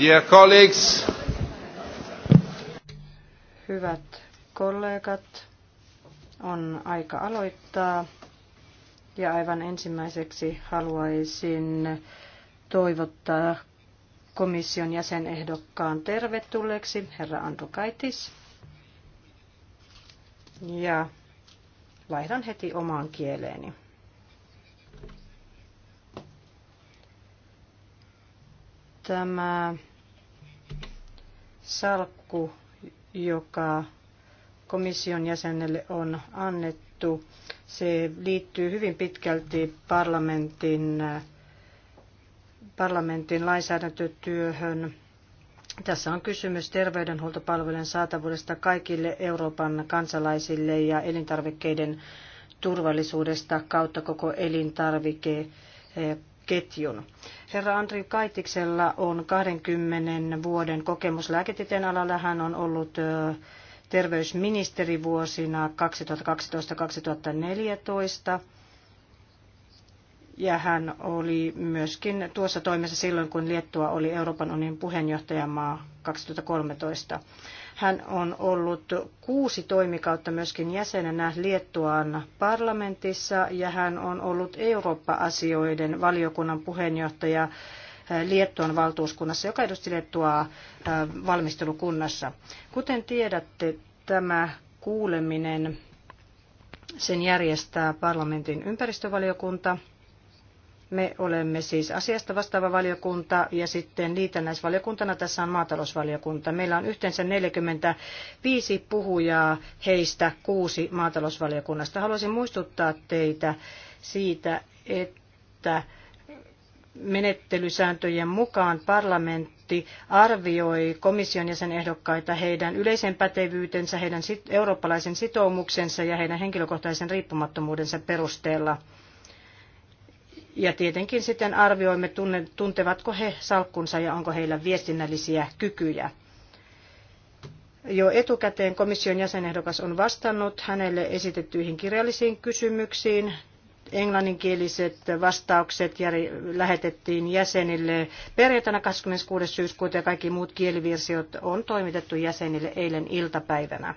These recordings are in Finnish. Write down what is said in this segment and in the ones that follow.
Dear colleagues. Hyvät kollegat, on aika aloittaa. Ja aivan ensimmäiseksi haluaisin toivottaa komission jäsenehdokkaan tervetulleeksi, herra Andrukaitis. Ja vaihdan heti omaan kieleeni. tämä salkku, joka komission jäsenelle on annettu, se liittyy hyvin pitkälti parlamentin, parlamentin lainsäädäntötyöhön. Tässä on kysymys terveydenhuoltopalvelujen saatavuudesta kaikille Euroopan kansalaisille ja elintarvikkeiden turvallisuudesta kautta koko elintarvikeketjun ketjun. Herra Andri Kaitiksella on 20 vuoden kokemus lääketieteen alalla. Hän on ollut terveysministeri vuosina 2012-2014. Ja hän oli myöskin tuossa toimessa silloin, kun Liettua oli Euroopan unionin puheenjohtajamaa 2013. Hän on ollut kuusi toimikautta myöskin jäsenenä Liettuan parlamentissa ja hän on ollut Eurooppa-asioiden valiokunnan puheenjohtaja eh, Liettuan valtuuskunnassa, joka edusti Liettuaa eh, valmistelukunnassa. Kuten tiedätte, tämä kuuleminen sen järjestää parlamentin ympäristövaliokunta – me olemme siis asiasta vastaava valiokunta ja sitten liitännäisvaliokuntana tässä on maatalousvaliokunta. Meillä on yhteensä 45 puhujaa, heistä kuusi maatalousvaliokunnasta. Haluaisin muistuttaa teitä siitä, että menettelysääntöjen mukaan parlamentti arvioi komission jäsenehdokkaita heidän yleisen pätevyytensä, heidän eurooppalaisen sitoumuksensa ja heidän henkilökohtaisen riippumattomuudensa perusteella. Ja tietenkin sitten arvioimme, tunne, tuntevatko he salkkunsa ja onko heillä viestinnällisiä kykyjä. Jo etukäteen komission jäsenehdokas on vastannut hänelle esitettyihin kirjallisiin kysymyksiin. Englanninkieliset vastaukset lähetettiin jäsenille perjantaina 26. syyskuuta ja kaikki muut kielivirsiot on toimitettu jäsenille eilen iltapäivänä.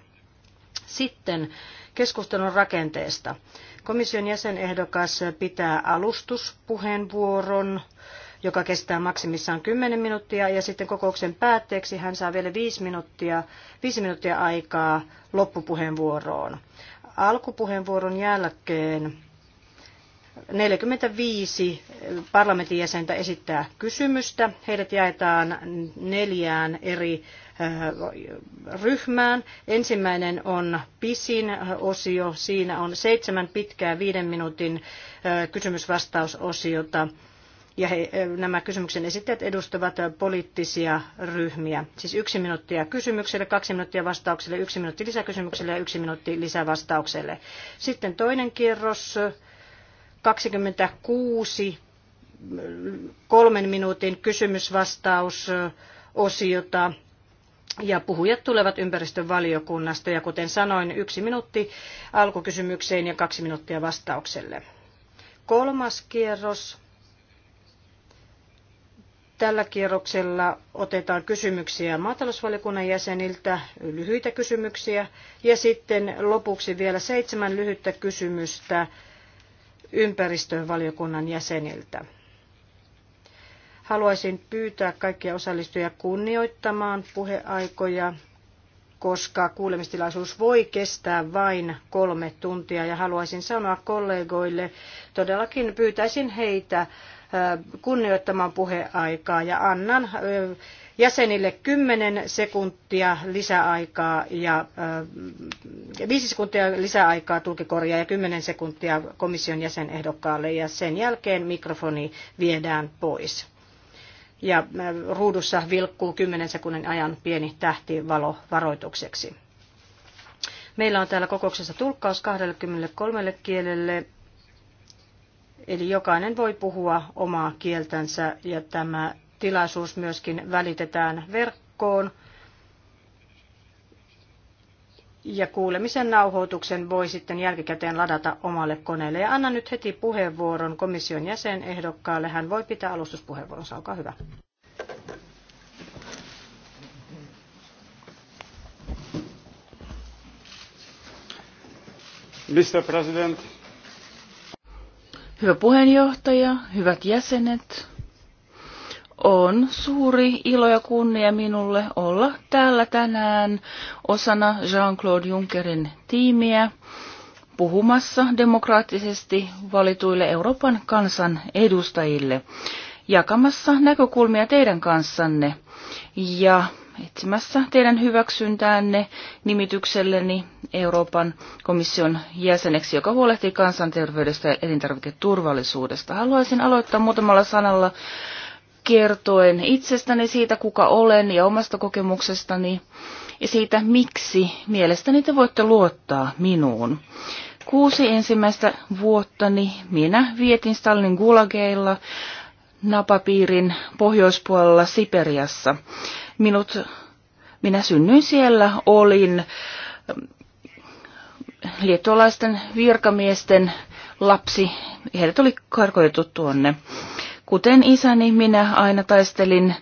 Sitten keskustelun rakenteesta. Komission jäsenehdokas pitää alustuspuheenvuoron, joka kestää maksimissaan 10 minuuttia, ja sitten kokouksen päätteeksi hän saa vielä 5 minuuttia, 5 minuuttia aikaa loppupuheenvuoroon. Alkupuheenvuoron jälkeen 45 parlamentin jäsentä esittää kysymystä. Heidät jaetaan neljään eri äh, ryhmään. Ensimmäinen on pisin osio. Siinä on seitsemän pitkää viiden minuutin äh, kysymysvastausosiota. Ja he, äh, nämä kysymyksen esittäjät edustavat poliittisia ryhmiä. Siis yksi minuuttia kysymykselle, kaksi minuuttia vastaukselle, yksi minuutti lisäkysymykselle ja yksi minuutti lisävastaukselle. Sitten toinen kierros 26 kolmen minuutin kysymysvastausosiota. Ja puhujat tulevat ympäristövaliokunnasta ja kuten sanoin, yksi minuutti alkukysymykseen ja kaksi minuuttia vastaukselle. Kolmas kierros. Tällä kierroksella otetaan kysymyksiä maatalousvaliokunnan jäseniltä, lyhyitä kysymyksiä ja sitten lopuksi vielä seitsemän lyhyttä kysymystä ympäristövaliokunnan jäseniltä. Haluaisin pyytää kaikkia osallistujia kunnioittamaan puheaikoja, koska kuulemistilaisuus voi kestää vain kolme tuntia. Ja haluaisin sanoa kollegoille, todellakin pyytäisin heitä kunnioittamaan puheaikaa ja annan jäsenille 10 sekuntia lisäaikaa ja äh, 5 sekuntia lisäaikaa tulkikorjaa ja 10 sekuntia komission jäsenehdokkaalle ja sen jälkeen mikrofoni viedään pois. Ja äh, ruudussa vilkkuu 10 sekunnin ajan pieni tähtivalo varoitukseksi. Meillä on täällä kokouksessa tulkkaus 23 kielelle, eli jokainen voi puhua omaa kieltänsä ja tämä tilaisuus myöskin välitetään verkkoon. Ja kuulemisen nauhoituksen voi sitten jälkikäteen ladata omalle koneelle. Ja annan nyt heti puheenvuoron komission jäsenehdokkaalle. Hän voi pitää alustuspuheenvuoronsa. Olkaa hyvä. Mr. President. Hyvä puheenjohtaja, hyvät jäsenet, on suuri ilo ja kunnia minulle olla täällä tänään osana Jean-Claude Junckerin tiimiä puhumassa demokraattisesti valituille Euroopan kansan edustajille, jakamassa näkökulmia teidän kanssanne ja etsimässä teidän hyväksyntäänne nimitykselleni Euroopan komission jäseneksi, joka huolehtii kansanterveydestä ja elintarviketurvallisuudesta. Haluaisin aloittaa muutamalla sanalla kertoen itsestäni siitä, kuka olen ja omasta kokemuksestani ja siitä, miksi mielestäni te voitte luottaa minuun. Kuusi ensimmäistä vuottani minä vietin Stalin gulageilla napapiirin pohjoispuolella Siperiassa. Minut, minä synnyin siellä, olin ähm, liettualaisten virkamiesten lapsi. Heidät oli karkoitettu tuonne. Kuten isäni, minä aina taistelin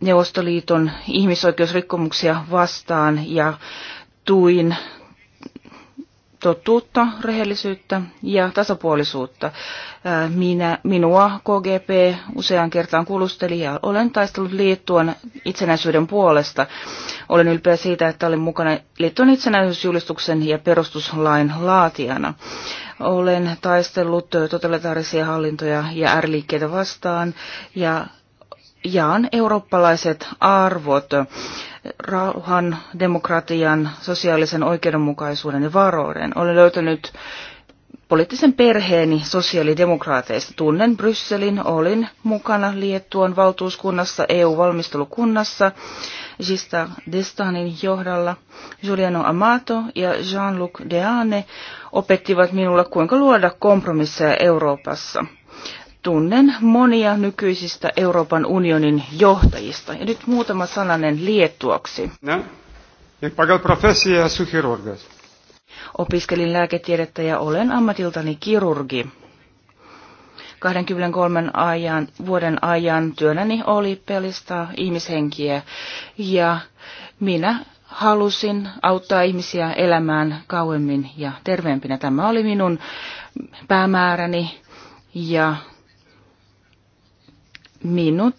Neuvostoliiton ihmisoikeusrikkomuksia vastaan ja tuin totuutta, rehellisyyttä ja tasapuolisuutta. Minä, minua KGP useaan kertaan kuulusteli ja olen taistellut liittuen itsenäisyyden puolesta. Olen ylpeä siitä, että olin mukana liittuen itsenäisyysjulistuksen ja perustuslain laatijana. Olen taistellut totalitaarisia hallintoja ja ääriliikkeitä vastaan ja jaan eurooppalaiset arvot, rauhan, demokratian, sosiaalisen oikeudenmukaisuuden ja varouden. Olen löytänyt poliittisen perheeni sosiaalidemokraateista. Tunnen Brysselin, olin mukana Liettuan valtuuskunnassa, EU-valmistelukunnassa, Gista Destanin johdalla. Giuliano Amato ja Jean-Luc Deane opettivat minulle, kuinka luoda kompromisseja Euroopassa tunnen monia nykyisistä Euroopan unionin johtajista. Ja nyt muutama sananen liettuaksi. No? Opiskelin lääketiedettä ja olen ammatiltani kirurgi. 23 ajan, vuoden ajan työnäni oli pelistaa ihmishenkiä ja minä halusin auttaa ihmisiä elämään kauemmin ja terveempinä. Tämä oli minun päämääräni ja minut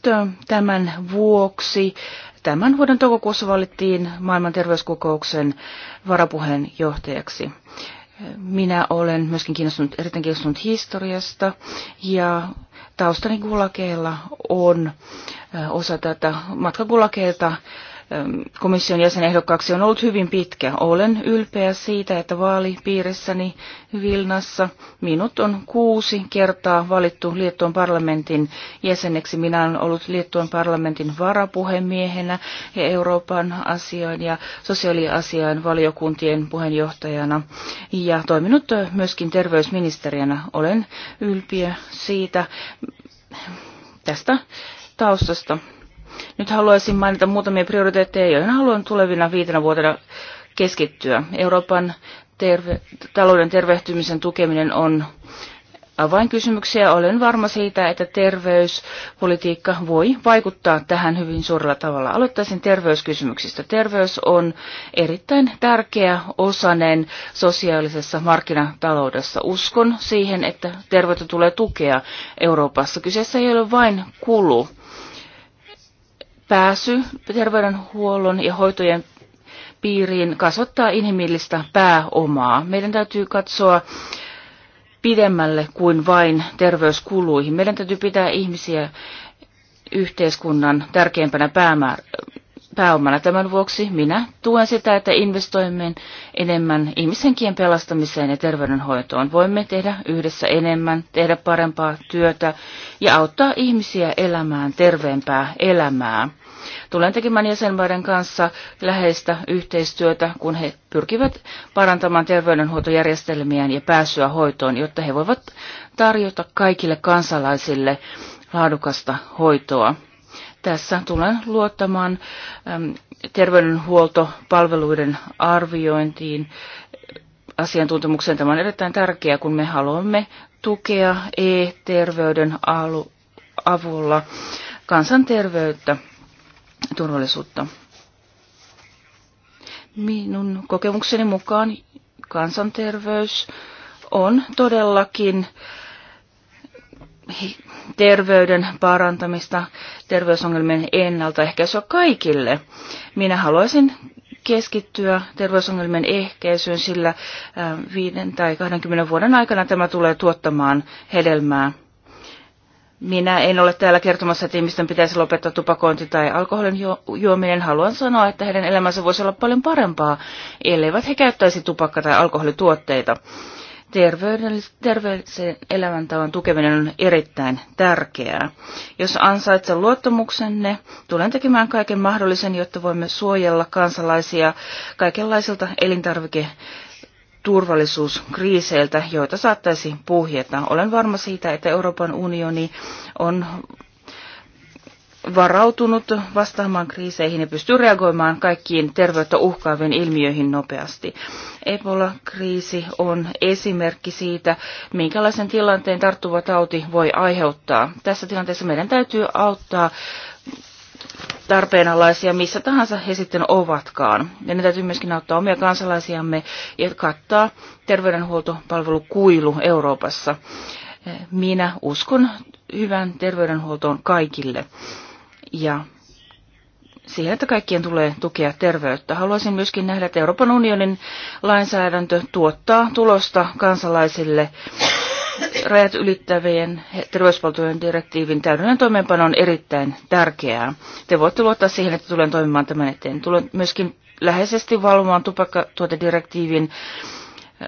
tämän vuoksi. Tämän vuoden toukokuussa valittiin maailman terveyskokouksen varapuheenjohtajaksi. Minä olen myöskin kiinnostunut, erittäin kiinnostunut historiasta ja taustani gulakeilla on osa tätä matkakulakeelta komission jäsenehdokkaaksi on ollut hyvin pitkä. Olen ylpeä siitä, että vaalipiirissäni Vilnassa minut on kuusi kertaa valittu Liettuan parlamentin jäseneksi. Minä olen ollut Liettuan parlamentin varapuhemiehenä ja Euroopan asian ja sosiaaliasian valiokuntien puheenjohtajana ja toiminut myöskin terveysministeriönä. Olen ylpeä siitä tästä taustasta. Nyt haluaisin mainita muutamia prioriteetteja, joihin haluan tulevina viitenä vuotena keskittyä. Euroopan terve, talouden tervehtymisen tukeminen on avainkysymyksiä. Olen varma siitä, että terveyspolitiikka voi vaikuttaa tähän hyvin suurella tavalla. Aloittaisin terveyskysymyksistä. Terveys on erittäin tärkeä osanen sosiaalisessa markkinataloudessa. Uskon siihen, että terveyttä tulee tukea Euroopassa. Kyseessä ei ole vain kulu pääsy terveydenhuollon ja hoitojen piiriin kasvattaa inhimillistä pääomaa. Meidän täytyy katsoa pidemmälle kuin vain terveyskuluihin. Meidän täytyy pitää ihmisiä yhteiskunnan tärkeimpänä päämäärä pääomana. Tämän vuoksi minä tuen sitä, että investoimme enemmän ihmishenkien pelastamiseen ja terveydenhoitoon. Voimme tehdä yhdessä enemmän, tehdä parempaa työtä ja auttaa ihmisiä elämään terveempää elämää. Tulen tekemään jäsenmaiden kanssa läheistä yhteistyötä, kun he pyrkivät parantamaan terveydenhuoltojärjestelmiään ja pääsyä hoitoon, jotta he voivat tarjota kaikille kansalaisille laadukasta hoitoa. Tässä tullaan luottamaan terveydenhuoltopalveluiden arviointiin asiantuntemukseen. Tämä on erittäin tärkeää, kun me haluamme tukea e-terveyden avulla kansanterveyttä turvallisuutta. Minun kokemukseni mukaan kansanterveys on todellakin äh, terveyden parantamista, terveysongelmien ennaltaehkäisyä kaikille. Minä haluaisin keskittyä terveysongelmien ehkäisyyn, sillä äh, viiden tai 20 vuoden aikana tämä tulee tuottamaan hedelmää. Minä en ole täällä kertomassa, että ihmisten pitäisi lopettaa tupakointi tai alkoholin juominen. Haluan sanoa, että heidän elämänsä voisi olla paljon parempaa, elleivät he käyttäisi tupakka- tai alkoholituotteita terveellisen elämäntavan tukeminen on erittäin tärkeää. Jos ansaitsen luottamuksenne, tulen tekemään kaiken mahdollisen, jotta voimme suojella kansalaisia kaikenlaisilta elintarvike turvallisuuskriiseiltä, joita saattaisi puhjeta. Olen varma siitä, että Euroopan unioni on varautunut vastaamaan kriiseihin ja pystyy reagoimaan kaikkiin terveyttä uhkaaviin ilmiöihin nopeasti. Ebola-kriisi on esimerkki siitä, minkälaisen tilanteen tarttuva tauti voi aiheuttaa. Tässä tilanteessa meidän täytyy auttaa tarpeenalaisia missä tahansa he sitten ovatkaan. Ja ne täytyy myöskin auttaa omia kansalaisiamme ja kattaa terveydenhuoltopalvelukuilu Euroopassa. Minä uskon hyvän terveydenhuoltoon kaikille ja siihen, että kaikkien tulee tukea terveyttä. Haluaisin myöskin nähdä, että Euroopan unionin lainsäädäntö tuottaa tulosta kansalaisille rajat ylittävien terveyspalvelujen direktiivin täydellinen toimeenpano on erittäin tärkeää. Te voitte luottaa siihen, että tulen toimimaan tämän eteen. Tulen myöskin läheisesti valvomaan tupakkatuotedirektiivin eh,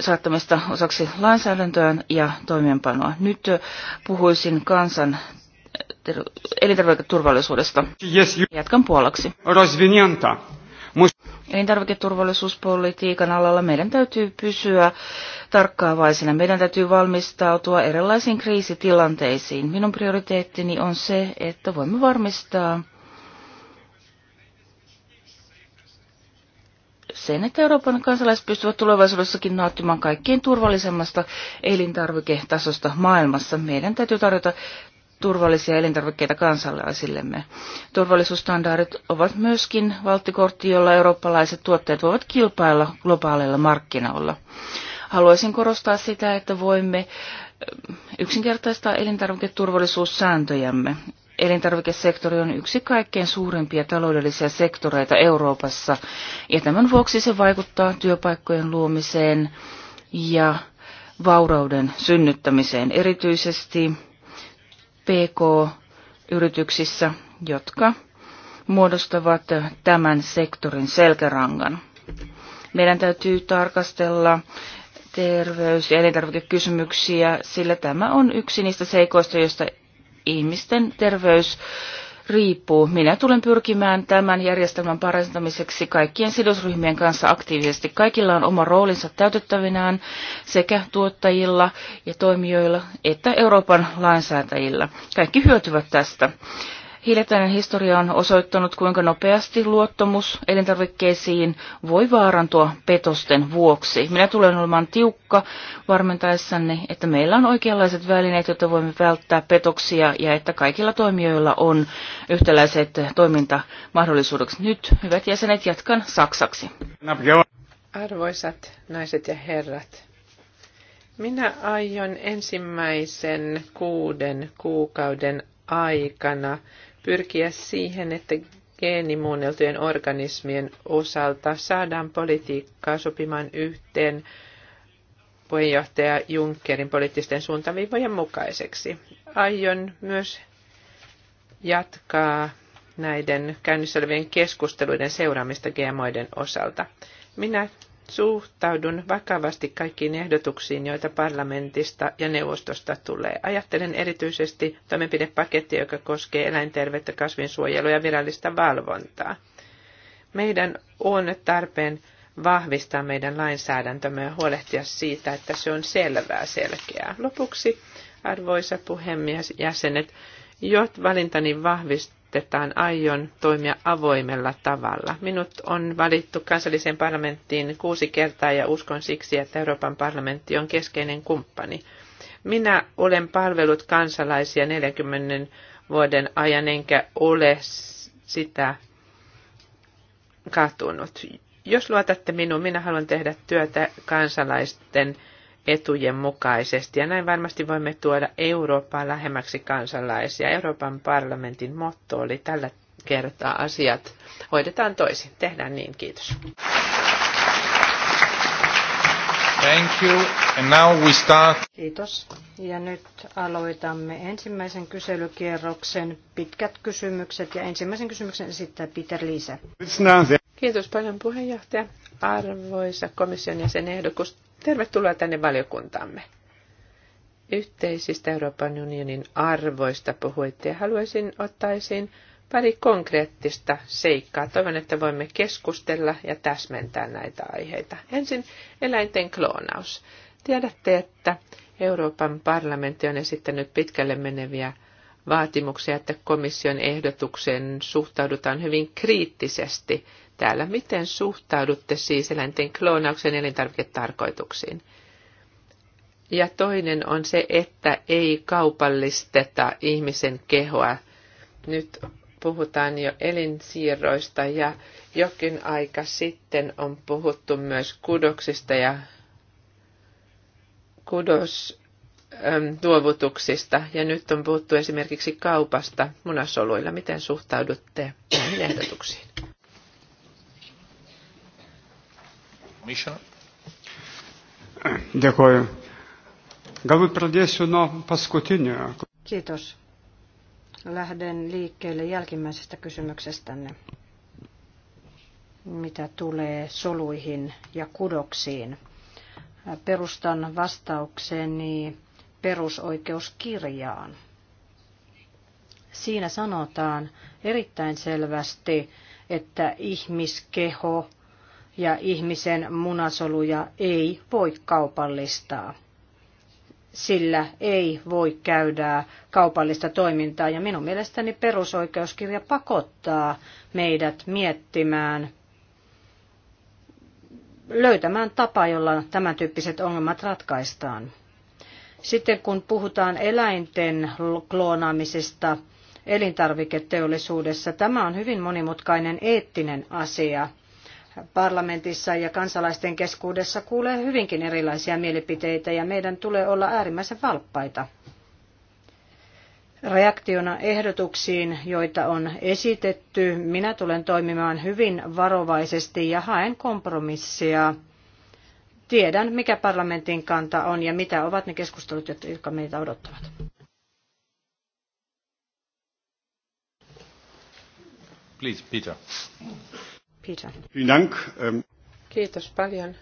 saattamista osaksi lainsäädäntöön ja toimeenpanoa. Nyt eh, puhuisin kansan elintarviketurvallisuudesta. Yes, you... Jatkan puolaksi. Rozvinianta. Elintarviketurvallisuuspolitiikan alalla meidän täytyy pysyä tarkkaavaisina. Meidän täytyy valmistautua erilaisiin kriisitilanteisiin. Minun prioriteettini on se, että voimme varmistaa sen, että Euroopan kansalaiset pystyvät tulevaisuudessakin nauttimaan kaikkein turvallisemmasta elintarviketasosta maailmassa. Meidän täytyy tarjota turvallisia elintarvikkeita kansalaisillemme. Turvallisuusstandardit ovat myöskin valttikortti, jolla eurooppalaiset tuotteet voivat kilpailla globaaleilla markkinoilla. Haluaisin korostaa sitä, että voimme eh, yksinkertaistaa elintarviketurvallisuussääntöjämme. Elintarvikesektori on yksi kaikkein suurimpia taloudellisia sektoreita Euroopassa, ja tämän vuoksi se vaikuttaa työpaikkojen luomiseen ja vaurauden synnyttämiseen erityisesti PK-yrityksissä, jotka muodostavat tämän sektorin selkärangan. Meidän täytyy tarkastella terveys- ja elintarvikekysymyksiä, sillä tämä on yksi niistä seikoista, joista ihmisten terveys riippuu. Minä tulen pyrkimään tämän järjestelmän parantamiseksi kaikkien sidosryhmien kanssa aktiivisesti. Kaikilla on oma roolinsa täytettävinään sekä tuottajilla ja toimijoilla että Euroopan lainsäätäjillä. Kaikki hyötyvät tästä. Hiljattainen historia on osoittanut, kuinka nopeasti luottamus elintarvikkeisiin voi vaarantua petosten vuoksi. Minä tulen olemaan tiukka varmentaessanne, että meillä on oikeanlaiset välineet, joita voimme välttää petoksia ja että kaikilla toimijoilla on yhtäläiset toimintamahdollisuudet. Nyt, hyvät jäsenet, jatkan saksaksi. Arvoisat naiset ja herrat, minä aion ensimmäisen kuuden kuukauden aikana pyrkiä siihen, että geenimuunneltujen organismien osalta saadaan politiikkaa sopimaan yhteen puheenjohtaja Junckerin poliittisten suuntaviivojen mukaiseksi. Aion myös jatkaa näiden käynnissä olevien keskusteluiden seuraamista GMOiden osalta. Minä suhtaudun vakavasti kaikkiin ehdotuksiin, joita parlamentista ja neuvostosta tulee. Ajattelen erityisesti toimenpidepakettia, joka koskee eläinterveyttä, kasvinsuojelua ja virallista valvontaa. Meidän on tarpeen vahvistaa meidän lainsäädäntömme ja huolehtia siitä, että se on selvää selkeää. Lopuksi, arvoisa puhemies, jäsenet, jot valintani vahvistaa ehdotetaan, aion toimia avoimella tavalla. Minut on valittu kansalliseen parlamenttiin kuusi kertaa ja uskon siksi, että Euroopan parlamentti on keskeinen kumppani. Minä olen palvellut kansalaisia 40 vuoden ajan enkä ole sitä katunut. Jos luotatte minuun, minä haluan tehdä työtä kansalaisten etujen mukaisesti. Ja näin varmasti voimme tuoda Eurooppaa lähemmäksi kansalaisia. Euroopan parlamentin motto oli tällä kertaa asiat hoidetaan toisin. Tehdään niin, kiitos. Thank you. And now we start. Kiitos. Ja nyt aloitamme ensimmäisen kyselykierroksen pitkät kysymykset. Ja ensimmäisen kysymyksen esittää Peter Liise. Kiitos paljon puheenjohtaja. Arvoisa komission jäsen ehdokas Tervetuloa tänne valiokuntamme. Yhteisistä Euroopan unionin arvoista puhuitte ja haluaisin ottaa esiin pari konkreettista seikkaa. Toivon, että voimme keskustella ja täsmentää näitä aiheita. Ensin eläinten kloonaus. Tiedätte, että Euroopan parlamentti on esittänyt pitkälle meneviä vaatimuksia, että komission ehdotukseen suhtaudutaan hyvin kriittisesti täällä. Miten suhtaudutte siis eläinten kloonauksen elintarviketarkoituksiin? Ja toinen on se, että ei kaupallisteta ihmisen kehoa. Nyt puhutaan jo elinsiirroista ja jokin aika sitten on puhuttu myös kudoksista ja kudosluovutuksista. Ja nyt on puhuttu esimerkiksi kaupasta munasoluilla. Miten suhtaudutte näihin ehdotuksiin? Galbūt pradėsiu nuo paskutinio. Kiitos. Lähden liikkeelle jälkimmäisestä kysymyksestänne. Mitä tulee soluihin ja kudoksiin? Perustan vastaukseni perusoikeuskirjaan. Siinä sanotaan erittäin selvästi, että ihmiskeho ja ihmisen munasoluja ei voi kaupallistaa. Sillä ei voi käydä kaupallista toimintaa ja minun mielestäni perusoikeuskirja pakottaa meidät miettimään, löytämään tapa, jolla tämän tyyppiset ongelmat ratkaistaan. Sitten kun puhutaan eläinten kloonaamisesta elintarviketeollisuudessa, tämä on hyvin monimutkainen eettinen asia – parlamentissa ja kansalaisten keskuudessa kuulee hyvinkin erilaisia mielipiteitä ja meidän tulee olla äärimmäisen valppaita. Reaktiona ehdotuksiin, joita on esitetty, minä tulen toimimaan hyvin varovaisesti ja haen kompromissia. Tiedän, mikä parlamentin kanta on ja mitä ovat ne keskustelut, jotka meitä odottavat. Please, Peter. Peter. Ähm, Kiitos paljon.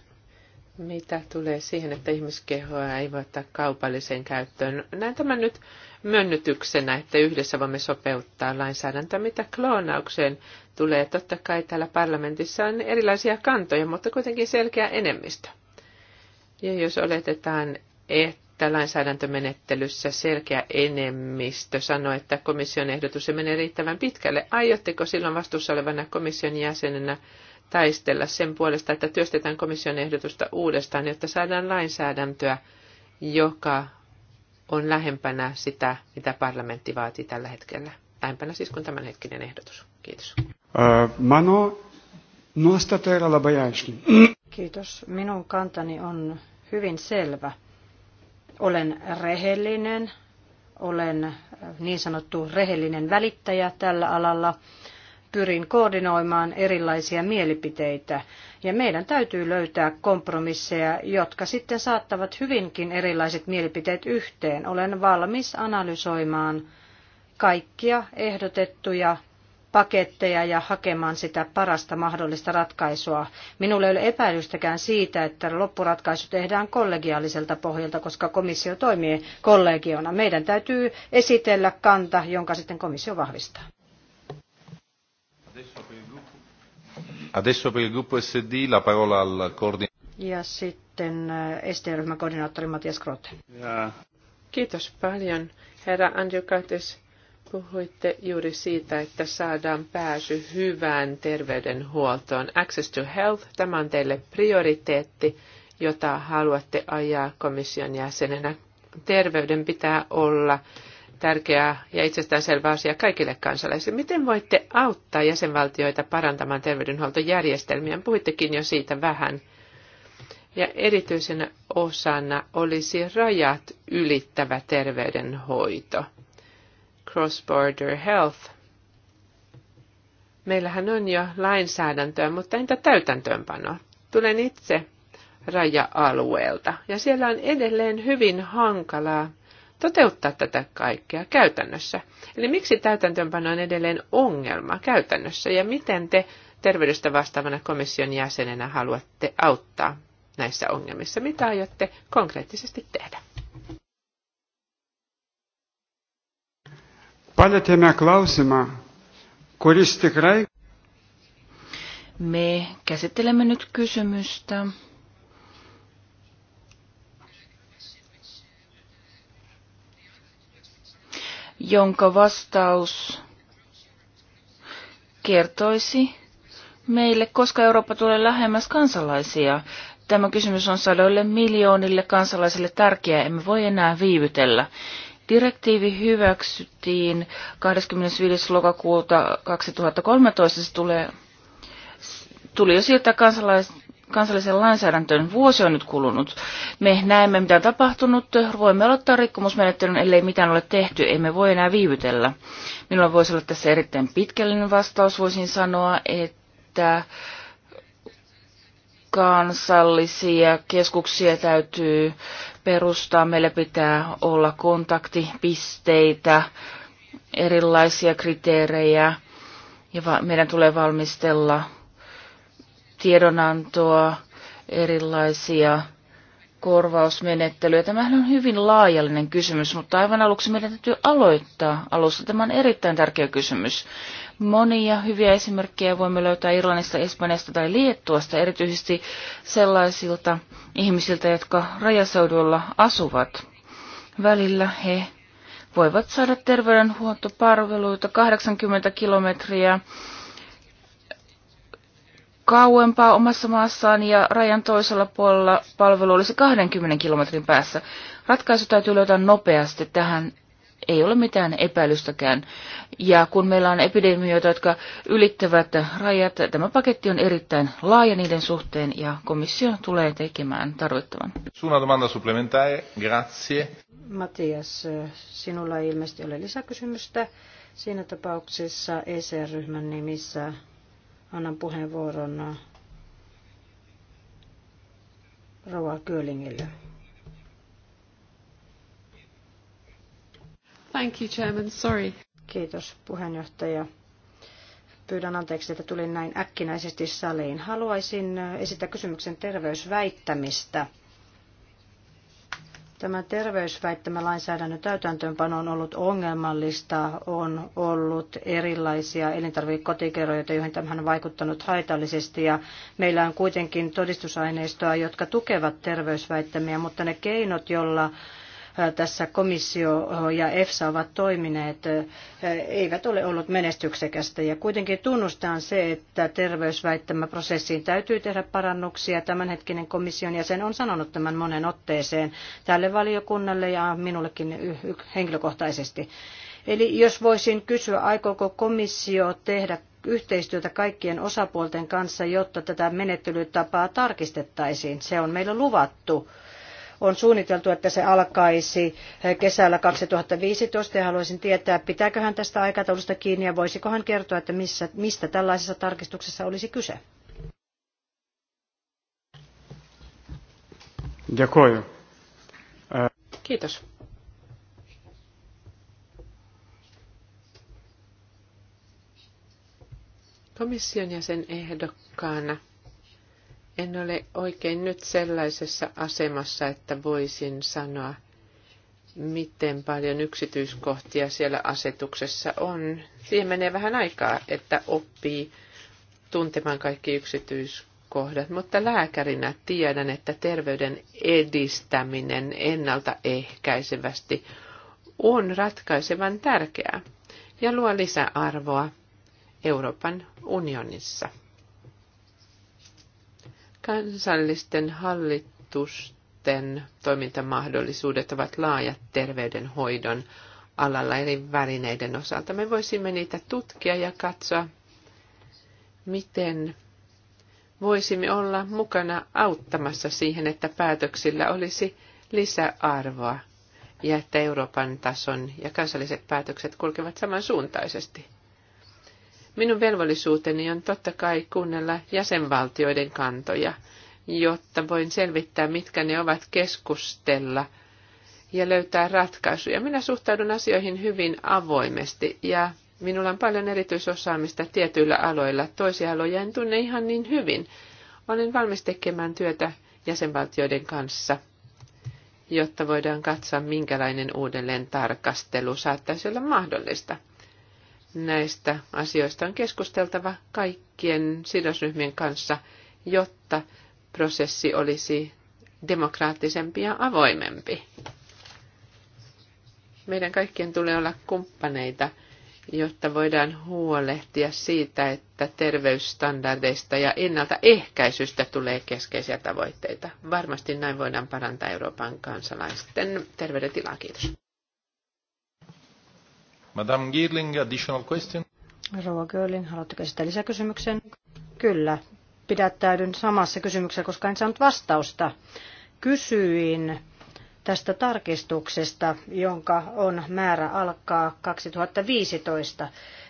Mitä tulee siihen, että ihmiskehoa ei voi ottaa kaupalliseen käyttöön? Näen tämän nyt myönnytyksenä, että yhdessä voimme sopeuttaa lainsäädäntöä, mitä kloonaukseen tulee. Totta kai täällä parlamentissa on erilaisia kantoja, mutta kuitenkin selkeä enemmistö. Ja jos oletetaan, että että lainsäädäntömenettelyssä selkeä enemmistö sanoi, että komission ehdotus ei mene riittävän pitkälle. Aiotteko silloin vastuussa olevana komission jäsenenä taistella sen puolesta, että työstetään komission ehdotusta uudestaan, jotta saadaan lainsäädäntöä, joka on lähempänä sitä, mitä parlamentti vaatii tällä hetkellä. Lähempänä siis kuin tämänhetkinen ehdotus. Kiitos. Äh, Mano, nuosta niin? Kiitos. Minun kantani on hyvin selvä. Olen rehellinen, olen äh, niin sanottu rehellinen välittäjä tällä alalla. Pyrin koordinoimaan erilaisia mielipiteitä ja meidän täytyy löytää kompromisseja, jotka sitten saattavat hyvinkin erilaiset mielipiteet yhteen. Olen valmis analysoimaan kaikkia ehdotettuja paketteja ja hakemaan sitä parasta mahdollista ratkaisua. Minulle ei ole epäilystäkään siitä, että loppuratkaisu tehdään kollegiaaliselta pohjalta, koska komissio toimii kollegiona. Meidän täytyy esitellä kanta, jonka sitten komissio vahvistaa. Adesso per il gruppo SD la parola al ja sitten äh, SD-ryhmän koordinaattori Mattias Grote. Kiitos paljon, herra Andrew Puhuitte juuri siitä, että saadaan pääsy hyvään terveydenhuoltoon. Access to Health, tämä on teille prioriteetti, jota haluatte ajaa komission jäsenenä. Terveyden pitää olla tärkeä ja itsestäänselvä asia kaikille kansalaisille. Miten voitte auttaa jäsenvaltioita parantamaan terveydenhuoltojärjestelmiä? Puhuittekin jo siitä vähän. Ja erityisenä osana olisi rajat ylittävä terveydenhoito – Cross Border Health. Meillähän on jo lainsäädäntöä, mutta entä täytäntöönpanoa? Tulen itse raja-alueelta ja siellä on edelleen hyvin hankalaa toteuttaa tätä kaikkea käytännössä. Eli miksi täytäntöönpano on edelleen ongelma käytännössä ja miten te terveydestä vastaavana komission jäsenenä haluatte auttaa näissä ongelmissa? Mitä aiotte konkreettisesti tehdä? palėtėme klausimą, kuris tikrai. Me käsittelemme nyt kysymystä, jonka vastaus kertoisi meille, koska Eurooppa tulee lähemmäs kansalaisia. Tämä kysymys on sadoille miljoonille kansalaisille tärkeä, emme voi enää viivytellä. Direktiivi hyväksyttiin 25. lokakuuta 2013. Se tulee, tuli jo siirtää kansalais, kansallisen lainsäädäntöön. Vuosi on nyt kulunut. Me näemme, mitä on tapahtunut. Voimme aloittaa rikkomusmenettelyn, ellei mitään ole tehty. Emme voi enää viivytellä. Minulla voisi olla tässä erittäin pitkällinen vastaus. Voisin sanoa, että kansallisia keskuksia täytyy perustaa. Meillä pitää olla kontaktipisteitä, erilaisia kriteerejä ja meidän tulee valmistella tiedonantoa, erilaisia korvausmenettelyä. Tämähän on hyvin laajallinen kysymys, mutta aivan aluksi meidän täytyy aloittaa alussa. Tämä on erittäin tärkeä kysymys. Monia hyviä esimerkkejä voimme löytää Irlannista, Espanjasta tai Liettuasta, erityisesti sellaisilta ihmisiltä, jotka rajaseudulla asuvat. Välillä he voivat saada terveydenhuoltopalveluita 80 kilometriä kauempaa omassa maassaan ja rajan toisella puolella palvelu olisi 20 kilometrin päässä. Ratkaisu täytyy löytää nopeasti. Tähän ei ole mitään epäilystäkään. Ja kun meillä on epidemioita, jotka ylittävät rajat, tämä paketti on erittäin laaja niiden suhteen ja komissio tulee tekemään tarvittavan. Suuna domanda supplementare, grazie. Matias, sinulla ei ilmeisesti ole lisäkysymystä. Siinä tapauksessa ECR-ryhmän nimissä annan puheenvuoron äh, Rova Kölingille. Thank you, Chairman. Sorry. Kiitos puheenjohtaja. Pyydän anteeksi, että tulin näin äkkinäisesti saliin. Haluaisin äh, esittää kysymyksen terveysväittämistä. Tämä terveysväittämälainsäädännön täytäntöönpano on ollut ongelmallista, on ollut erilaisia elintarvikotikerroja, joihin tämä on vaikuttanut haitallisesti. Ja meillä on kuitenkin todistusaineistoa, jotka tukevat terveysväittämiä, mutta ne keinot, joilla tässä komissio ja EFSA ovat toimineet, eivät ole ollut menestyksekästä. Ja kuitenkin tunnustaan se, että terveysväittämäprosessiin täytyy tehdä parannuksia. Tämänhetkinen komission jäsen on sanonut tämän monen otteeseen tälle valiokunnalle ja minullekin henkilökohtaisesti. Eli jos voisin kysyä, aikooko komissio tehdä yhteistyötä kaikkien osapuolten kanssa, jotta tätä menettelytapaa tarkistettaisiin. Se on meillä luvattu on suunniteltu, että se alkaisi kesällä viisitoista ja haluaisin tietää, pitääkö hän tästä aikataulusta kiinni ja voisiko hän kertoa, että missä, mistä tällaisessa tarkistuksessa olisi kyse? Kiitos. Komission jäsen ehdokkaana – en ole oikein nyt sellaisessa asemassa, että voisin sanoa, miten paljon yksityiskohtia siellä asetuksessa on. Siihen menee vähän aikaa, että oppii tuntemaan kaikki yksityiskohdat, mutta lääkärinä tiedän, että terveyden edistäminen ennaltaehkäisevästi on ratkaisevan tärkeää ja luo lisäarvoa Euroopan unionissa. Kansallisten hallitusten toimintamahdollisuudet ovat laajat terveydenhoidon alalla eri välineiden osalta. Me voisimme niitä tutkia ja katsoa, miten voisimme olla mukana auttamassa siihen, että päätöksillä olisi lisäarvoa ja että Euroopan tason ja kansalliset päätökset kulkevat samansuuntaisesti. Minun velvollisuuteni on totta kai kuunnella jäsenvaltioiden kantoja, jotta voin selvittää, mitkä ne ovat keskustella ja löytää ratkaisuja. Minä suhtaudun asioihin hyvin avoimesti ja minulla on paljon erityisosaamista tietyillä aloilla. Toisia aloja en tunne ihan niin hyvin. Olen valmis tekemään työtä jäsenvaltioiden kanssa, jotta voidaan katsoa, minkälainen uudelleen tarkastelu saattaisi olla mahdollista – näistä asioista on keskusteltava kaikkien sidosryhmien kanssa, jotta prosessi olisi demokraattisempi ja avoimempi. Meidän kaikkien tulee olla kumppaneita, jotta voidaan huolehtia siitä, että terveysstandardeista ja ennaltaehkäisystä tulee keskeisiä tavoitteita. Varmasti näin voidaan parantaa Euroopan kansalaisten terveydentilaa. Kiitos. Madame Girling, additional question? Rouva Girling, haluatteko esittää lisäkysymyksen? Kyllä, pidättäydyn samassa kysymyksessä, koska en saanut vastausta. Kysyin tästä tarkistuksesta, jonka on määrä alkaa 2015.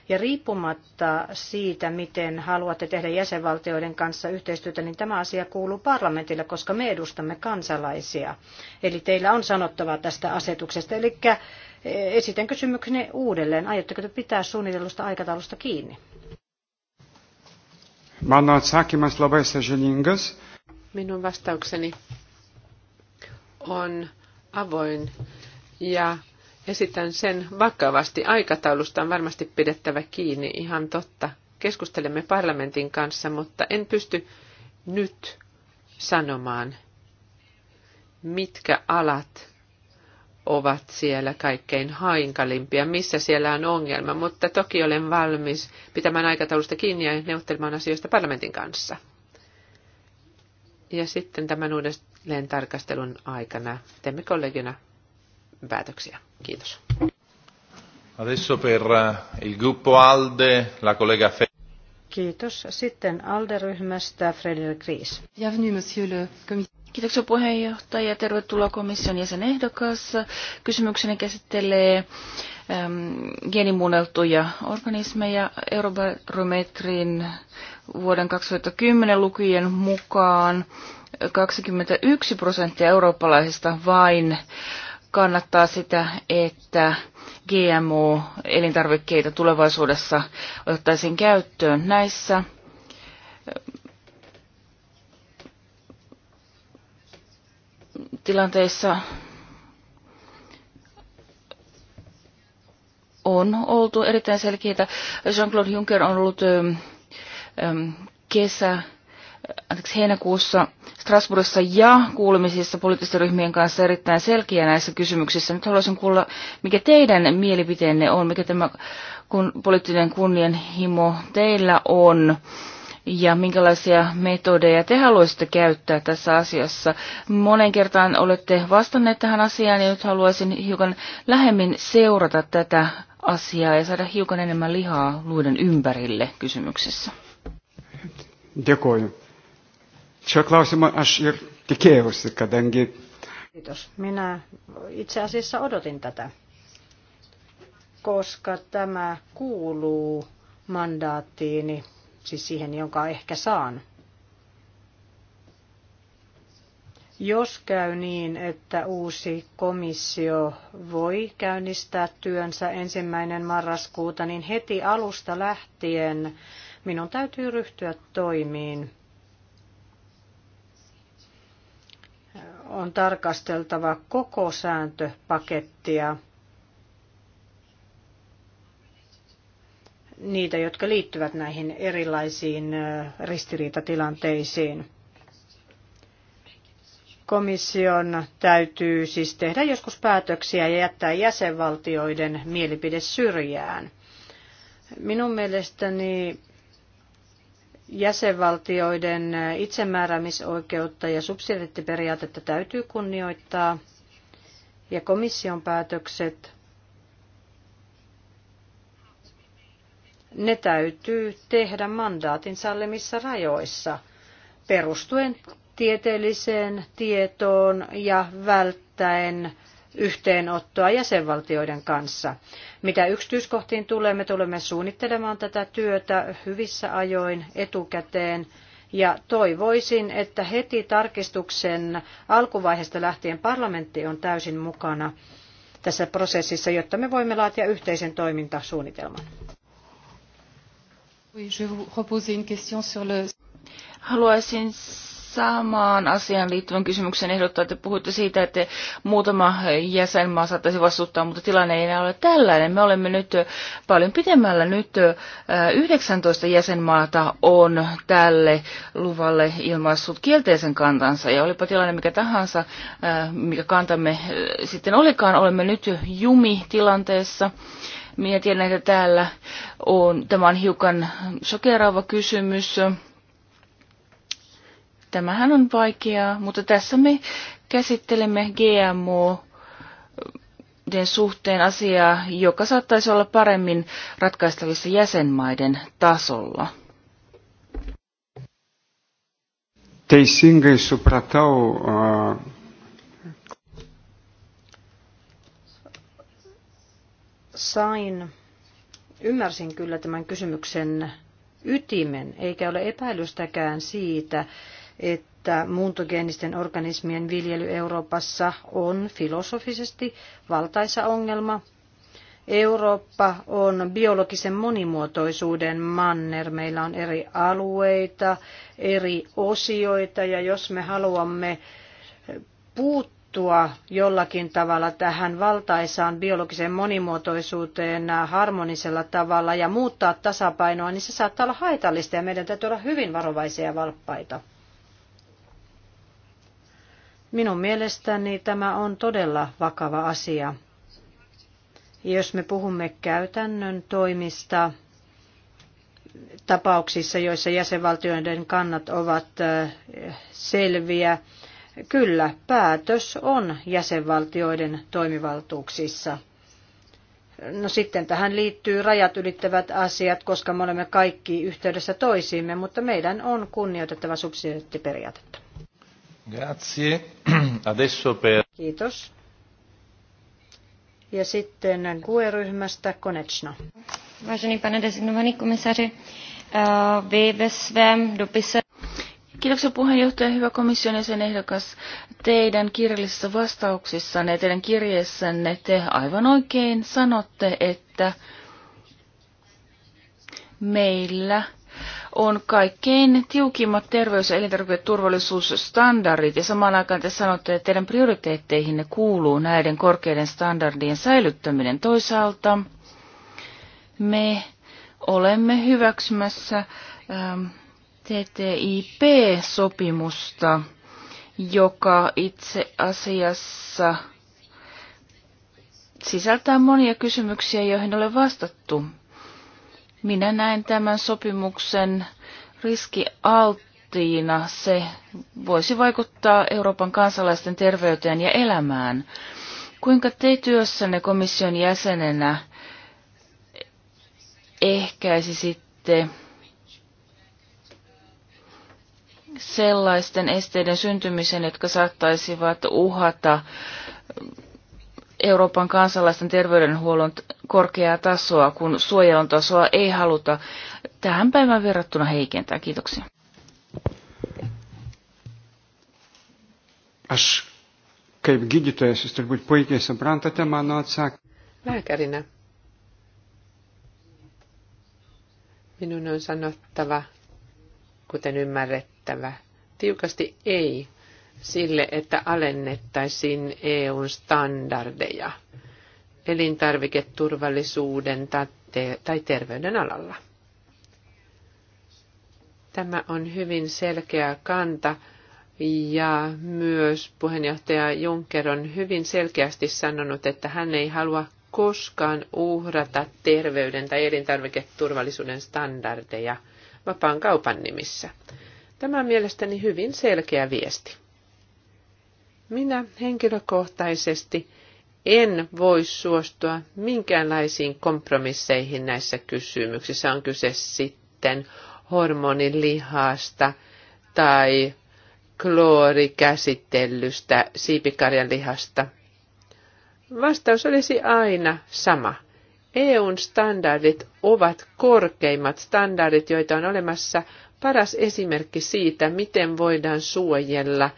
Ja riippumatta siitä, miten haluatte tehdä jäsenvaltioiden kanssa yhteistyötä, niin tämä asia kuuluu parlamentille, koska me edustamme kansalaisia. Eli teillä on sanottavaa tästä asetuksesta. Eli Esitän kysymykseni uudelleen. Aiotteko te pitää suunnitellusta aikataulusta kiinni? Minun vastaukseni on avoin ja esitän sen vakavasti. Aikataulusta on varmasti pidettävä kiinni, ihan totta. Keskustelemme parlamentin kanssa, mutta en pysty nyt sanomaan, mitkä alat ovat siellä kaikkein hainkalimpia, missä siellä on ongelma, mutta toki olen valmis pitämään aikataulusta kiinni ja neuvottelemaan asioista parlamentin kanssa. Ja sitten tämän uudelleen tarkastelun aikana teemme kollegina päätöksiä. Kiitos. Adesso per eh, il gruppo ALDE, la collega Fe- Kiitos. Sitten ALDE-ryhmästä Frederik Ries. Bienvenue, monsieur le commissaire. Kiitoksia puheenjohtaja ja tervetuloa komission jäsenehdokas. Kysymykseni käsittelee äm, geenimuunneltuja organismeja Eurobarometrin vuoden 2010 lukien mukaan 21 prosenttia eurooppalaisista vain kannattaa sitä, että GMO-elintarvikkeita tulevaisuudessa otettaisiin käyttöön näissä tilanteissa on oltu erittäin selkeitä. Jean-Claude Juncker on ollut ähm, ähm, kesä, anteeksi, heinäkuussa Strasbourgissa ja kuulemisissa poliittisten ryhmien kanssa erittäin selkeä näissä kysymyksissä. Nyt haluaisin kuulla, mikä teidän mielipiteenne on, mikä tämä kun, poliittinen kunnianhimo teillä on ja minkälaisia metodeja te haluaisitte käyttää tässä asiassa. Monen kertaan olette vastanneet tähän asiaan ja nyt haluaisin hiukan lähemmin seurata tätä asiaa ja saada hiukan enemmän lihaa luiden ympärille kysymyksessä. Dėkoju. Čia klausimą aš ir tikėjausi, kadangi... Kiitos. Minä itse asiassa odotin tätä, koska tämä kuuluu mandaattiini siis siihen, jonka ehkä saan. Jos käy niin, että uusi komissio voi käynnistää työnsä ensimmäinen marraskuuta, niin heti alusta lähtien minun täytyy ryhtyä toimiin. On tarkasteltava koko sääntöpakettia niitä, jotka liittyvät näihin erilaisiin ristiriitatilanteisiin. Komission täytyy siis tehdä joskus päätöksiä ja jättää jäsenvaltioiden mielipide syrjään. Minun mielestäni jäsenvaltioiden itsemääräämisoikeutta ja subsidiariteettiperiaatetta täytyy kunnioittaa ja komission päätökset ne täytyy tehdä mandaatin sallimissa rajoissa perustuen tieteelliseen tietoon ja välttäen yhteenottoa jäsenvaltioiden kanssa. Mitä yksityiskohtiin tulee, me tulemme suunnittelemaan tätä työtä hyvissä ajoin etukäteen ja toivoisin, että heti tarkistuksen alkuvaiheesta lähtien parlamentti on täysin mukana tässä prosessissa, jotta me voimme laatia yhteisen toimintasuunnitelman. Haluaisin samaan asiaan liittyvän kysymyksen ehdottaa, että puhutte siitä, että muutama jäsenmaa saattaisi vastuuttaa, mutta tilanne ei enää ole tällainen. Me olemme nyt paljon pidemmällä. Nyt 19 jäsenmaata on tälle luvalle ilmaissut kielteisen kantansa. Ja olipa tilanne mikä tahansa, mikä kantamme sitten olikaan, olemme nyt jumi tilanteessa. Minä tiedän, että täällä on, tämä on hiukan sokeraava kysymys. Tämähän on vaikeaa, mutta tässä me käsittelemme GMO suhteen asiaa, joka saattaisi olla paremmin ratkaistavissa jäsenmaiden tasolla. Teisingai supratau sain, ymmärsin kyllä tämän kysymyksen ytimen, eikä ole epäilystäkään siitä, että muuntogeenisten organismien viljely Euroopassa on filosofisesti valtaisa ongelma. Eurooppa on biologisen monimuotoisuuden manner. Meillä on eri alueita, eri osioita ja jos me haluamme puuttua puuttua jollakin tavalla tähän valtaisaan biologiseen monimuotoisuuteen harmonisella tavalla ja muuttaa tasapainoa, niin se saattaa olla haitallista ja meidän täytyy olla hyvin varovaisia ja valppaita. Minun mielestäni tämä on todella vakava asia. Jos me puhumme käytännön toimista, tapauksissa, joissa jäsenvaltioiden kannat ovat eh, selviä, Kyllä, päätös on jäsenvaltioiden toimivaltuuksissa. No sitten tähän liittyy rajat ylittävät asiat, koska me olemme kaikki yhteydessä toisiimme, mutta meidän on kunnioitettava subsidiariteettiperiaatetta. Grazie. Adesso per... Kiitos. Ja sitten GUE-ryhmästä Konechna. Vážený pane designovaný komisaři, eh, vy ve svém dopise... Kiitoksia puheenjohtaja, hyvä komission jäsen ehdokas. Teidän kirjallisissa vastauksissanne ja teidän kirjeessänne te aivan oikein sanotte, että meillä on kaikkein tiukimmat terveys- ja elintarviketurvallisuusstandardit ja samaan aikaan te sanotte, että teidän prioriteetteihinne kuuluu näiden korkeiden standardien säilyttäminen toisaalta. Me olemme hyväksymässä ähm, TTIP-sopimusta, joka itse asiassa sisältää monia kysymyksiä, joihin olen vastattu. Minä näen tämän sopimuksen riskialttiina. Se voisi vaikuttaa Euroopan kansalaisten terveyteen ja elämään. Kuinka te työssänne komission jäsenenä ehkäisisitte sitten sellaisten esteiden syntymisen, jotka saattaisivat uhata Euroopan kansalaisten terveydenhuollon korkeaa tasoa, kun suojelun tasoa ei haluta tähän päivään verrattuna heikentää. Kiitoksia. Aš kaip gydytojas, jūs turbūt puikiai suprantate mano atsakymą. Lääkärinä minun on sanottava, kuten ymmärrettävä, tiukasti ei sille, että alennettaisiin EUn standardeja elintarviketurvallisuuden tai terveyden alalla. Tämä on hyvin selkeä kanta ja myös puheenjohtaja Juncker on hyvin selkeästi sanonut, että hän ei halua koskaan uhrata terveyden tai elintarviketurvallisuuden standardeja – vapaan kaupan nimissä. Tämä on mielestäni hyvin selkeä viesti. Minä henkilökohtaisesti en voi suostua minkäänlaisiin kompromisseihin näissä kysymyksissä. On kyse sitten hormonilihasta tai kloorikäsittelystä siipikarjan lihasta. Vastaus olisi aina sama – EUn standardit ovat korkeimmat standardit, joita on olemassa paras esimerkki siitä, miten voidaan suojella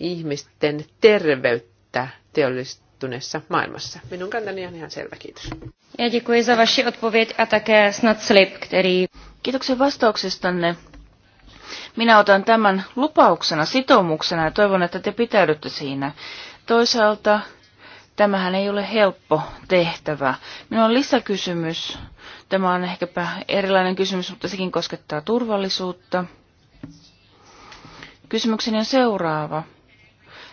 ihmisten terveyttä teollistuneessa maailmassa. Minun kantani on ihan selvä, kiitos. Ja za vaši odpověď a také snad který... Kiitoksen vastauksestanne. Minä otan tämän lupauksena, sitoumuksena ja toivon, että te pitäydytte siinä. Toisaalta Tämähän ei ole helppo tehtävä. Minulla on lisäkysymys. Tämä on ehkäpä erilainen kysymys, mutta sekin koskettaa turvallisuutta. Kysymykseni on seuraava.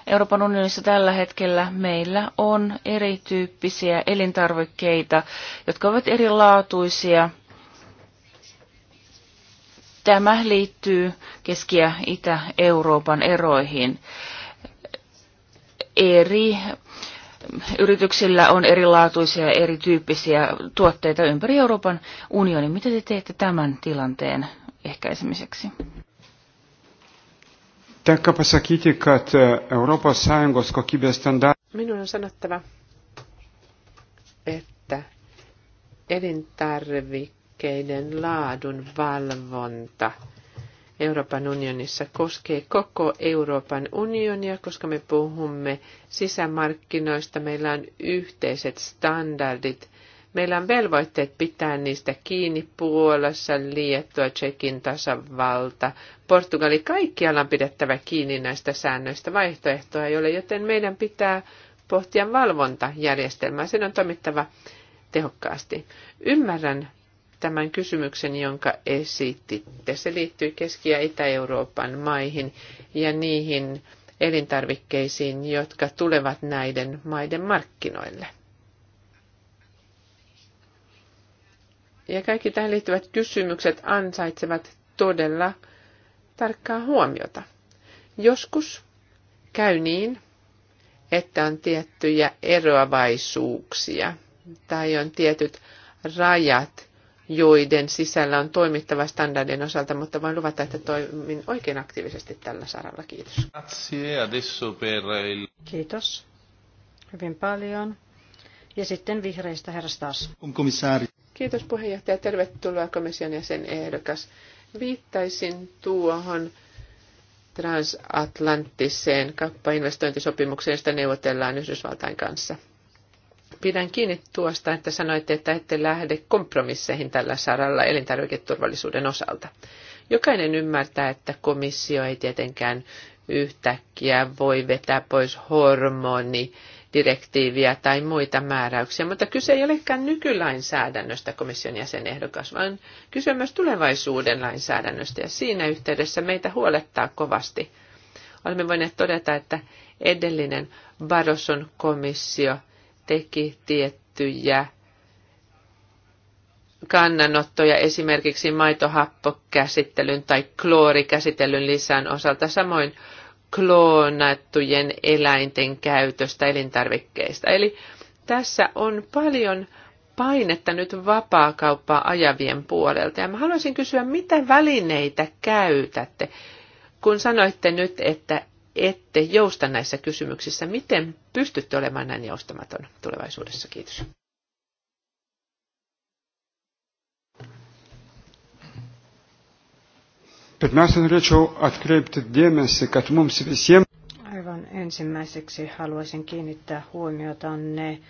Euroopan unionissa tällä hetkellä meillä on erityyppisiä elintarvikkeita, jotka ovat erilaatuisia. Tämä liittyy Keski- ja Itä-Euroopan eroihin. Eri yrityksillä on erilaatuisia ja erityyppisiä tuotteita ympäri Euroopan unionin. Mitä te teette tämän tilanteen ehkäisemiseksi? E, Minun on sanottava, että elintarvikkeiden laadun valvonta – Euroopan unionissa koskee koko Euroopan unionia, koska me puhumme sisämarkkinoista, meillä on yhteiset standardit, meillä on velvoitteet pitää niistä kiinni Puolassa, Liettua, Tsekin tasavalta, Portugali, kaikkialla on pidettävä kiinni näistä säännöistä, vaihtoehtoa ei ole, joten meidän pitää pohtia valvontajärjestelmää, sen on toimittava tehokkaasti. Ymmärrän tämän kysymyksen, jonka esititte. Se liittyy Keski- ja Itä-Euroopan maihin ja niihin elintarvikkeisiin, jotka tulevat näiden maiden markkinoille. Ja kaikki tähän liittyvät kysymykset ansaitsevat todella tarkkaa huomiota. Joskus käy niin, että on tiettyjä eroavaisuuksia tai on tietyt rajat joiden sisällä on toimittava standardien osalta, mutta voin luvata, että toimin oikein aktiivisesti tällä saralla. Kiitos. Kiitos hyvin paljon. Ja sitten vihreistä herra Stas. Kiitos puheenjohtaja. Tervetuloa komission jäsen ehdokas. Viittaisin tuohon transatlanttiseen kauppainvestointisopimukseen, josta neuvotellaan Yhdysvaltain kanssa pidän kiinni tuosta, että sanoitte, että ette lähde kompromisseihin tällä saralla elintarviketurvallisuuden osalta. Jokainen ymmärtää, että komissio ei tietenkään yhtäkkiä voi vetää pois hormoni direktiiviä tai muita määräyksiä, mutta kyse ei olekaan nykylainsäädännöstä komission jäsenehdokas, vaan kyse on myös tulevaisuuden lainsäädännöstä ja siinä yhteydessä meitä huolettaa kovasti. Olemme voineet todeta, että edellinen Barroson komissio teki tiettyjä kannanottoja esimerkiksi maitohappokäsittelyn tai kloorikäsittelyn lisän osalta, samoin kloonattujen eläinten käytöstä elintarvikkeista. Eli tässä on paljon painetta nyt vapaa-kauppaa ajavien puolelta. Ja mä haluaisin kysyä, mitä välineitä käytätte, kun sanoitte nyt, että ette jousta näissä kysymyksissä. Miten pystytte olemaan näin joustamaton tulevaisuudessa? Kiitos. Aivan ensimmäiseksi haluaisin kiinnittää huomiota ne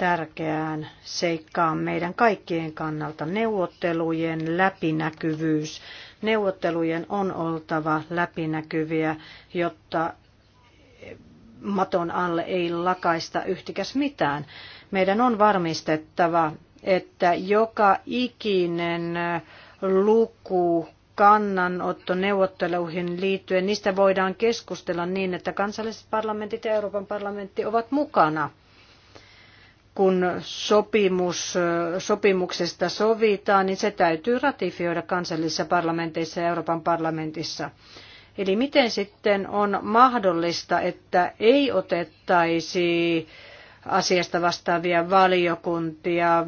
tärkeään seikkaan meidän kaikkien kannalta. Neuvottelujen läpinäkyvyys. Neuvottelujen on oltava läpinäkyviä, jotta maton alle ei lakaista yhtikäs mitään. Meidän on varmistettava, että joka ikinen luku kannanotto neuvotteluihin liittyen, niistä voidaan keskustella niin, että kansalliset parlamentit ja Euroopan parlamentti ovat mukana kun sopimus, sopimuksesta sovitaan, niin se täytyy ratifioida kansallisissa parlamenteissa ja Euroopan parlamentissa. Eli miten sitten on mahdollista, että ei otettaisi asiasta vastaavia valiokuntia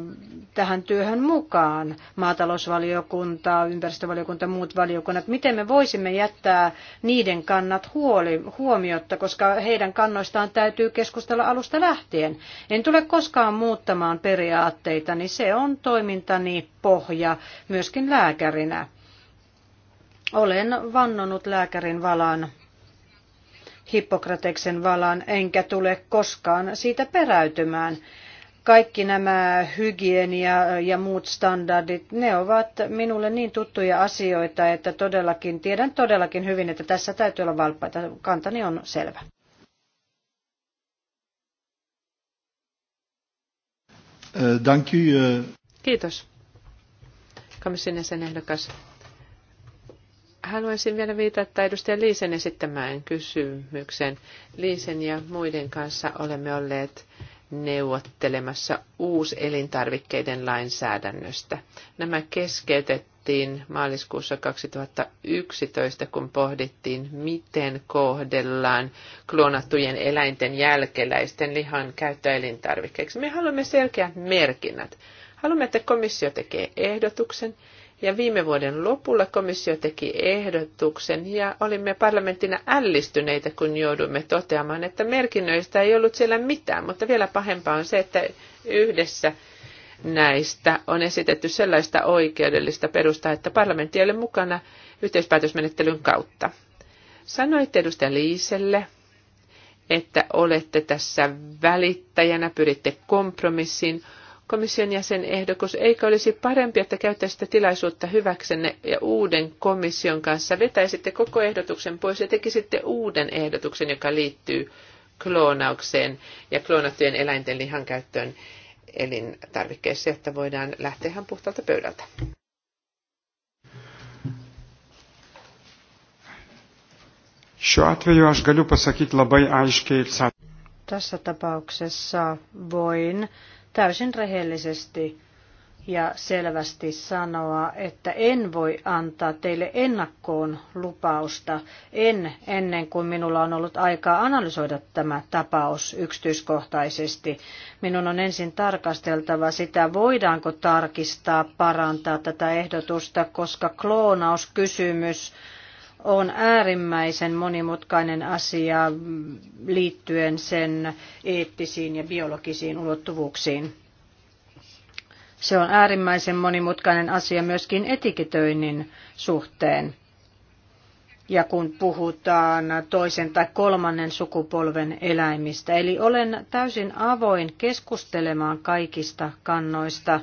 tähän työhön mukaan, maatalousvaliokunta, ympäristövaliokunta, muut valiokunnat, miten me voisimme jättää niiden kannat huoli, huomiotta, koska heidän kannoistaan täytyy keskustella alusta lähtien. En tule koskaan muuttamaan periaatteita, niin se on toimintani pohja myöskin lääkärinä. Olen vannonut lääkärin valan Hippokrateksen valan, enkä tule koskaan siitä peräytymään. Kaikki nämä hygienia ja muut standardit, ne ovat minulle niin tuttuja asioita, että todellakin tiedän todellakin hyvin, että tässä täytyy olla valppaita. Kantani on selvä. Äh, äh. Kiitos. Komission jäsenehdokas. ehdokas. Haluaisin vielä viitata edustaja Liisen esittämään kysymykseen. Liisen ja muiden kanssa olemme olleet neuvottelemassa uuselintarvikkeiden lainsäädännöstä. Nämä keskeytettiin maaliskuussa 2011, kun pohdittiin, miten kohdellaan kloonattujen eläinten jälkeläisten lihan käyttöä elintarvikkeiksi. Me haluamme selkeät merkinnät. Haluamme, että komissio tekee ehdotuksen ja viime vuoden lopulla komissio teki ehdotuksen ja olimme parlamenttina ällistyneitä, kun jouduimme toteamaan, että merkinnöistä ei ollut siellä mitään. Mutta vielä pahempaa on se, että yhdessä näistä on esitetty sellaista oikeudellista perustaa, että parlamentti ei ole mukana yhteispäätösmenettelyn kautta. Sanoitte edustaja Liiselle, että olette tässä välittäjänä, pyritte kompromissiin komission jäsen ehdokus, eikö olisi parempi, että käyttäisitte tilaisuutta hyväksenne ja uuden komission kanssa vetäisitte koko ehdotuksen pois ja tekisitte uuden ehdotuksen, joka liittyy kloonaukseen ja kloonattujen eläinten lihan käyttöön elintarvikkeissa, että voidaan lähteä ihan puhtaalta pöydältä. Tässä tapauksessa voin täysin rehellisesti ja selvästi sanoa, että en voi antaa teille ennakkoon lupausta, en ennen kuin minulla on ollut aikaa analysoida tämä tapaus yksityiskohtaisesti. Minun on ensin tarkasteltava sitä, voidaanko tarkistaa, parantaa tätä ehdotusta, koska kloonauskysymys on äärimmäisen monimutkainen asia liittyen sen eettisiin ja biologisiin ulottuvuuksiin. Se on äärimmäisen monimutkainen asia myöskin etiketöinnin suhteen. Ja kun puhutaan toisen tai kolmannen sukupolven eläimistä. Eli olen täysin avoin keskustelemaan kaikista kannoista –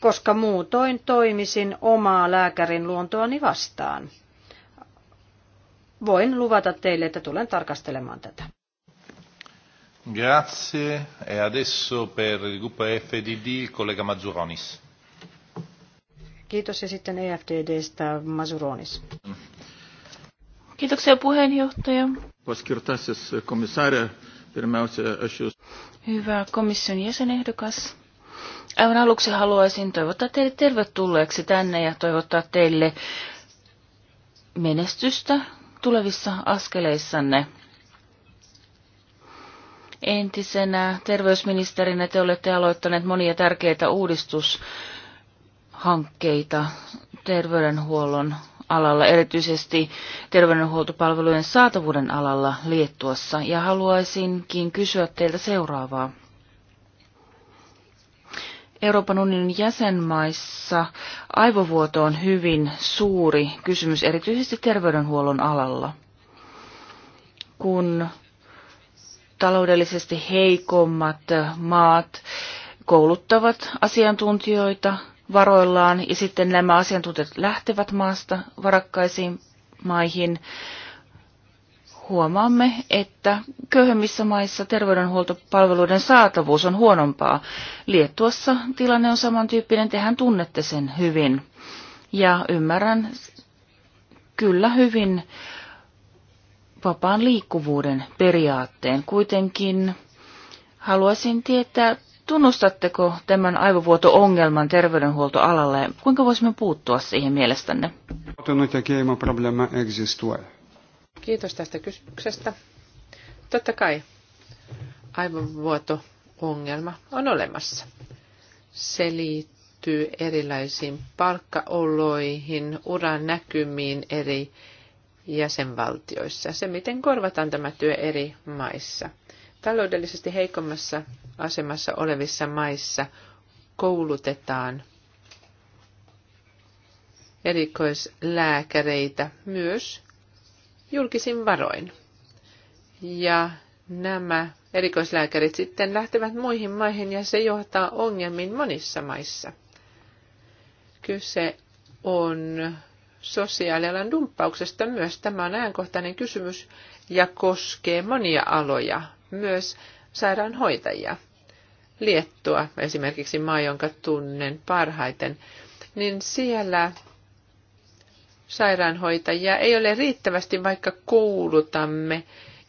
koska muutoin toimisin omaa lääkärin luontoani vastaan. Voin luvata teille, että tulen tarkastelemaan tätä. Grazie. E adesso per il gruppo FDD il collega Mazzuronis. Kiitos ja sitten EFDDstä Mazzuronis. Kiitoksia puheenjohtaja. Paskirtasis komissaari, Hyvä komission jäsenehdokas. Aivan aluksi haluaisin toivottaa teille tervetulleeksi tänne ja toivottaa teille menestystä tulevissa askeleissanne. Entisenä terveysministerinä te olette aloittaneet monia tärkeitä uudistushankkeita terveydenhuollon alalla, erityisesti terveydenhuoltopalvelujen saatavuuden alalla Liettuassa. Ja haluaisinkin kysyä teiltä seuraavaa. Euroopan unionin jäsenmaissa aivovuoto on hyvin suuri kysymys, erityisesti terveydenhuollon alalla. Kun taloudellisesti heikommat maat kouluttavat asiantuntijoita varoillaan ja sitten nämä asiantuntijat lähtevät maasta varakkaisiin maihin, huomaamme, että köyhemmissä maissa terveydenhuoltopalveluiden saatavuus on huonompaa. Liettuassa tilanne on samantyyppinen, tehän tunnette sen hyvin. Ja ymmärrän kyllä hyvin vapaan liikkuvuuden periaatteen. Kuitenkin haluaisin tietää, tunnustatteko tämän aivovuoto-ongelman terveydenhuoltoalalle? Kuinka voisimme puuttua siihen mielestänne? Nutekėjimo problema egzistuoja. Kiitos tästä kysymyksestä. Totta kai aivovuoto-ongelma on olemassa. Se liittyy erilaisiin palkkaoloihin, uran näkymiin eri jäsenvaltioissa. Se, miten korvataan tämä työ eri maissa. Taloudellisesti heikommassa asemassa olevissa maissa koulutetaan erikoislääkäreitä myös julkisin varoin. Ja nämä erikoislääkärit sitten lähtevät muihin maihin ja se johtaa ongelmiin monissa maissa. Kyse on sosiaalialan dumppauksesta myös. Tämä on ajankohtainen kysymys ja koskee monia aloja, myös sairaanhoitajia. Liettua esimerkiksi maa, jonka tunnen parhaiten, niin siellä sairaanhoitajia ei ole riittävästi, vaikka koulutamme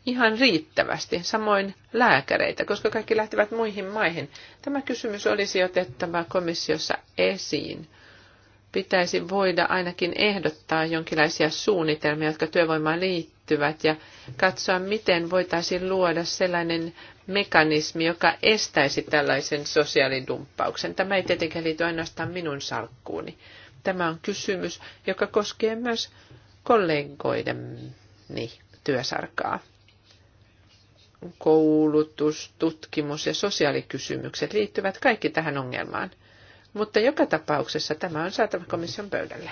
ihan riittävästi, samoin lääkäreitä, koska kaikki lähtevät muihin maihin. Tämä kysymys olisi otettava komissiossa esiin. Pitäisi voida ainakin ehdottaa jonkinlaisia suunnitelmia, jotka työvoimaan liittyvät, ja katsoa, miten voitaisiin luoda sellainen mekanismi, joka estäisi tällaisen sosiaalidumppauksen. Tämä ei tietenkään liity ainoastaan minun salkkuuni. Tämä on kysymys, joka koskee myös kollegoideni työsarkaa. Koulutus, tutkimus ja sosiaalikysymykset liittyvät kaikki tähän ongelmaan. Mutta joka tapauksessa tämä on saatava komission pöydälle.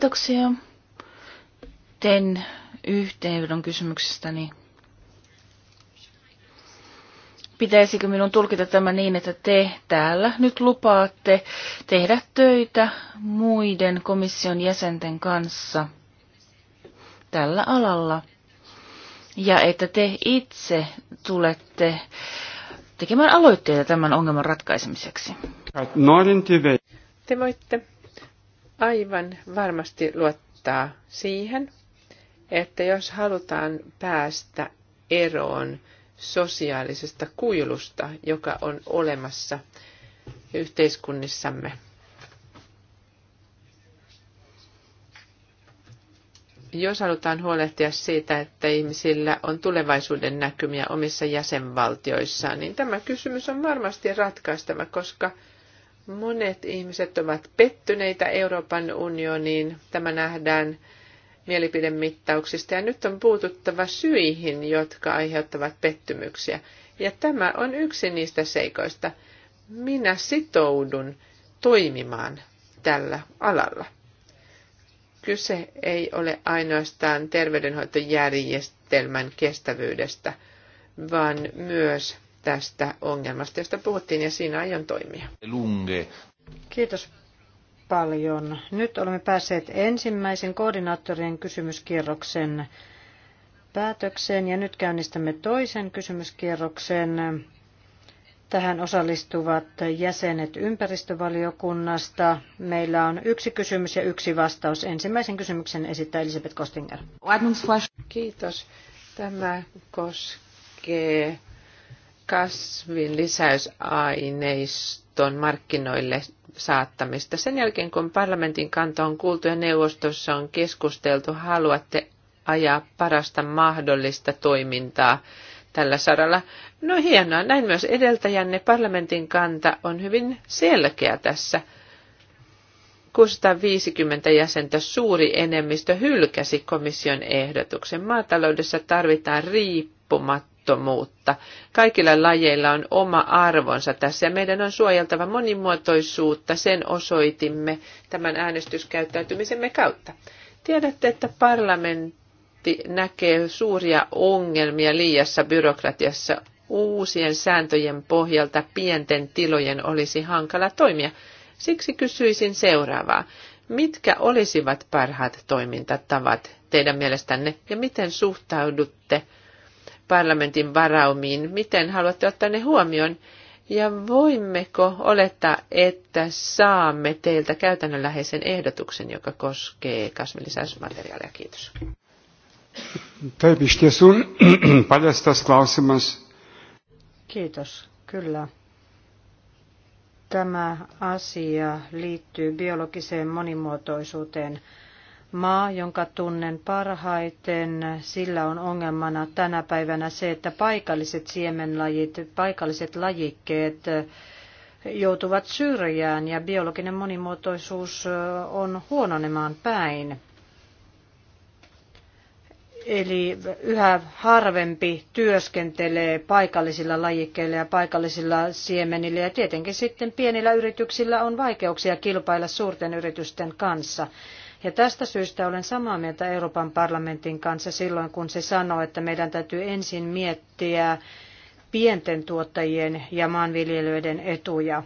Kiitoksia. Teen yhteenvedon kysymyksestäni pitäisikö minun tulkita tämä niin, että te täällä nyt lupaatte tehdä töitä muiden komission jäsenten kanssa tällä alalla? Ja että te itse tulette tekemään aloitteita tämän ongelman ratkaisemiseksi. Te voitte aivan varmasti luottaa siihen, että jos halutaan päästä eroon sosiaalisesta kuilusta, joka on olemassa yhteiskunnissamme. Jos halutaan huolehtia siitä, että ihmisillä on tulevaisuuden näkymiä omissa jäsenvaltioissaan, niin tämä kysymys on varmasti ratkaistava, koska monet ihmiset ovat pettyneitä Euroopan unioniin. Tämä nähdään mielipidemittauksista ja nyt on puututtava syihin, jotka aiheuttavat pettymyksiä. Ja tämä on yksi niistä seikoista. Minä sitoudun toimimaan tällä alalla. Kyse ei ole ainoastaan terveydenhoitojärjestelmän kestävyydestä, vaan myös tästä ongelmasta, josta puhuttiin, ja siinä aion toimia. Lunge. Kiitos paljon. Nyt olemme päässeet ensimmäisen koordinaattorien kysymyskierroksen päätökseen ja nyt käynnistämme toisen kysymyskierroksen. Tähän osallistuvat jäsenet ympäristövaliokunnasta. Meillä on yksi kysymys ja yksi vastaus. Ensimmäisen kysymyksen esittää Elisabeth Kostinger. Kiitos. Tämä koskee kasvin lisäysaineiston markkinoille saattamista. Sen jälkeen, kun parlamentin kanta on kuultu ja neuvostossa on keskusteltu, haluatte ajaa parasta mahdollista toimintaa tällä saralla. No hienoa, näin myös edeltäjänne parlamentin kanta on hyvin selkeä tässä. 650 jäsentä suuri enemmistö hylkäsi komission ehdotuksen. Maataloudessa tarvitaan riippumatta monimuotoisuutta. Kaikilla lajeilla on oma arvonsa tässä ja meidän on suojeltava monimuotoisuutta, sen osoitimme tämän äänestyskäyttäytymisemme kautta. Tiedätte, että parlamentti näkee suuria ongelmia liiassa byrokratiassa. Uusien sääntöjen pohjalta pienten tilojen olisi hankala toimia. Siksi kysyisin seuraavaa. Mitkä olisivat parhaat toimintatavat teidän mielestänne ja miten suhtaudutte parlamentin varaumiin, miten haluatte ottaa ne huomioon ja voimmeko olettaa, että saamme teiltä käytännönläheisen ehdotuksen, joka koskee kasvillisäysmateriaalia? Kiitos. Kiitos, kyllä. Tämä asia liittyy biologiseen monimuotoisuuteen maa, jonka tunnen parhaiten, sillä on ongelmana tänä päivänä se, että paikalliset siemenlajit, paikalliset lajikkeet joutuvat syrjään ja biologinen monimuotoisuus on huononemaan päin. Eli yhä harvempi työskentelee paikallisilla lajikkeilla ja paikallisilla siemenillä ja tietenkin sitten pienillä yrityksillä on vaikeuksia kilpailla suurten yritysten kanssa. Ja tästä syystä olen samaa mieltä Euroopan parlamentin kanssa silloin, kun se sanoo, että meidän täytyy ensin miettiä pienten tuottajien ja maanviljelijöiden etuja.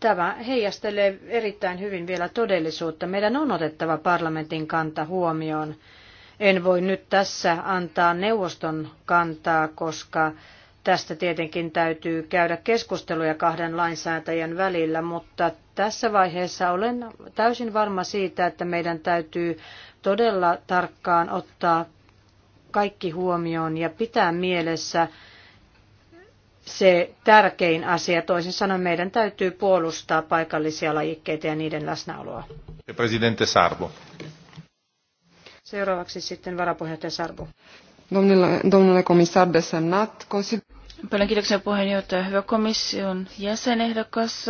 Tämä heijastelee erittäin hyvin vielä todellisuutta. Meidän on otettava parlamentin kanta huomioon. En voi nyt tässä antaa neuvoston kantaa, koska tästä tietenkin täytyy käydä keskusteluja kahden lainsäätäjän välillä, mutta tässä vaiheessa olen täysin varma siitä, että meidän täytyy todella tarkkaan ottaa kaikki huomioon ja pitää mielessä se tärkein asia. Toisin sanoen meidän täytyy puolustaa paikallisia lajikkeita ja niiden läsnäoloa. Presidente Sarbo. Seuraavaksi sitten varapuheenjohtaja Sarbo. Domnule, domnule komissar desemnat, Paljon kiitoksia puheenjohtaja. Hyvä komission jäsenehdokas.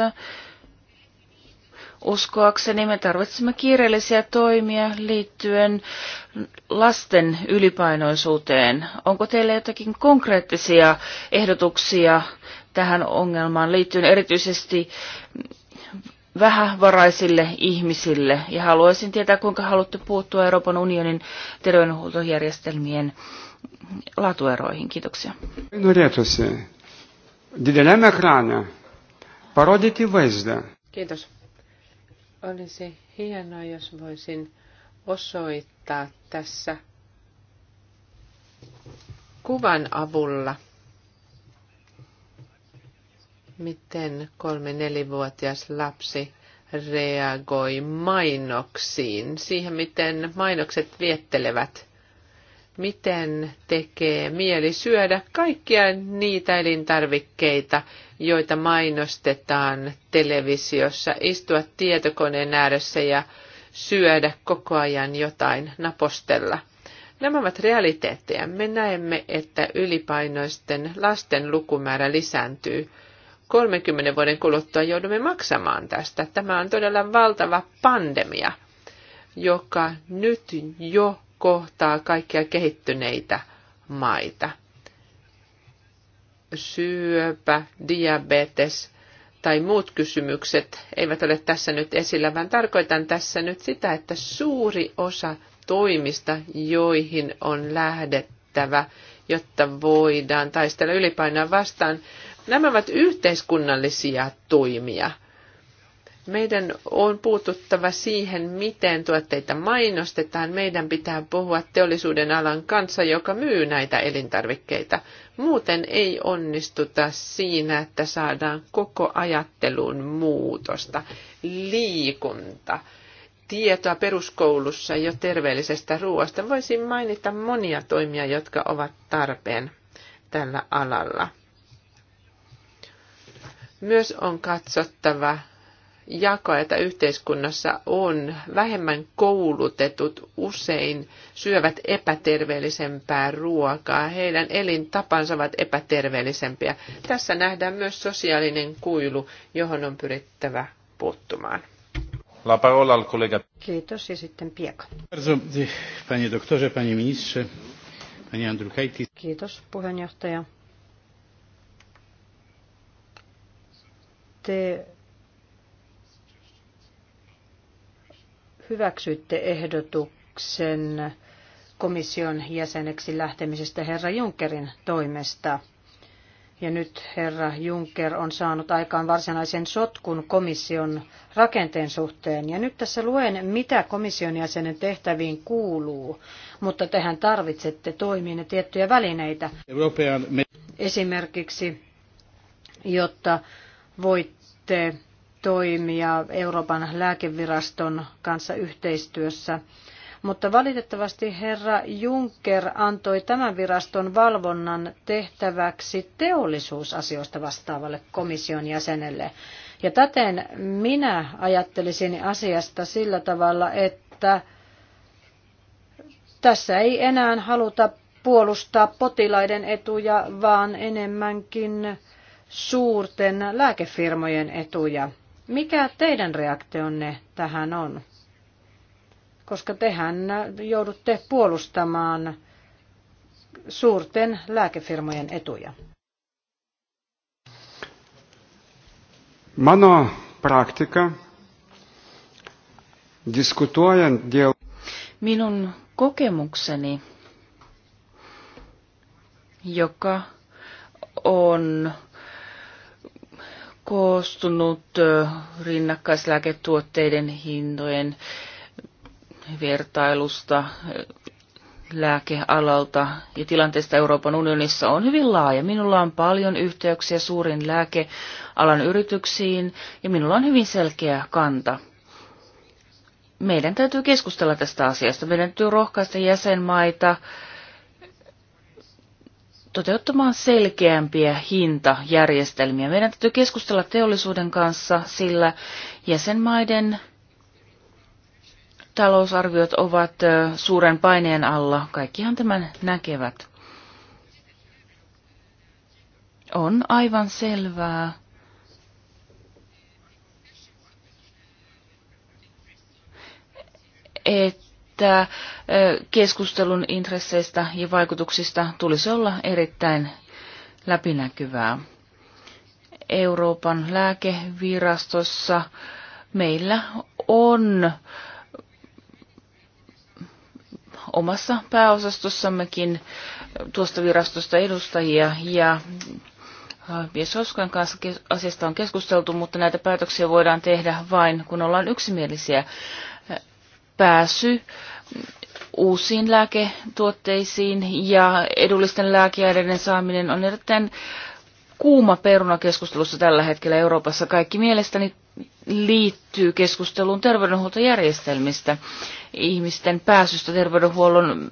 Uskoakseni me tarvitsemme kiireellisiä toimia liittyen lasten ylipainoisuuteen. Onko teillä jotakin konkreettisia ehdotuksia tähän ongelmaan liittyen erityisesti vähävaraisille ihmisille? Ja haluaisin tietää, kuinka haluatte puuttua Euroopan unionin terveydenhuoltojärjestelmien laatueroihin. Kiitoksia. Norėtųsi dideliame ekrane Kiitos. Olisi hienoa, jos voisin osoittaa tässä kuvan avulla, miten kolme nelivuotias lapsi reagoi mainoksiin, siihen miten mainokset viettelevät, miten tekee mieli syödä kaikkia niitä elintarvikkeita, joita mainostetaan televisiossa, istua tietokoneen ääressä ja syödä koko ajan jotain, napostella. Nämä ovat realiteetteja. Me näemme, että ylipainoisten lasten lukumäärä lisääntyy. 30 vuoden kuluttua joudumme maksamaan tästä. Tämä on todella valtava pandemia, joka nyt jo kohtaa kaikkia kehittyneitä maita syöpä, diabetes tai muut kysymykset eivät ole tässä nyt esillä, vaan tarkoitan tässä nyt sitä, että suuri osa toimista, joihin on lähdettävä, jotta voidaan taistella ylipainoa vastaan, nämä ovat yhteiskunnallisia toimia – meidän on puututtava siihen, miten tuotteita mainostetaan. Meidän pitää puhua teollisuuden alan kanssa, joka myy näitä elintarvikkeita. Muuten ei onnistuta siinä, että saadaan koko ajattelun muutosta. Liikunta. Tietoa peruskoulussa jo terveellisestä ruoasta. Voisin mainita monia toimia, jotka ovat tarpeen tällä alalla. Myös on katsottava jakoa, että yhteiskunnassa on. Vähemmän koulutetut usein syövät epäterveellisempää ruokaa. Heidän elintapansa ovat epäterveellisempiä. Tässä nähdään myös sosiaalinen kuilu, johon on pyrittävä puuttumaan. La parola al collega. Kiitos ja sitten Pieka. Kiitos puheenjohtaja. Te hyväksyitte ehdotuksen komission jäseneksi lähtemisestä herra Junckerin toimesta. Ja nyt herra Juncker on saanut aikaan varsinaisen sotkun komission rakenteen suhteen. Ja nyt tässä luen, mitä komission jäsenen tehtäviin kuuluu, mutta tehän tarvitsette toimiin ja tiettyjä välineitä. Esimerkiksi, jotta voitte toimia Euroopan lääkeviraston kanssa yhteistyössä. Mutta valitettavasti herra Juncker antoi tämän viraston valvonnan tehtäväksi teollisuusasioista vastaavalle komission jäsenelle. Ja täten minä ajattelisin asiasta sillä tavalla, että tässä ei enää haluta puolustaa potilaiden etuja, vaan enemmänkin suurten lääkefirmojen etuja. Mikä teidän reaktionne tähän on? Koska tehän joudutte puolustamaan suurten lääkefirmojen etuja. Mano praktika diskutuojant dėl... Minun kokemukseni, joka on koostunut rinnakkaislääketuotteiden hintojen vertailusta lääkealalta ja tilanteesta Euroopan unionissa on hyvin laaja. Minulla on paljon yhteyksiä suurin lääkealan yrityksiin ja minulla on hyvin selkeä kanta. Meidän täytyy keskustella tästä asiasta. Meidän täytyy rohkaista jäsenmaita toteuttamaan selkeämpiä hintajärjestelmiä. Meidän täytyy keskustella teollisuuden kanssa, sillä jäsenmaiden talousarviot ovat suuren paineen alla. Kaikkihan tämän näkevät. On aivan selvää. että että keskustelun intresseistä ja vaikutuksista tulisi olla erittäin läpinäkyvää. Euroopan lääkevirastossa meillä on omassa pääosastossammekin tuosta virastosta edustajia ja Oskan kanssa asiasta on keskusteltu, mutta näitä päätöksiä voidaan tehdä vain, kun ollaan yksimielisiä pääsy uusiin lääketuotteisiin ja edullisten lääkeaineiden saaminen on erittäin kuuma peruna keskustelussa tällä hetkellä Euroopassa. Kaikki mielestäni liittyy keskusteluun terveydenhuoltojärjestelmistä, ihmisten pääsystä terveydenhuollon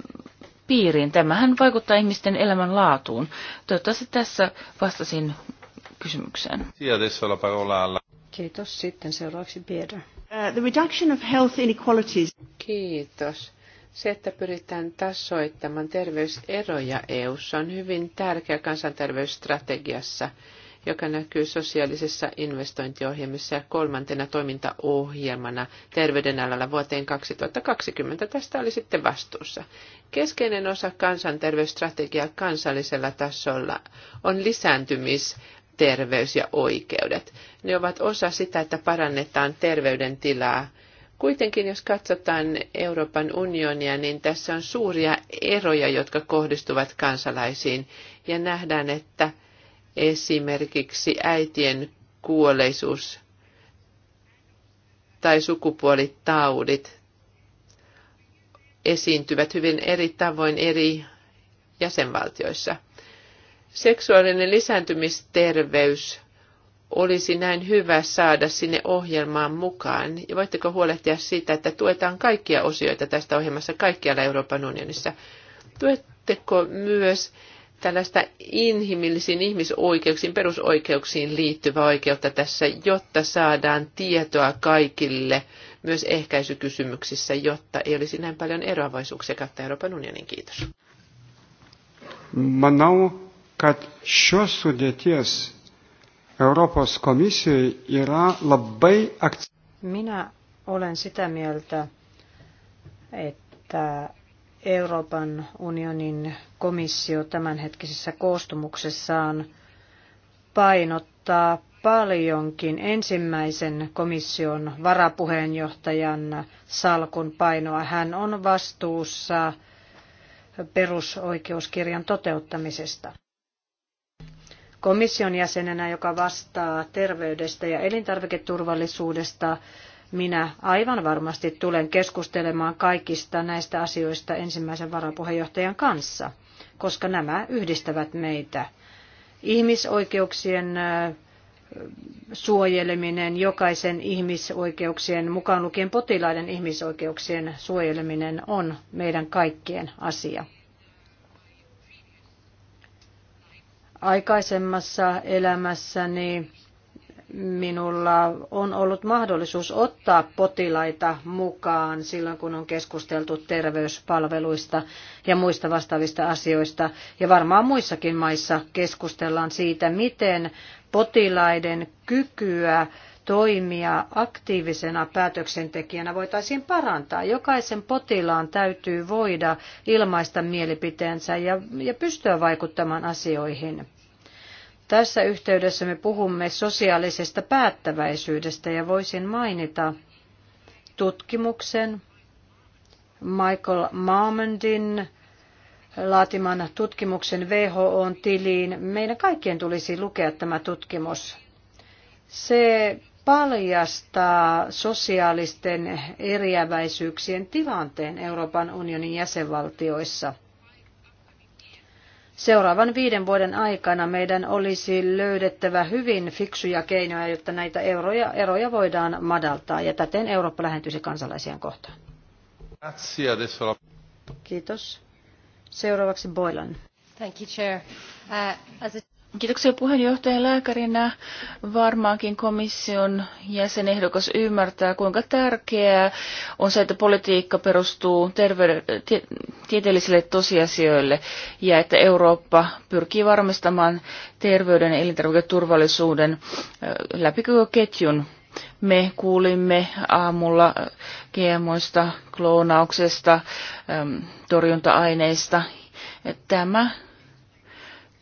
piiriin. Tämähän vaikuttaa ihmisten elämänlaatuun. Toivottavasti tässä vastasin kysymykseen. Kiitos. Sitten seuraavaksi Piedra. Uh, the reduction of health inequalities. Kiitos. Se, että pyritään tasoittamaan terveyseroja eu on hyvin tärkeä kansanterveysstrategiassa, joka näkyy sosiaalisessa investointiohjelmissa ja kolmantena toimintaohjelmana terveydenalalla vuoteen 2020. Tästä oli sitten vastuussa. Keskeinen osa kansanterveysstrategiaa kansallisella tasolla on lisääntymis- terveys ja oikeudet. Ne ovat osa sitä, että parannetaan terveydentilaa. Kuitenkin jos katsotaan Euroopan unionia, niin tässä on suuria eroja, jotka kohdistuvat kansalaisiin. Ja nähdään, että esimerkiksi äitien kuolleisuus tai sukupuolitaudit esiintyvät hyvin eri tavoin eri jäsenvaltioissa. Seksuaalinen lisääntymisterveys olisi näin hyvä saada sinne ohjelmaan mukaan. Ja voitteko huolehtia siitä, että tuetaan kaikkia osioita tästä ohjelmassa kaikkialla Euroopan unionissa? Tuetteko myös tällaista inhimillisiin ihmisoikeuksiin, perusoikeuksiin liittyvää oikeutta tässä, jotta saadaan tietoa kaikille myös ehkäisykysymyksissä, jotta ei olisi näin paljon eroavaisuuksia kautta Euroopan unionin. Kiitos. Manau, kad šios sudėties Europos komisijoje yra labai akcentuojama. Minä olen sitä mieltä, että Euroopan unionin komissio tämänhetkisessä koostumuksessaan painottaa paljonkin ensimmäisen komission varapuheenjohtajan salkun painoa. Hän on vastuussa perusoikeuskirjan toteuttamisesta komission jäsenenä, joka vastaa terveydestä ja elintarviketurvallisuudesta, minä aivan varmasti tulen keskustelemaan kaikista näistä asioista ensimmäisen varapuheenjohtajan kanssa, koska nämä yhdistävät meitä. Ihmisoikeuksien suojeleminen, jokaisen ihmisoikeuksien, mukaan lukien potilaiden ihmisoikeuksien suojeleminen on meidän kaikkien asia. Aikaisemmassa elämässäni minulla on ollut mahdollisuus ottaa potilaita mukaan silloin, kun on keskusteltu terveyspalveluista ja muista vastaavista asioista. Ja varmaan muissakin maissa keskustellaan siitä, miten potilaiden kykyä toimia aktiivisena päätöksentekijänä voitaisiin parantaa. Jokaisen potilaan täytyy voida ilmaista mielipiteensä ja, ja pystyä vaikuttamaan asioihin. Tässä yhteydessä me puhumme sosiaalisesta päättäväisyydestä ja voisin mainita tutkimuksen Michael Marmondin laatiman tutkimuksen WHOn tiliin. Meidän kaikkien tulisi lukea tämä tutkimus. Se paljastaa sosiaalisten eriäväisyyksien tilanteen Euroopan unionin jäsenvaltioissa. Seuraavan viiden vuoden aikana meidän olisi löydettävä hyvin fiksuja keinoja, jotta näitä euroja, eroja voidaan madaltaa ja täten Eurooppa lähentyisi kansalaisiaan kohtaan. Kiitos. Seuraavaksi Boylan. Thank you, Chair. Uh, as a... Kiitoksia puheenjohtajan lääkärinä. Varmaankin komission jäsenehdokas ymmärtää, kuinka tärkeää on se, että politiikka perustuu terveyden, tie, tieteellisille tosiasioille ja että Eurooppa pyrkii varmistamaan terveyden ja elintarviketurvallisuuden äh, ketjun. Me kuulimme aamulla äh, GMOista, kloonauksesta, ähm, torjunta-aineista. Tämä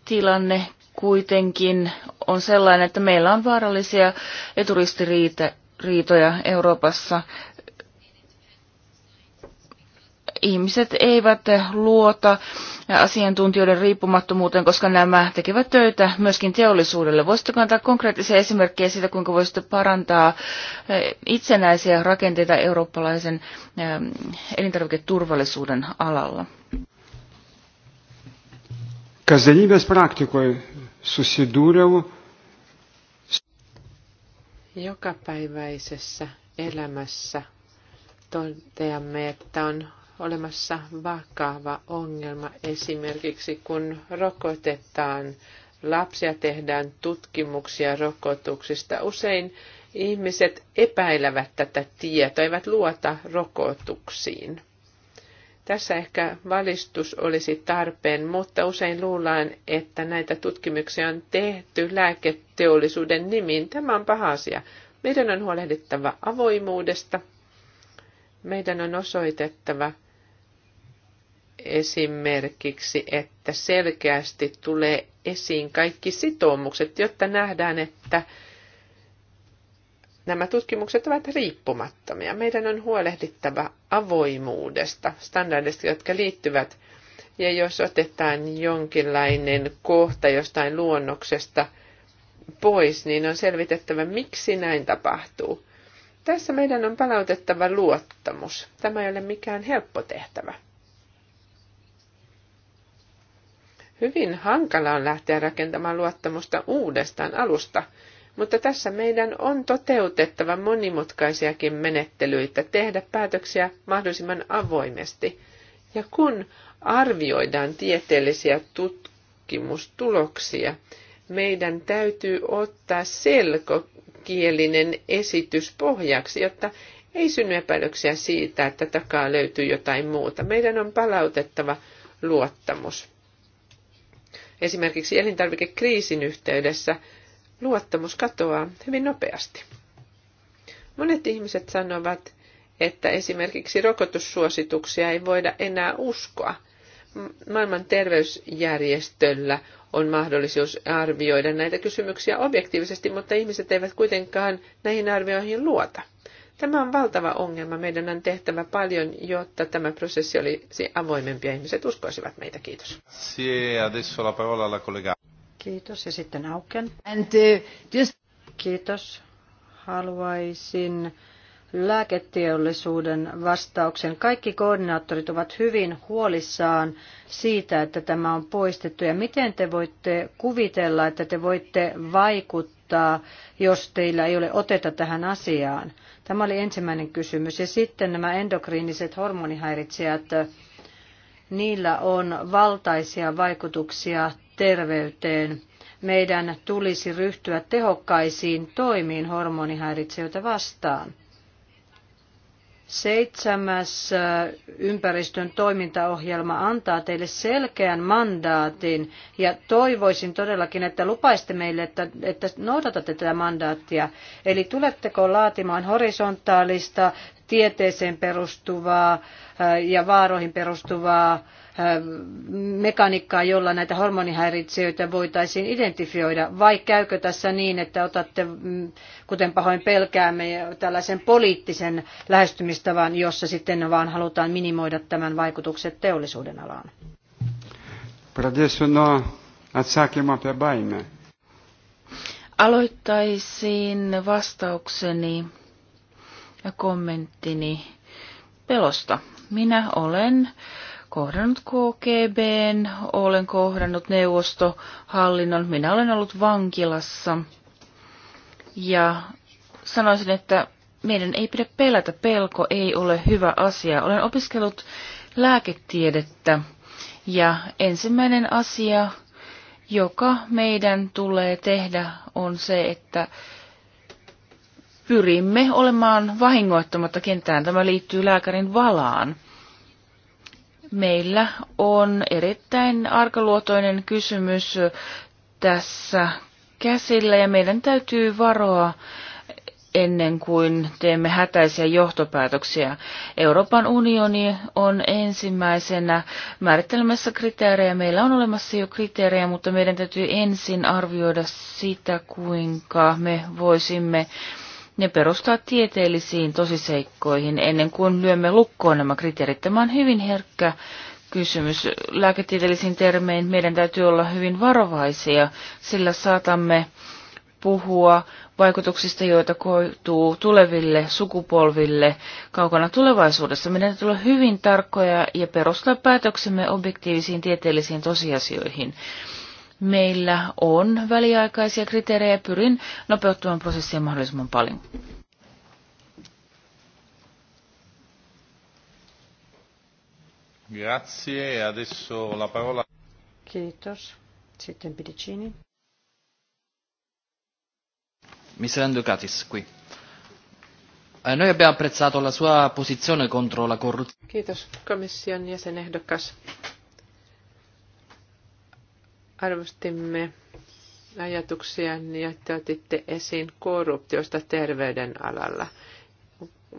tilanne kuitenkin on sellainen, että meillä on vaarallisia eturistiriitoja Euroopassa. Ihmiset eivät luota asiantuntijoiden riippumattomuuteen, koska nämä tekevät töitä myöskin teollisuudelle. Voisitteko antaa konkreettisia esimerkkejä siitä, kuinka voisitte parantaa eh, itsenäisiä rakenteita eurooppalaisen eh, elintarviketurvallisuuden alalla? kasdienybės praktikoje susidūriau. Jokapäiväisessä elämässä toteamme, että on olemassa vakava ongelma esimerkiksi, kun rokotetaan lapsia, tehdään tutkimuksia rokotuksista. Usein ihmiset epäilevät tätä tietoa, eivät luota rokotuksiin. Tässä ehkä valistus olisi tarpeen, mutta usein luullaan, että näitä tutkimuksia on tehty lääketeollisuuden nimiin. Tämä on paha asia. Meidän on huolehdittava avoimuudesta. Meidän on osoitettava esimerkiksi, että selkeästi tulee esiin kaikki sitoumukset, jotta nähdään, että nämä tutkimukset ovat riippumattomia. Meidän on huolehdittava avoimuudesta, standardeista, jotka liittyvät. Ja jos otetaan jonkinlainen kohta jostain luonnoksesta pois, niin on selvitettävä, miksi näin tapahtuu. Tässä meidän on palautettava luottamus. Tämä ei ole mikään helppo tehtävä. Hyvin hankala on lähteä rakentamaan luottamusta uudestaan alusta, mutta tässä meidän on toteutettava monimutkaisiakin menettelyitä, tehdä päätöksiä mahdollisimman avoimesti. Ja kun arvioidaan tieteellisiä tutkimustuloksia, meidän täytyy ottaa selkokielinen esitys pohjaksi, jotta ei synny epäilyksiä siitä, että takaa löytyy jotain muuta. Meidän on palautettava luottamus. Esimerkiksi elintarvikekriisin yhteydessä luottamus katoaa hyvin nopeasti. Monet ihmiset sanovat, että esimerkiksi rokotussuosituksia ei voida enää uskoa. Maailman terveysjärjestöllä on mahdollisuus arvioida näitä kysymyksiä objektiivisesti, mutta ihmiset eivät kuitenkaan näihin arvioihin luota. Tämä on valtava ongelma. Meidän on tehtävä paljon, jotta tämä prosessi olisi avoimempi ja ihmiset uskoisivat meitä. Kiitos. Kiitos. Ja sitten Auken. And, uh, just... Kiitos. Haluaisin lääketeollisuuden vastauksen. Kaikki koordinaattorit ovat hyvin huolissaan siitä, että tämä on poistettu. Ja miten te voitte kuvitella, että te voitte vaikuttaa, jos teillä ei ole oteta tähän asiaan? Tämä oli ensimmäinen kysymys. Ja sitten nämä endokriiniset hormonihäiritsijät, niillä on valtaisia vaikutuksia terveyteen. Meidän tulisi ryhtyä tehokkaisiin toimiin hormonihäiritseitä vastaan. Seitsemäs äh, ympäristön toimintaohjelma antaa teille selkeän mandaatin ja toivoisin todellakin, että lupaisitte meille, että, että noudatatte tätä mandaattia. Eli tuletteko laatimaan horisontaalista, tieteeseen perustuvaa äh, ja vaaroihin perustuvaa mekaniikkaa, jolla näitä hormonihäiritsijöitä voitaisiin identifioida, vai käykö tässä niin, että otatte, mm, kuten pahoin pelkäämme, tällaisen poliittisen lähestymistavan, jossa sitten vaan halutaan minimoida tämän vaikutukset teollisuuden alaan? No, Aloittaisin vastaukseni ja kommenttini pelosta. Minä olen kohdannut KGB, olen kohdannut neuvostohallinnon, minä olen ollut vankilassa. Ja sanoisin, että meidän ei pidä pelätä, pelko ei ole hyvä asia. Olen opiskellut lääketiedettä ja ensimmäinen asia, joka meidän tulee tehdä, on se, että pyrimme olemaan vahingoittamatta kentään. Tämä liittyy lääkärin valaan. Meillä on erittäin arkaluotoinen kysymys tässä käsillä ja meidän täytyy varoa ennen kuin teemme hätäisiä johtopäätöksiä. Euroopan unioni on ensimmäisenä määrittelemässä kriteerejä. Meillä on olemassa jo kriteerejä, mutta meidän täytyy ensin arvioida sitä, kuinka me voisimme ne perustaa tieteellisiin tosiseikkoihin ennen kuin lyömme lukkoon nämä kriteerit. Tämä on hyvin herkkä kysymys. Lääketieteellisiin termein meidän täytyy olla hyvin varovaisia, sillä saatamme puhua vaikutuksista, joita koituu tuleville sukupolville kaukana tulevaisuudessa. Meidän täytyy olla hyvin tarkkoja ja perustaa päätöksemme objektiivisiin tieteellisiin tosiasioihin meillä on väliaikaisia kriteerejä. Pyrin nopeuttamaan prosessia mahdollisimman paljon. Grazie. E adesso la parola. Kiitos. Sitten Pidicini. Mister Andukatis, qui. Eh, noi abbiamo apprezzato la sua posizione contro la corruzione. Kiitos komission jäsenehdokas. Arvostimme ajatuksia, ja niin te otitte esiin korruptiosta terveydenalalla.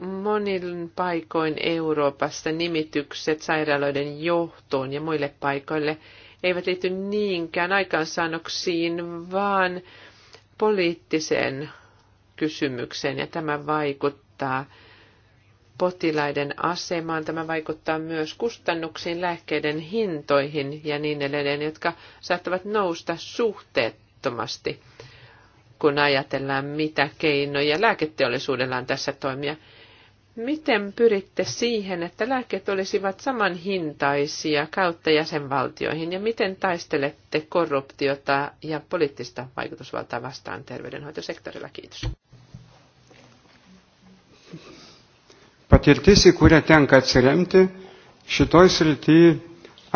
Monin paikoin Euroopassa nimitykset sairaaloiden johtoon ja muille paikoille eivät liity niinkään aikaansaannoksiin, vaan poliittiseen kysymykseen, ja tämä vaikuttaa potilaiden asemaan. Tämä vaikuttaa myös kustannuksiin, lääkkeiden hintoihin ja niin edelleen, jotka saattavat nousta suhteettomasti, kun ajatellaan, mitä keinoja lääketeollisuudella on tässä toimia. Miten pyritte siihen, että lääkkeet olisivat samanhintaisia kautta jäsenvaltioihin ja miten taistelette korruptiota ja poliittista vaikutusvaltaa vastaan terveydenhoitosektorilla? Kiitos. patirtis, į kurią tenka atsiremti, šitoj srity,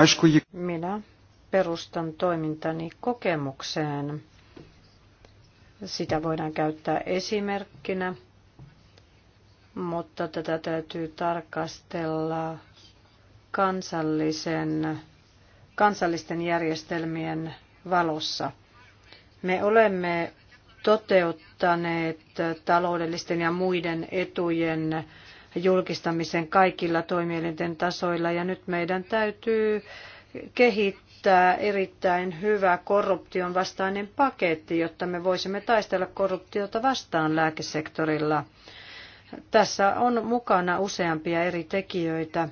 aišku, jį. Mina perustan toimintani kokemukseen. Sitä voidaan käyttää esimerkkinä, mutta tätä täytyy tarkastella kansallisen, kansallisten järjestelmien valossa. Me olemme toteuttaneet taloudellisten ja muiden etujen julkistamisen kaikilla toimielinten tasoilla. Ja nyt meidän täytyy kehittää erittäin hyvä korruption vastainen paketti, jotta me voisimme taistella korruptiota vastaan lääkesektorilla. Tässä on mukana useampia eri tekijöitä.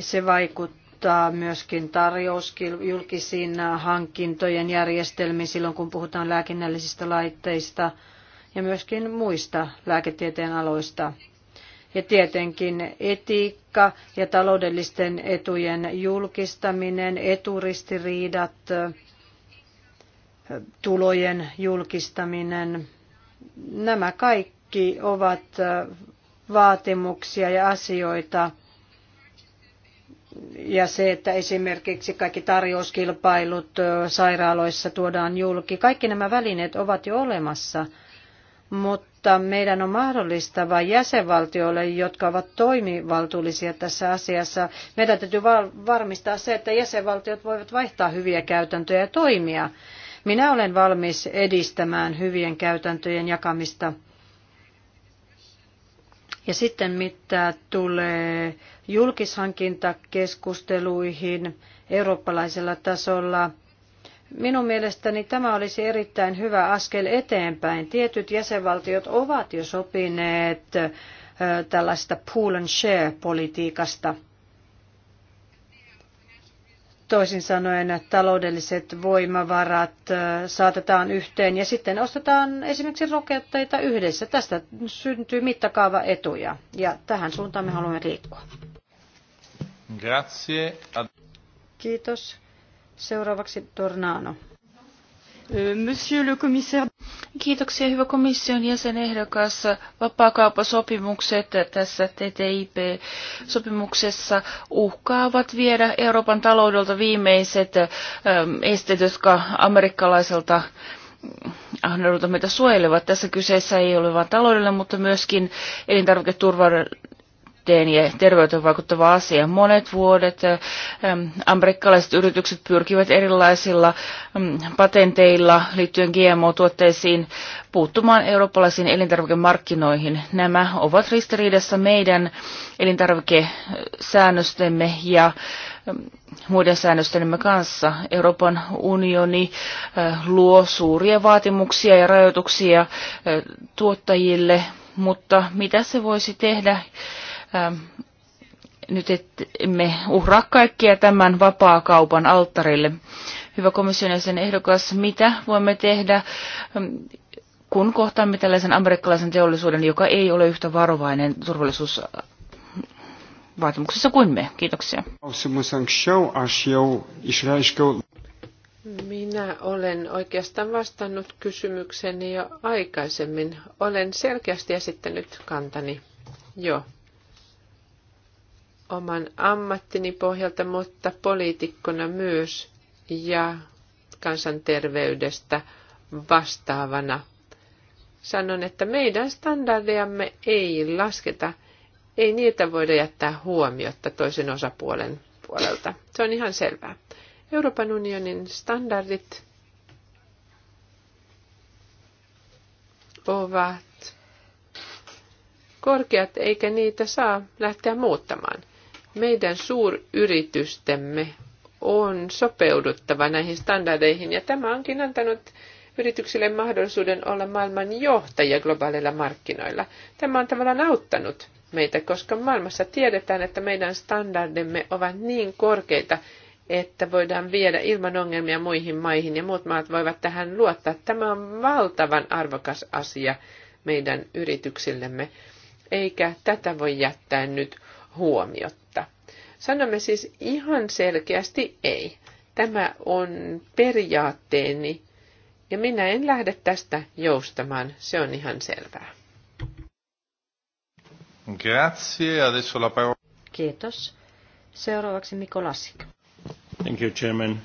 Se vaikuttaa myöskin tarjous julkisiin hankintojen järjestelmiin silloin, kun puhutaan lääkinnällisistä laitteista – ja myöskin muista lääketieteen aloista. Ja tietenkin etiikka ja taloudellisten etujen julkistaminen, eturistiriidat, tulojen julkistaminen, nämä kaikki ovat vaatimuksia ja asioita, ja se, että esimerkiksi kaikki tarjouskilpailut sairaaloissa tuodaan julki, kaikki nämä välineet ovat jo olemassa – mutta meidän on mahdollistava jäsenvaltioille, jotka ovat toimivaltuullisia tässä asiassa. Meidän täytyy varmistaa se, että jäsenvaltiot voivat vaihtaa hyviä käytäntöjä ja toimia. Minä olen valmis edistämään hyvien käytäntöjen jakamista. Ja sitten mitä tulee julkishankintakeskusteluihin eurooppalaisella tasolla – Minun mielestäni tämä olisi erittäin hyvä askel eteenpäin. Tietyt jäsenvaltiot ovat jo sopineet tällaista pool and share-politiikasta. Toisin sanoen taloudelliset voimavarat saatetaan yhteen ja sitten ostetaan esimerkiksi rokotteita yhdessä. Tästä syntyy mittakaava etuja ja tähän suuntaan me haluamme liikkua. Grazie. Kiitos. Seuraavaksi Tornano. Monsieur le commissaire. Kiitoksia hyvä komission jäsenehdokas. Vapaakauppasopimukset tässä TTIP-sopimuksessa uhkaavat viedä Euroopan taloudelta viimeiset esteet, jotka amerikkalaiselta mm, ahneudelta meitä suojelevat. Tässä kyseessä ei ole vain taloudellinen, mutta myöskin elintarviketurvallisuus terveyteen ja terveyteen vaikuttava asia. Monet vuodet eh, amerikkalaiset yritykset pyrkivät erilaisilla patenteilla liittyen GMO-tuotteisiin puuttumaan eurooppalaisiin elintarvikemarkkinoihin. Nämä ovat ristiriidassa meidän elintarvikesäännöstemme ja muiden säännöstelemme kanssa. Euroopan unioni eh, luo suuria vaatimuksia ja rajoituksia eh, tuottajille, mutta mitä se voisi tehdä, Ähm, nyt emme uhraa kaikkia tämän vapaakaupan alttarille. Hyvä komission jäsen ehdokas, mitä voimme tehdä, ähm, kun kohtaamme tällaisen amerikkalaisen teollisuuden, joka ei ole yhtä varovainen turvallisuus vaatimuksessa kuin me. Kiitoksia. Minä olen oikeastaan vastannut kysymykseni jo aikaisemmin. Olen selkeästi esittänyt kantani jo oman ammattini pohjalta, mutta poliitikkona myös ja kansanterveydestä vastaavana. Sanon, että meidän standardejamme ei lasketa, ei niitä voida jättää huomiotta toisen osapuolen puolelta. Se on ihan selvää. Euroopan unionin standardit ovat korkeat, eikä niitä saa lähteä muuttamaan. Meidän suuryritystemme on sopeuduttava näihin standardeihin ja tämä onkin antanut yrityksille mahdollisuuden olla maailman johtajia globaaleilla markkinoilla. Tämä on tavallaan auttanut meitä, koska maailmassa tiedetään, että meidän standardimme ovat niin korkeita, että voidaan viedä ilman ongelmia muihin maihin ja muut maat voivat tähän luottaa. Tämä on valtavan arvokas asia meidän yrityksillemme, eikä tätä voi jättää nyt huomiotta. Sanomme siis ihan selkeästi ei. Tämä on periaatteeni ja minä en lähde tästä joustamaan, se on ihan selvää. Grazie, adesso la parola. Kiitos. Seuraavaksi Mikko Lassik. Thank you, Chairman.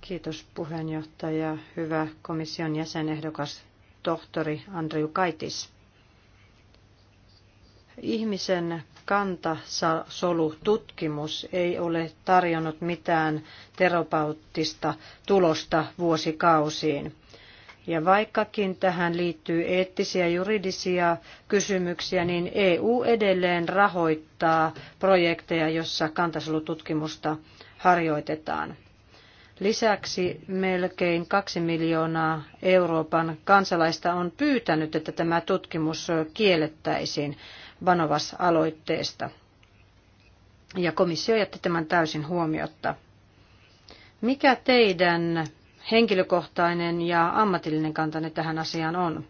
Kiitos puheenjohtaja, hyvä komission jäsenehdokas tohtori Andriu Kaitis ihmisen kantasolututkimus ei ole tarjonnut mitään terapeuttista tulosta vuosikausiin. Ja vaikkakin tähän liittyy eettisiä juridisia kysymyksiä, niin EU edelleen rahoittaa projekteja, jossa kantasolututkimusta harjoitetaan. Lisäksi melkein kaksi miljoonaa Euroopan kansalaista on pyytänyt, että tämä tutkimus kiellettäisiin. Vanovas-aloitteesta. Ja komissio jätti tämän täysin huomiotta. Mikä teidän henkilökohtainen ja ammatillinen kantanne tähän asiaan on?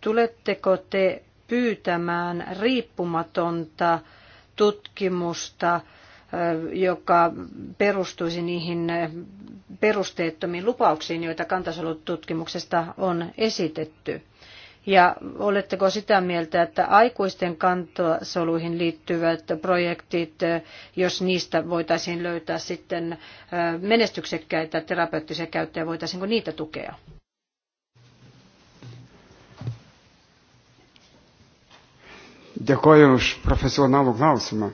Tuletteko te pyytämään riippumatonta tutkimusta, joka perustuisi niihin perusteettomiin lupauksiin, joita kantasolututkimuksesta on esitetty? Ja oletteko sitä mieltä, että aikuisten kantasoluihin liittyvät projektit, jos niistä voitaisiin löytää sitten menestyksekkäitä terapeuttisia käyttäjiä, voitaisiinko niitä tukea? Dėkoju už profesionalų klausimą.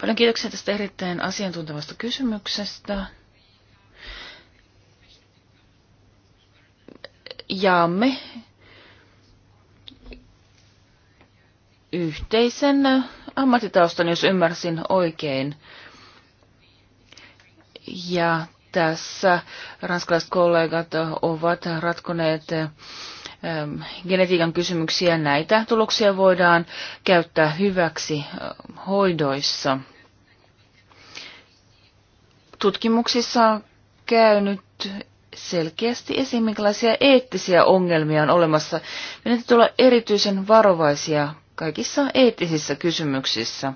Paljon kiitoksia tästä erittäin asiantuntevasta kysymyksestä. jaamme yhteisen ammattitaustan, jos ymmärsin oikein. Ja tässä ranskalaiset kollegat ovat ratkoneet ähm, genetiikan kysymyksiä. Näitä tuloksia voidaan käyttää hyväksi äh, hoidoissa. Tutkimuksissa on käynyt selkeästi esiin, minkälaisia eettisiä ongelmia on olemassa. Meidän täytyy olla erityisen varovaisia kaikissa eettisissä kysymyksissä.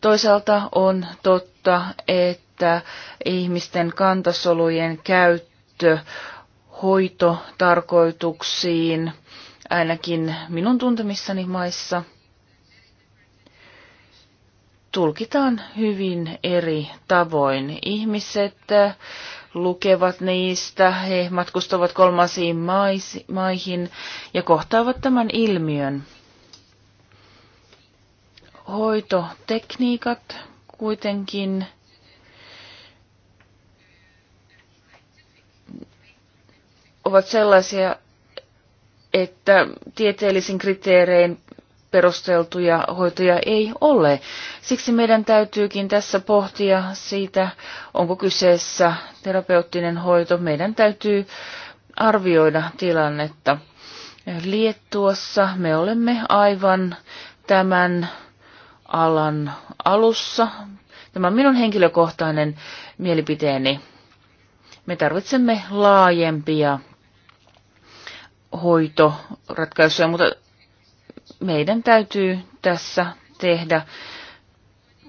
Toisaalta on totta, että ihmisten kantasolujen käyttö hoitotarkoituksiin, ainakin minun tuntemissani maissa, tulkitaan hyvin eri tavoin. Ihmiset lukevat niistä, he matkustavat kolmansiin maihin ja kohtaavat tämän ilmiön. Hoitotekniikat kuitenkin ovat sellaisia, että tieteellisin kriteerein perusteltuja hoitoja ei ole. Siksi meidän täytyykin tässä pohtia siitä, onko kyseessä terapeuttinen hoito. Meidän täytyy arvioida tilannetta. Liettuossa me olemme aivan tämän alan alussa. Tämä on minun henkilökohtainen mielipiteeni. Me tarvitsemme laajempia hoitoratkaisuja, mutta meidän täytyy tässä tehdä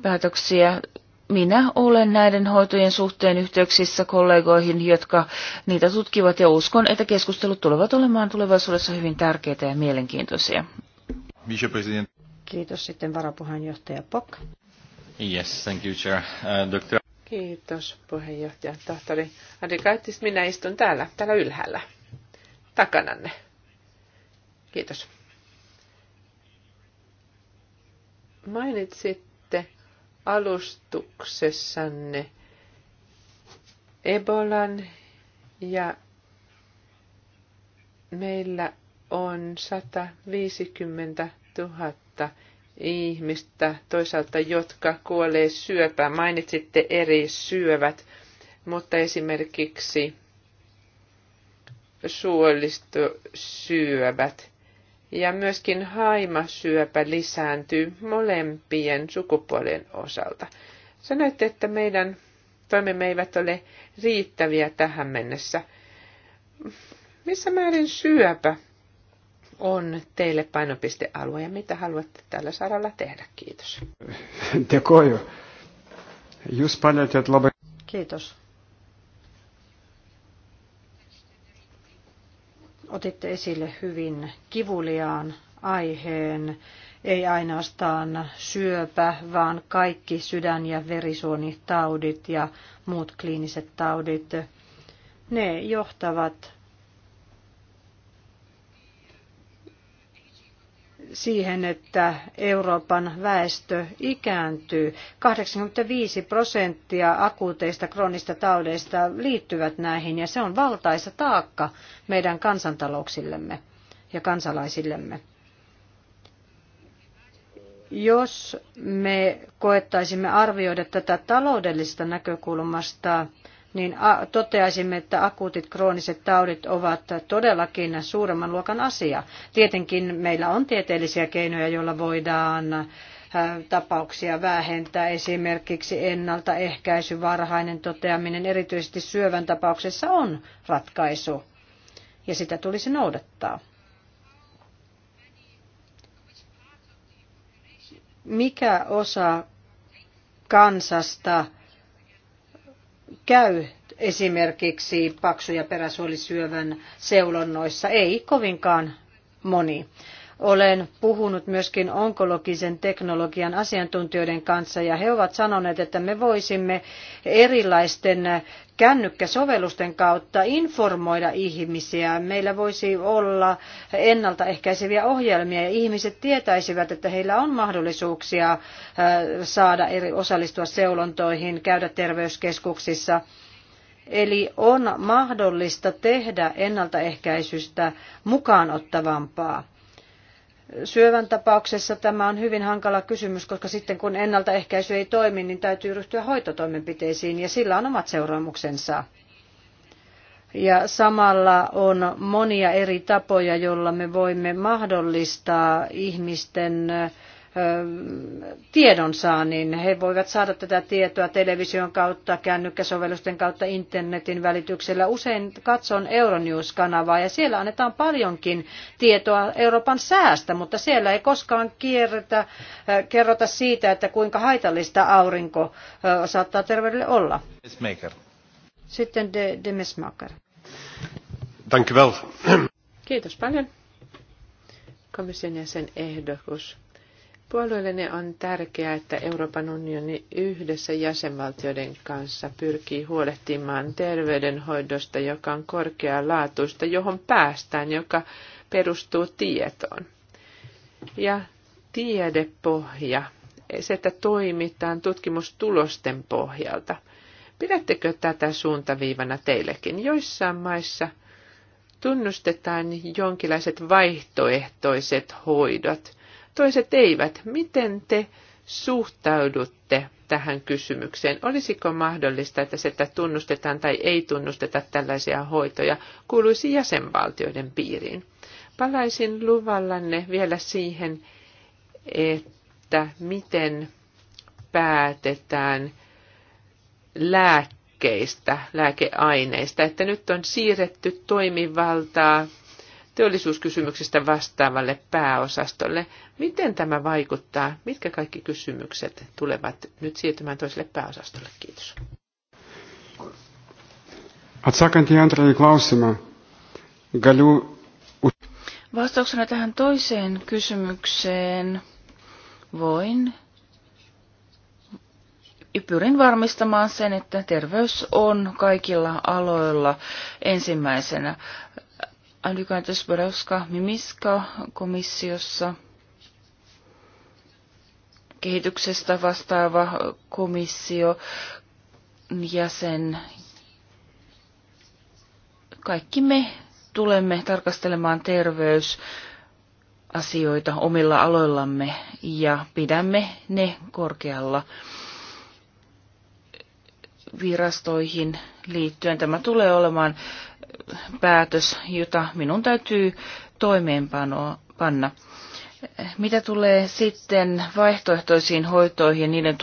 päätöksiä. Minä olen näiden hoitojen suhteen yhteyksissä kollegoihin, jotka niitä tutkivat ja uskon, että keskustelut tulevat olemaan tulevaisuudessa hyvin tärkeitä ja mielenkiintoisia. Kiitos sitten varapuheenjohtaja Pock. Yes, thank you, Chair. Uh, doctor... Kiitos puheenjohtaja tohtori Adrikaittis. Minä istun täällä, täällä ylhäällä, takananne. Kiitos. Mainitsitte alustuksessanne Ebolan ja meillä on 150 000 ihmistä, toisaalta jotka kuolee syöpään. Mainitsitte eri syövät, mutta esimerkiksi suolistosyövät ja myöskin haimasyöpä lisääntyy molempien sukupuolen osalta. Sanoitte, että meidän toimemme eivät ole riittäviä tähän mennessä. Missä määrin syöpä on teille painopistealue ja mitä haluatte tällä saralla tehdä? Kiitos. Kiitos. otitte esille hyvin kivuliaan aiheen, ei ainoastaan syöpä, vaan kaikki sydän- ja verisuonitaudit ja muut kliiniset taudit, ne johtavat siihen, että Euroopan väestö ikääntyy. 85 prosenttia akuuteista kroonista taudeista liittyvät näihin ja se on valtaisa taakka meidän kansantalouksillemme ja kansalaisillemme. Jos me koettaisimme arvioida tätä taloudellista näkökulmasta, niin toteaisimme, että akuutit krooniset taudit ovat todellakin suuremman luokan asia. Tietenkin meillä on tieteellisiä keinoja, joilla voidaan tapauksia vähentää, esimerkiksi ennaltaehkäisy, varhainen toteaminen, erityisesti syövän tapauksessa on ratkaisu, ja sitä tulisi noudattaa. Mikä osa kansasta käy esimerkiksi paksu- ja peräsuolisyövän seulonnoissa? Ei kovinkaan moni. Olen puhunut myöskin onkologisen teknologian asiantuntijoiden kanssa ja he ovat sanoneet, että me voisimme erilaisten kännykkäsovellusten kautta informoida ihmisiä. Meillä voisi olla ennaltaehkäiseviä ohjelmia ja ihmiset tietäisivät, että heillä on mahdollisuuksia äh, saada eri, osallistua seulontoihin, käydä terveyskeskuksissa. Eli on mahdollista tehdä ennaltaehkäisystä mukaanottavampaa. Syövän tapauksessa tämä on hyvin hankala kysymys, koska sitten kun ennaltaehkäisy ei toimi, niin täytyy ryhtyä hoitotoimenpiteisiin ja sillä on omat seuraamuksensa. Ja samalla on monia eri tapoja, joilla me voimme mahdollistaa ihmisten tiedonsaannin. He voivat saada tätä tietoa television kautta, kännykkäsovellusten kautta, internetin välityksellä. Usein katson Euronews-kanavaa ja siellä annetaan paljonkin tietoa Euroopan säästä, mutta siellä ei koskaan kierretä, kerrota siitä, että kuinka haitallista aurinko saattaa terveydelle olla. Sitten de, de Mesmaker. Kiitos paljon. Komission jäsen ehdotus Puolueelleni on tärkeää, että Euroopan unioni yhdessä jäsenvaltioiden kanssa pyrkii huolehtimaan terveydenhoidosta, joka on korkealaatuista, johon päästään, joka perustuu tietoon. Ja tiedepohja, se, että toimitaan tutkimustulosten pohjalta. Pidättekö tätä suuntaviivana teillekin? Joissain maissa tunnustetaan jonkinlaiset vaihtoehtoiset hoidot – toiset eivät. Miten te suhtaudutte tähän kysymykseen? Olisiko mahdollista, että sitä tunnustetaan tai ei tunnusteta tällaisia hoitoja, kuuluisi jäsenvaltioiden piiriin? Palaisin luvallanne vielä siihen, että miten päätetään lääkkeistä, lääkeaineista, että nyt on siirretty toimivaltaa Teollisuuskysymyksistä vastaavalle pääosastolle. Miten tämä vaikuttaa? Mitkä kaikki kysymykset tulevat nyt siirtymään toiselle pääosastolle? Kiitos. Vastauksena tähän toiseen kysymykseen voin pyrin varmistamaan sen, että terveys on kaikilla aloilla ensimmäisenä. Alykantas Borowska Mimiska komissiossa kehityksestä vastaava komissio jäsen. Kaikki me tulemme tarkastelemaan terveys asioita omilla aloillamme ja pidämme ne korkealla virastoihin liittyen. Tämä tulee olemaan päätös, jota minun täytyy toimeenpanna. Mitä tulee sitten vaihtoehtoisiin hoitoihin, niiden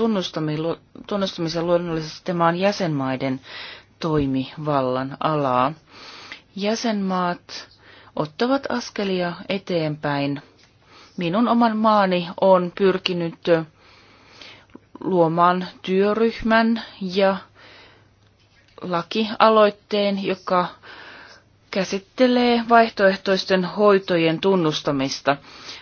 tunnustamisen luonnollisesti tämä on jäsenmaiden toimivallan alaa. Jäsenmaat ottavat askelia eteenpäin. Minun oman maani on pyrkinyt luomaan työryhmän ja lakialoitteen, joka käsittelee vaihtoehtoisten hoitojen tunnustamista,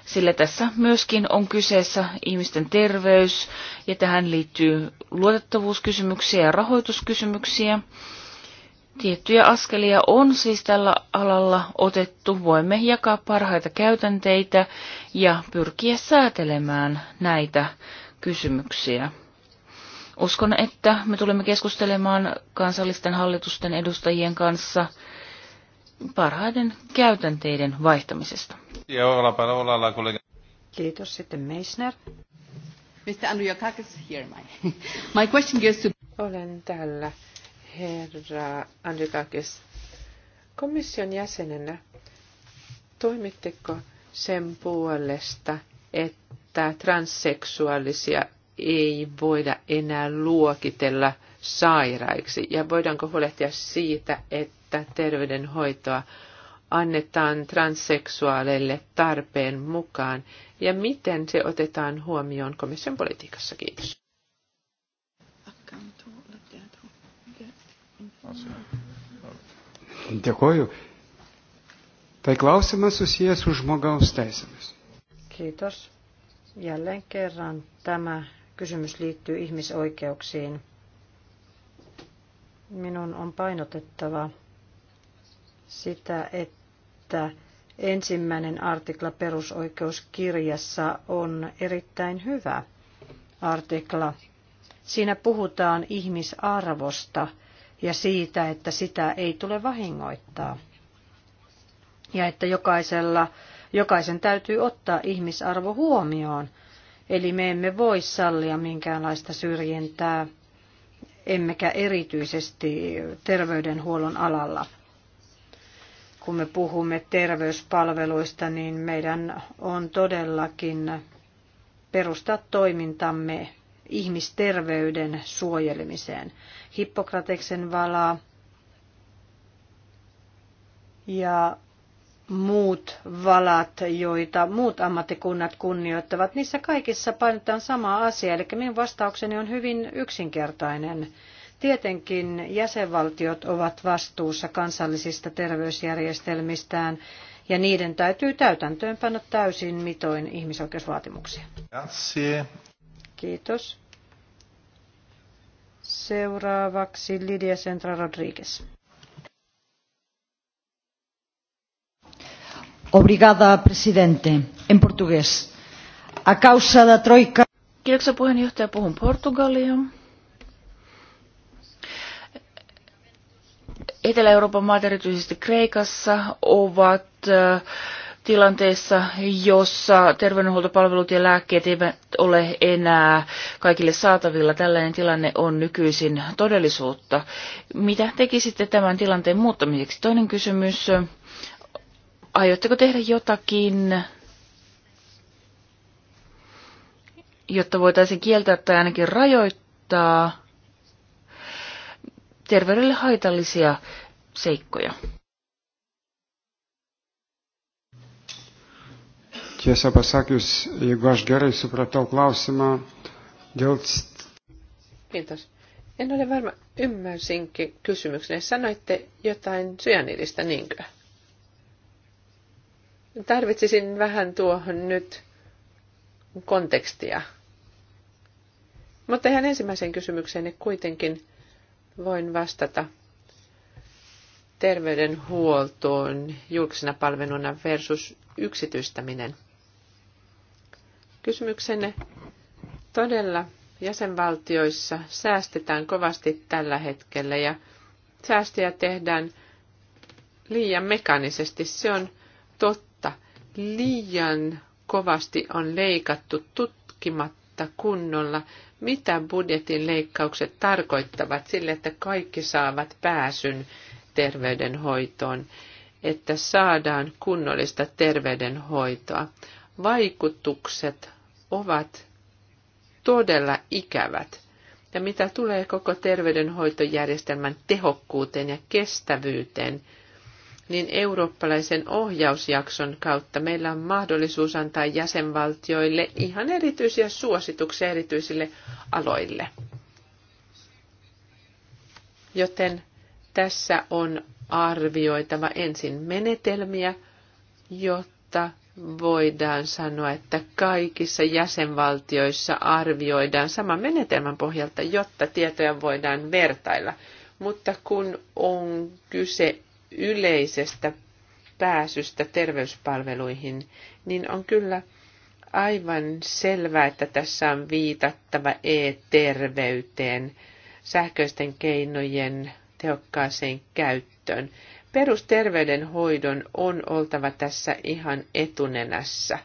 sillä tässä myöskin on kyseessä ihmisten terveys ja tähän liittyy luotettavuuskysymyksiä ja rahoituskysymyksiä. Tiettyjä askelia on siis tällä alalla otettu. Voimme jakaa parhaita käytänteitä ja pyrkiä säätelemään näitä kysymyksiä. Uskon, että me tulemme keskustelemaan kansallisten hallitusten edustajien kanssa parhaiden käytänteiden vaihtamisesta. Kiitos. Sitten Meisner. Mr. Andriukakis, here my, my question goes to... Olen täällä, herra Andriukakis. Komission jäsenenä, toimitteko sen puolesta, että transseksuaalisia ei voida enää luokitella sairaiksi? Ja voidaanko huolehtia siitä, että terveydenhoitoa annetaan transseksuaaleille tarpeen mukaan? Ja miten se otetaan huomioon komission politiikassa? Kiitos. Kiitos. Jälleen kerran tämä kysymys liittyy ihmisoikeuksiin. Minun on painotettava sitä, että ensimmäinen artikla perusoikeuskirjassa on erittäin hyvä artikla. Siinä puhutaan ihmisarvosta ja siitä, että sitä ei tule vahingoittaa. Ja että jokaisella, jokaisen täytyy ottaa ihmisarvo huomioon – Eli me emme voi sallia minkäänlaista syrjintää, emmekä erityisesti terveydenhuollon alalla. Kun me puhumme terveyspalveluista, niin meidän on todellakin perustaa toimintamme ihmisterveyden suojelemiseen. Hippokrateksen valaa ja muut valat, joita muut ammattikunnat kunnioittavat, niissä kaikissa painotetaan samaa asiaa. Eli minun vastaukseni on hyvin yksinkertainen. Tietenkin jäsenvaltiot ovat vastuussa kansallisista terveysjärjestelmistään ja niiden täytyy täytäntöönpanna täysin mitoin ihmisoikeusvaatimuksia. Grazie. Kiitos. Seuraavaksi Lidia Centra Rodriguez. Obrigada, presidente. En portugués. A causa da troika... Kiitoksia puheenjohtaja. Puhun Portugalia. Etelä-Euroopan maat, erityisesti Kreikassa, ovat tilanteessa, jossa terveydenhuoltopalvelut ja lääkkeet eivät ole enää kaikille saatavilla. Tällainen tilanne on nykyisin todellisuutta. Mitä tekisitte tämän tilanteen muuttamiseksi? Toinen kysymys Aiotteko tehdä jotakin, jotta voitaisiin kieltää tai ainakin rajoittaa terveydelle haitallisia seikkoja? Tiesą pasakius, jeigu aš gerai supratau klausimą dėl... Kiitos. En ole varma, ymmärsinkö kysymyksen. Sanoitte jotain syönilistä, niinkö? tarvitsisin vähän tuohon nyt kontekstia. Mutta ihan ensimmäiseen kysymykseen kuitenkin voin vastata terveydenhuoltoon julkisena palveluna versus yksityistäminen. Kysymyksenne todella jäsenvaltioissa säästetään kovasti tällä hetkellä ja säästöjä tehdään liian mekaanisesti. Se on totta liian kovasti on leikattu tutkimatta kunnolla, mitä budjetin leikkaukset tarkoittavat sille, että kaikki saavat pääsyn terveydenhoitoon, että saadaan kunnollista terveydenhoitoa. Vaikutukset ovat todella ikävät. Ja mitä tulee koko terveydenhoitojärjestelmän tehokkuuteen ja kestävyyteen, niin eurooppalaisen ohjausjakson kautta meillä on mahdollisuus antaa jäsenvaltioille ihan erityisiä suosituksia erityisille aloille. Joten tässä on arvioitava ensin menetelmiä, jotta voidaan sanoa, että kaikissa jäsenvaltioissa arvioidaan saman menetelmän pohjalta, jotta tietoja voidaan vertailla. Mutta kun on kyse yleisestä pääsystä terveyspalveluihin, niin on kyllä aivan selvää, että tässä on viitattava e-terveyteen, sähköisten keinojen tehokkaaseen käyttöön. Perusterveydenhoidon on oltava tässä ihan etunenässä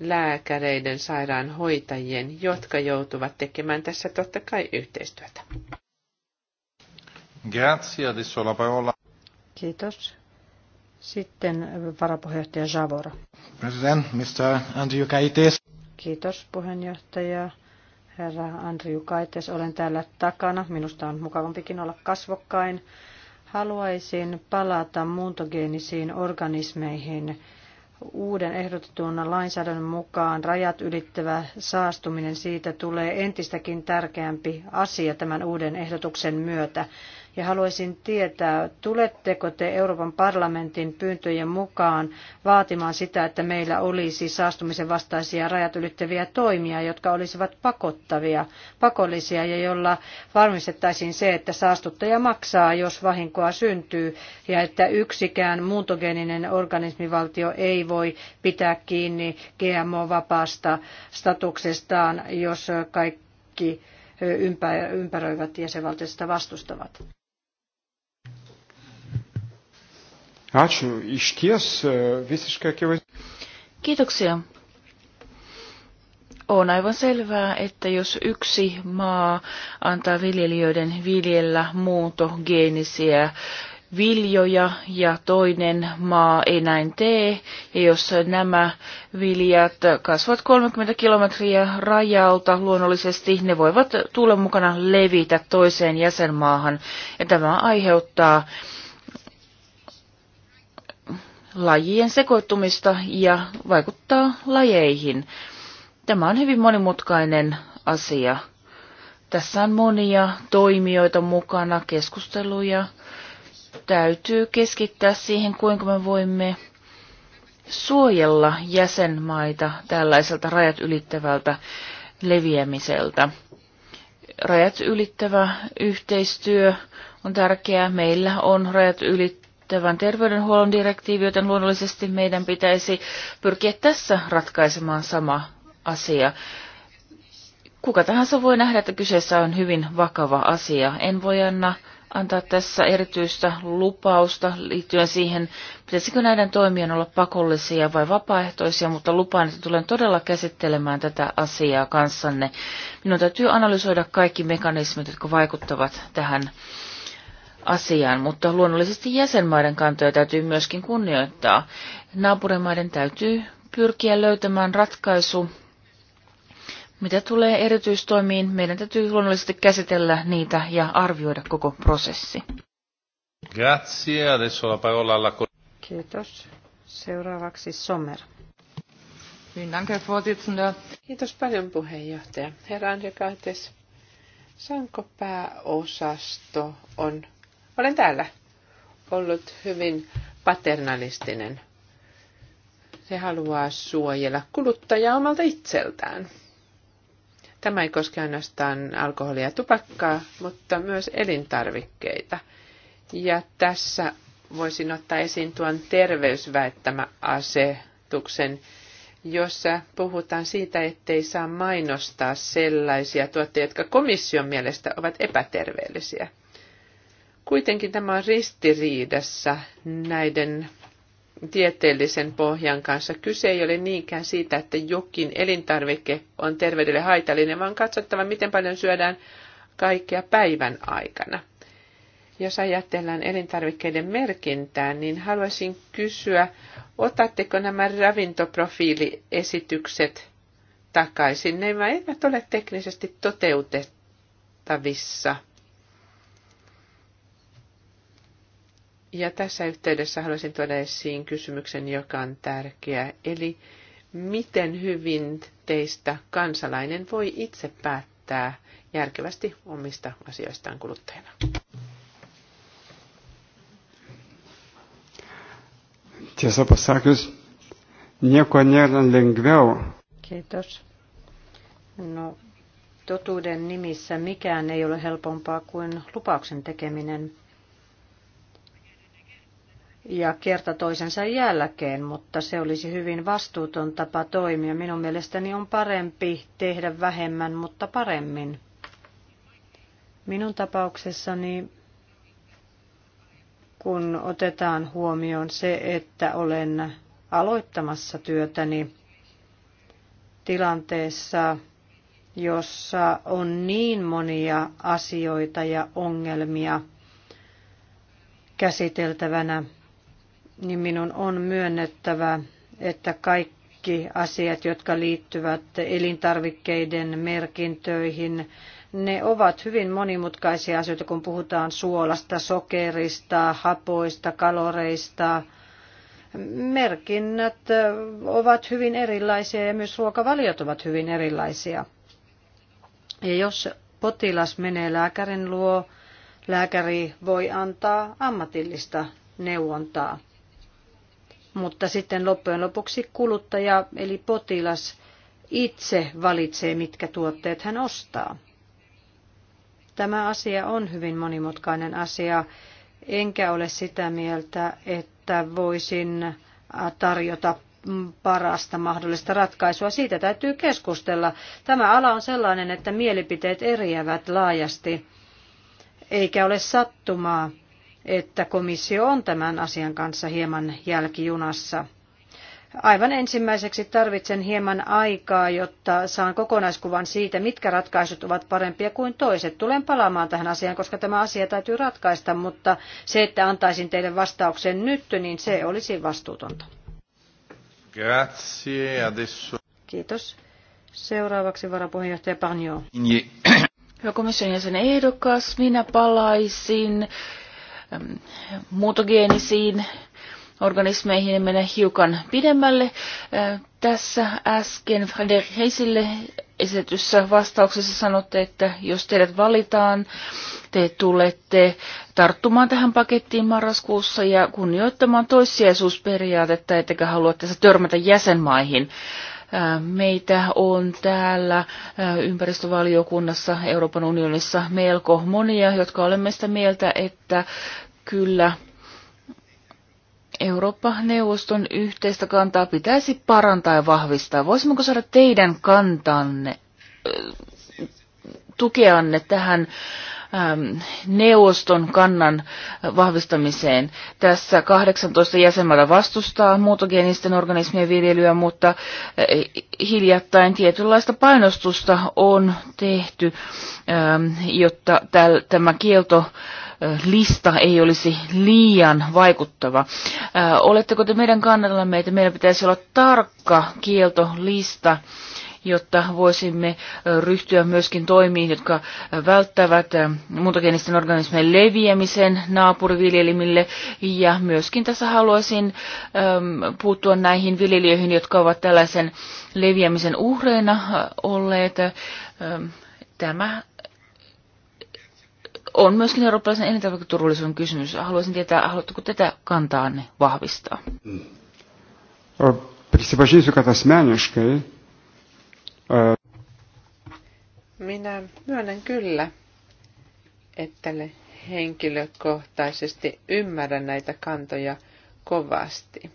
lääkäreiden, sairaanhoitajien, jotka joutuvat tekemään tässä totta kai yhteistyötä. Grazie, adesso la parola. Kiitos. Sitten varapuheenjohtaja Javora. President, Mr. Andrew Kaites. Kiitos puheenjohtaja. Herra Andrew Kaites, olen täällä takana. Minusta on mukavampikin olla kasvokkain. Haluaisin palata muuntogeenisiin organismeihin. Uuden ehdotetun lainsäädännön mukaan rajat ylittävä saastuminen siitä tulee entistäkin tärkeämpi asia tämän uuden ehdotuksen myötä ja haluaisin tietää, tuletteko te Euroopan parlamentin pyyntöjen mukaan vaatimaan sitä, että meillä olisi saastumisen vastaisia rajat ylittäviä toimia, jotka olisivat pakottavia, pakollisia ja jolla varmistettaisiin se, että saastuttaja maksaa, jos vahinkoa syntyy ja että yksikään muuntogeeninen organismivaltio ei voi pitää kiinni GMO-vapaasta statuksestaan, jos kaikki ympäröivät jäsenvaltiot sitä vastustavat. Ačiū. Iš ties e, visiškai akivaizdu. Kiitoksia. On aivan selvää, että jos yksi maa antaa viljelijöiden viljellä muutogeenisiä viljoja ja toinen maa ei näin tee, ja jos nämä viljat kasvavat 30 kilometriä rajalta luonnollisesti, ne voivat tuulen mukana levitä toiseen jäsenmaahan, ja tämä aiheuttaa lajien sekoittumista ja vaikuttaa lajeihin. Tämä on hyvin monimutkainen asia. Tässä on monia toimijoita mukana, keskusteluja. Täytyy keskittää siihen, kuinka me voimme suojella jäsenmaita tällaiselta rajat ylittävältä leviämiseltä. Rajat ylittävä yhteistyö on tärkeää. Meillä on rajat ylittävä täyttävän terveydenhuollon direktiivi, joten luonnollisesti meidän pitäisi pyrkiä tässä ratkaisemaan sama asia. Kuka tahansa voi nähdä, että kyseessä on hyvin vakava asia. En voi anna antaa tässä erityistä lupausta liittyen siihen, pitäisikö näiden toimien olla pakollisia vai vapaaehtoisia, mutta lupaan, että tulen todella käsittelemään tätä asiaa kanssanne. Minun täytyy analysoida kaikki mekanismit, jotka vaikuttavat tähän asiaan, mutta luonnollisesti jäsenmaiden kantoja täytyy myöskin kunnioittaa. Naapurimaiden täytyy pyrkiä löytämään ratkaisu. Mitä tulee erityistoimiin, meidän täytyy luonnollisesti käsitellä niitä ja arvioida koko prosessi. Grazie. Adesso la parola alla... Kiitos. Seuraavaksi Sommer. Kiitos paljon puheenjohtaja. Herra Andrikaites, Sanko pääosasto on olen täällä ollut hyvin paternalistinen. Se haluaa suojella kuluttajaa omalta itseltään. Tämä ei koske ainoastaan alkoholia ja tupakkaa, mutta myös elintarvikkeita. Ja tässä voisin ottaa esiin tuon terveysväittämäasetuksen, jossa puhutaan siitä, ettei saa mainostaa sellaisia tuotteita, jotka komission mielestä ovat epäterveellisiä. Kuitenkin tämä on ristiriidassa näiden tieteellisen pohjan kanssa. Kyse ei ole niinkään siitä, että jokin elintarvike on terveydelle haitallinen, vaan katsottava, miten paljon syödään kaikkea päivän aikana. Jos ajatellaan elintarvikkeiden merkintää, niin haluaisin kysyä, otatteko nämä ravintoprofiiliesitykset takaisin? Ne eivät ole teknisesti toteutettavissa – Ja tässä yhteydessä haluaisin tuoda esiin kysymyksen, joka on tärkeä. Eli miten hyvin teistä kansalainen voi itse päättää järkevästi omista asioistaan kuluttajana? Tiesą pasakius, nieko nėra lengviau. Kiitos. No, totuuden nimissä mikään ei ole helpompaa kuin lupauksen tekeminen ja kerta toisensa jälkeen, mutta se olisi hyvin vastuuton tapa toimia. Minun mielestäni on parempi tehdä vähemmän, mutta paremmin. Minun tapauksessani, kun otetaan huomioon se, että olen aloittamassa työtäni tilanteessa, jossa on niin monia asioita ja ongelmia käsiteltävänä, niin minun on myönnettävä, että kaikki asiat, jotka liittyvät elintarvikkeiden merkintöihin, ne ovat hyvin monimutkaisia asioita, kun puhutaan suolasta, sokerista, hapoista, kaloreista. Merkinnät ovat hyvin erilaisia ja myös ruokavaliot ovat hyvin erilaisia. Ja jos potilas menee lääkärin luo, lääkäri voi antaa ammatillista neuvontaa mutta sitten loppujen lopuksi kuluttaja eli potilas itse valitsee, mitkä tuotteet hän ostaa. Tämä asia on hyvin monimutkainen asia, enkä ole sitä mieltä, että voisin tarjota parasta mahdollista ratkaisua. Siitä täytyy keskustella. Tämä ala on sellainen, että mielipiteet eriävät laajasti, eikä ole sattumaa, että komissio on tämän asian kanssa hieman jälkijunassa. Aivan ensimmäiseksi tarvitsen hieman aikaa, jotta saan kokonaiskuvan siitä, mitkä ratkaisut ovat parempia kuin toiset. Tulen palaamaan tähän asiaan, koska tämä asia täytyy ratkaista, mutta se, että antaisin teille vastauksen nyt, niin se olisi vastuutonta. Grazie. Adesso... Kiitos. Seuraavaksi varapuheenjohtaja Panjo. Hyvä komission jäsen ehdokas, minä palaisin Ähm, muutogeenisiin organismeihin ja mennä hiukan pidemmälle. Äh, tässä äsken Freder Heisille esitetyssä vastauksessa sanotte, että jos teidät valitaan, te tulette tarttumaan tähän pakettiin marraskuussa ja kunnioittamaan toissijaisuusperiaatetta, ettekä halua tässä törmätä jäsenmaihin. Meitä on täällä ympäristövaliokunnassa Euroopan unionissa melko monia, jotka olemme sitä mieltä, että kyllä Eurooppa-neuvoston yhteistä kantaa pitäisi parantaa ja vahvistaa. Voisimmeko saada teidän kantanne, tukeanne tähän Ähm, neuvoston kannan äh, vahvistamiseen. Tässä 18 jäsenmaata vastustaa muutogeenisten organismien viljelyä, mutta äh, hiljattain tietynlaista painostusta on tehty, ähm, jotta tämä kielto äh, lista ei olisi liian vaikuttava. Oletteko te meidän kannallamme, että Meidän pitäisi olla tarkka kieltolista jotta voisimme ryhtyä myöskin toimiin, jotka välttävät muuntogeenisten organismien leviämisen naapuriviljelimille. Ja myöskin tässä haluaisin puuttua näihin viljelijöihin, jotka ovat tällaisen leviämisen uhreina olleet. Tämä on myöskin eurooppalaisen elintarviketurvallisuuden kysymys. Haluaisin tietää, haluatteko tätä kantaanne vahvistaa? Mm. Prisipažinsiu, kad asmeniškai minä myönnän kyllä, että henkilökohtaisesti ymmärrän näitä kantoja kovasti.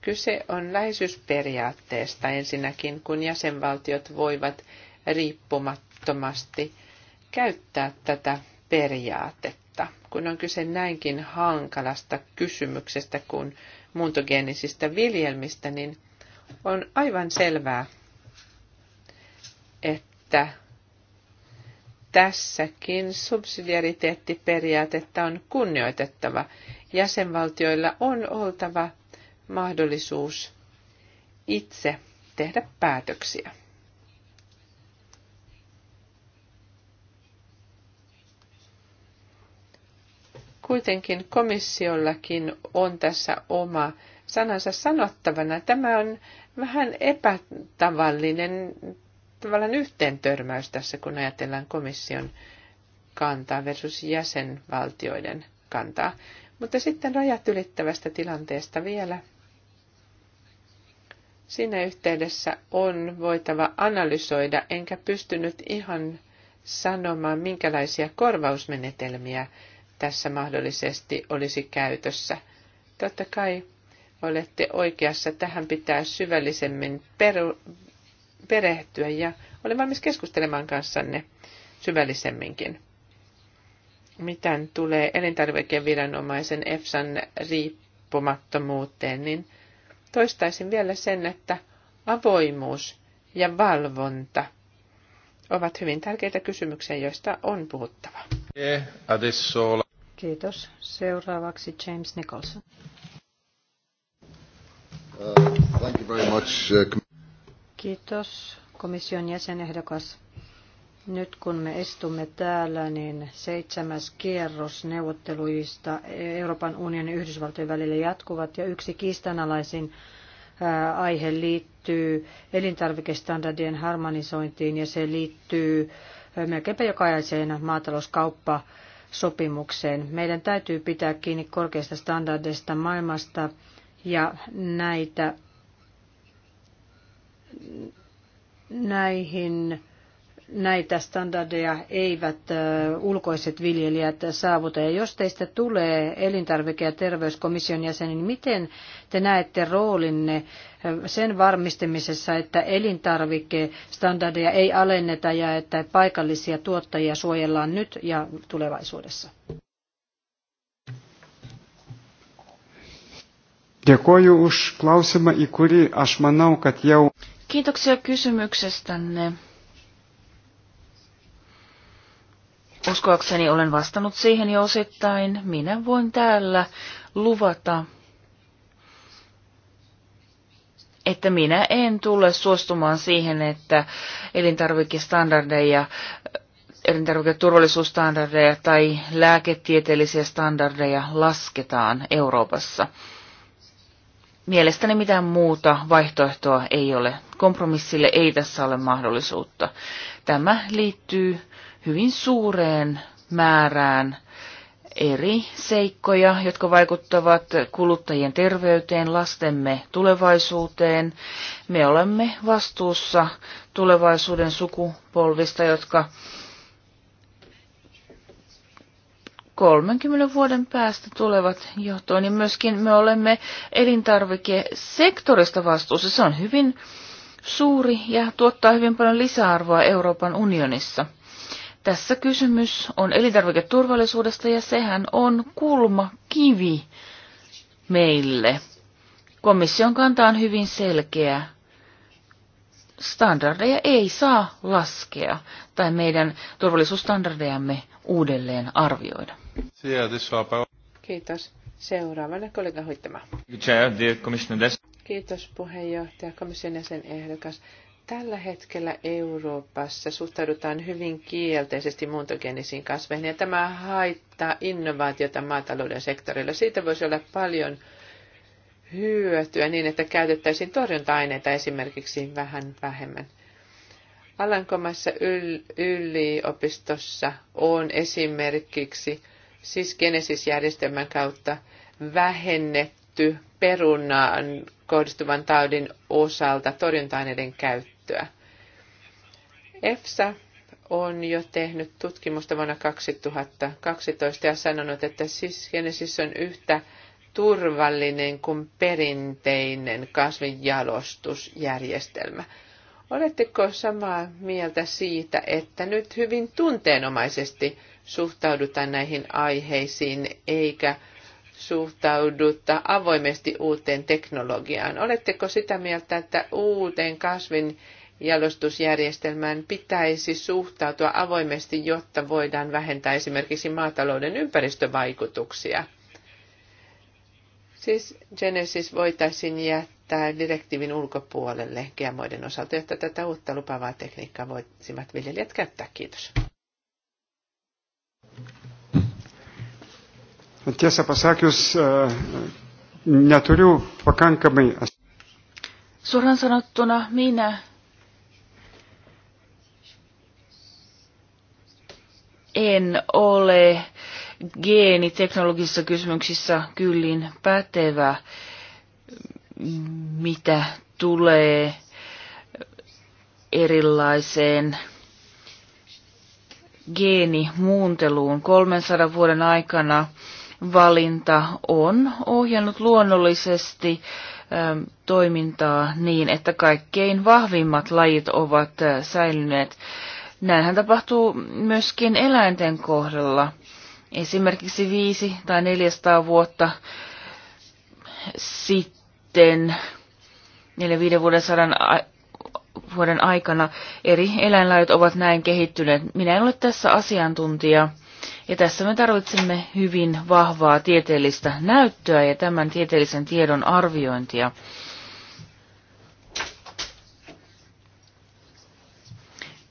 Kyse on läheisyysperiaatteesta ensinnäkin, kun jäsenvaltiot voivat riippumattomasti käyttää tätä periaatetta, kun on kyse näinkin hankalasta kysymyksestä kuin muuntogeenisistä viljelmistä, niin on aivan selvää, että tässäkin subsidiariteettiperiaatetta on kunnioitettava. Jäsenvaltioilla on oltava mahdollisuus itse tehdä päätöksiä. Kuitenkin komissiollakin on tässä oma sanansa sanottavana. Tämä on vähän epätavallinen tavallaan yhteen törmäys tässä, kun ajatellaan komission kantaa versus jäsenvaltioiden kantaa. Mutta sitten rajat ylittävästä tilanteesta vielä. Siinä yhteydessä on voitava analysoida, enkä pystynyt ihan sanomaan, minkälaisia korvausmenetelmiä tässä mahdollisesti olisi käytössä. Totta kai olette oikeassa, tähän pitää syvällisemmin peru- perehtyä ja olen valmis keskustelemaan kanssanne syvällisemminkin. Mitään tulee elintarvikeviranomaisen EFSAn riippumattomuuteen, niin toistaisin vielä sen, että avoimuus ja valvonta ovat hyvin tärkeitä kysymyksiä, joista on puhuttava. Kiitos. Seuraavaksi James Nicholson. Uh, thank you very much. Uh, Kiitos komission jäsenehdokas. Nyt kun me istumme täällä, niin seitsemäs kierros neuvotteluista Euroopan unionin ja Yhdysvaltojen välillä jatkuvat ja yksi kiistanalaisin aihe liittyy elintarvikestandardien harmonisointiin ja se liittyy melkeinpä jokaiseen maatalouskauppa sopimukseen. Meidän täytyy pitää kiinni korkeista standardeista maailmasta ja näitä näihin näitä standardeja eivät ulkoiset viljelijät saavuta. Ja jos teistä tulee elintarvike- ja terveyskomission jäsen, niin miten te näette roolinne sen varmistamisessa, että elintarvikestandardeja ei alenneta ja että paikallisia tuottajia suojellaan nyt ja tulevaisuudessa? Dėkoju už klausimą, į kurį aš manau, kad jau Kiitoksia kysymyksestänne. Uskoakseni olen vastannut siihen jo osittain. Minä voin täällä luvata, että minä en tule suostumaan siihen, että elintarvikestandardeja, elintarviketurvallisuusstandardeja tai lääketieteellisiä standardeja lasketaan Euroopassa – Mielestäni mitään muuta vaihtoehtoa ei ole. Kompromissille ei tässä ole mahdollisuutta. Tämä liittyy hyvin suureen määrään eri seikkoja, jotka vaikuttavat kuluttajien terveyteen, lastemme tulevaisuuteen. Me olemme vastuussa tulevaisuuden sukupolvista, jotka 30 vuoden päästä tulevat johtoon, niin myöskin me olemme elintarvikesektorista vastuussa. Se on hyvin suuri ja tuottaa hyvin paljon lisäarvoa Euroopan unionissa. Tässä kysymys on elintarviketurvallisuudesta ja sehän on kulma kivi meille. Komission kanta on hyvin selkeä. Standardeja ei saa laskea tai meidän turvallisuusstandardejamme uudelleen arvioida. Kiitos. Seuraavana kollega Huittama. Kiitos puheenjohtaja, komission jäsen ehdokas. Tällä hetkellä Euroopassa suhtaudutaan hyvin kielteisesti muuntogenisiin kasveihin ja tämä haittaa innovaatiota maatalouden sektorilla. Siitä voisi olla paljon hyötyä niin, että käytettäisiin torjunta-aineita esimerkiksi vähän vähemmän. Alankomassa yliopistossa on esimerkiksi siis Genesis-järjestelmän kautta vähennetty perunaan kohdistuvan taudin osalta torjunta-aineiden käyttöä. EFSA on jo tehnyt tutkimusta vuonna 2012 ja sanonut, että siis Genesis on yhtä turvallinen kuin perinteinen kasvinjalostusjärjestelmä. Oletteko samaa mieltä siitä, että nyt hyvin tunteenomaisesti – suhtauduta näihin aiheisiin eikä suhtauduta avoimesti uuteen teknologiaan. Oletteko sitä mieltä, että uuteen kasvin jalostusjärjestelmään pitäisi suhtautua avoimesti, jotta voidaan vähentää esimerkiksi maatalouden ympäristövaikutuksia? Siis Genesis voitaisiin jättää direktiivin ulkopuolelle GMOiden osalta, jotta tätä uutta lupavaa tekniikkaa voisivat viljelijät käyttää. Kiitos. Tiesą pasakius, e, neturiu pakankamai. Suoraan sanottuna minä en ole geeniteknologisissa kysymyksissä kyllin pätevä, mitä tulee erilaiseen geenimuunteluun 300 vuoden aikana valinta on ohjannut luonnollisesti ähm, toimintaa niin, että kaikkein vahvimmat lajit ovat äh, säilyneet. Näinhän tapahtuu myöskin eläinten kohdalla. Esimerkiksi viisi tai 400 vuotta sitten, neljä viiden vuoden sadan vuoden aikana eri eläinlajit ovat näin kehittyneet. Minä en ole tässä asiantuntija ja tässä me tarvitsemme hyvin vahvaa tieteellistä näyttöä ja tämän tieteellisen tiedon arviointia.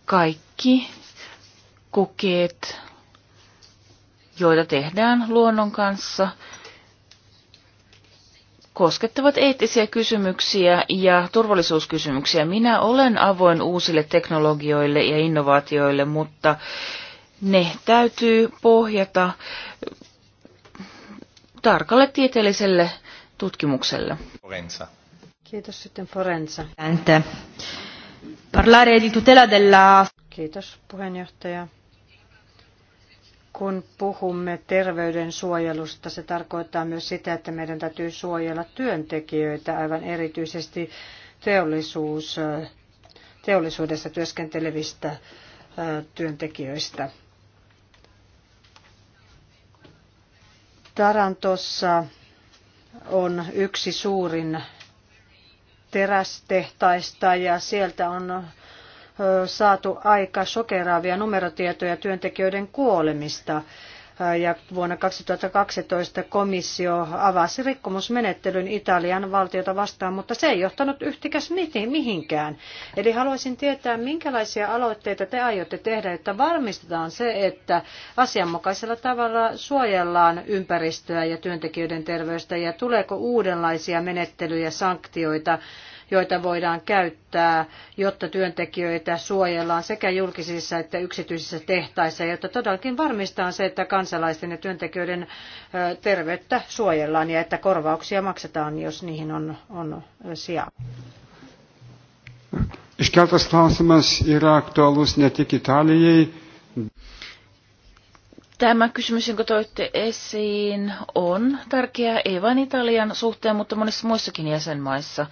Kaikki kokeet, joita tehdään luonnon kanssa, koskettavat eettisiä kysymyksiä ja turvallisuuskysymyksiä. Minä olen avoin uusille teknologioille ja innovaatioille, mutta ne täytyy pohjata tarkalle tieteelliselle tutkimukselle. Forenza. Kiitos sitten Forenza. Ente. Parlare di tutela della... Kiitos puheenjohtaja. Kun puhumme terveyden suojelusta, se tarkoittaa myös sitä, että meidän täytyy suojella työntekijöitä, aivan erityisesti teollisuus, teollisuudessa työskentelevistä työntekijöistä. Tarantossa on yksi suurin terästehtaista ja sieltä on saatu aika sokeraavia numerotietoja työntekijöiden kuolemista. Äh, ja vuonna 2012 komissio avasi rikkomusmenettelyn Italian valtiota vastaan, mutta se ei johtanut yhtikäs mihinkään. Eli haluaisin tietää, minkälaisia aloitteita te aiotte tehdä, jotta varmistetaan se, että asianmukaisella tavalla suojellaan ympäristöä ja työntekijöiden terveystä ja tuleeko uudenlaisia menettelyjä, sanktioita joita voidaan käyttää, jotta työntekijöitä suojellaan sekä julkisissa että yksityisissä tehtaissa, jotta todellakin varmistetaan se, että kansalaisten ja työntekijöiden terveyttä suojellaan ja että korvauksia maksetaan, jos niihin on, on sijaa. Iškeltas klausimas yra aktualus ne tik Italijai. Tämä kysymys, jonka toitte esiin, on tärkeä ei vain Italian suhteen, mutta monissa muissakin jäsenmaissa.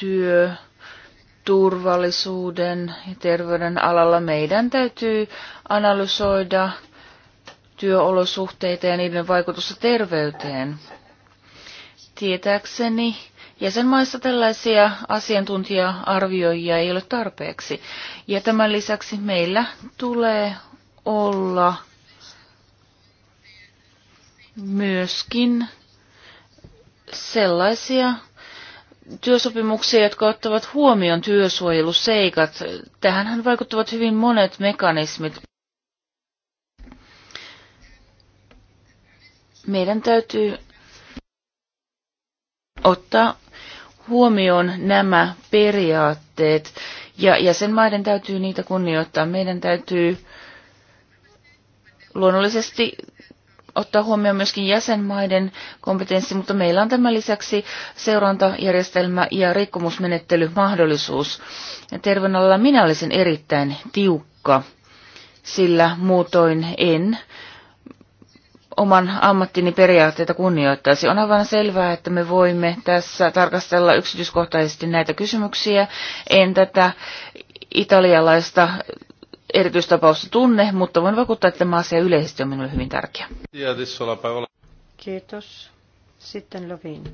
työ, turvallisuuden ja terveyden alalla meidän täytyy analysoida työolosuhteita ja niiden vaikutusta terveyteen. Tietääkseni jäsenmaissa tällaisia asiantuntija-arvioijia ei ole tarpeeksi. Ja tämän lisäksi meillä tulee olla myöskin sellaisia työsopimuksia, jotka ottavat huomioon työsuojeluseikat. Tähänhän vaikuttavat hyvin monet mekanismit. Meidän täytyy ottaa huomioon nämä periaatteet ja jäsenmaiden täytyy niitä kunnioittaa. Meidän täytyy luonnollisesti ottaa huomioon myöskin jäsenmaiden kompetenssi, mutta meillä on tämän lisäksi seurantajärjestelmä ja rikkomusmenettelymahdollisuus. Terveydenalalla minä olisin erittäin tiukka, sillä muutoin en oman ammattini periaatteita kunnioittaisi. On aivan selvää, että me voimme tässä tarkastella yksityiskohtaisesti näitä kysymyksiä. En tätä italialaista erityistapausta tunne, mutta voin vakuuttaa, että tämä asia yleisesti on minulle hyvin tärkeä. Kiitos. Sitten Lovin.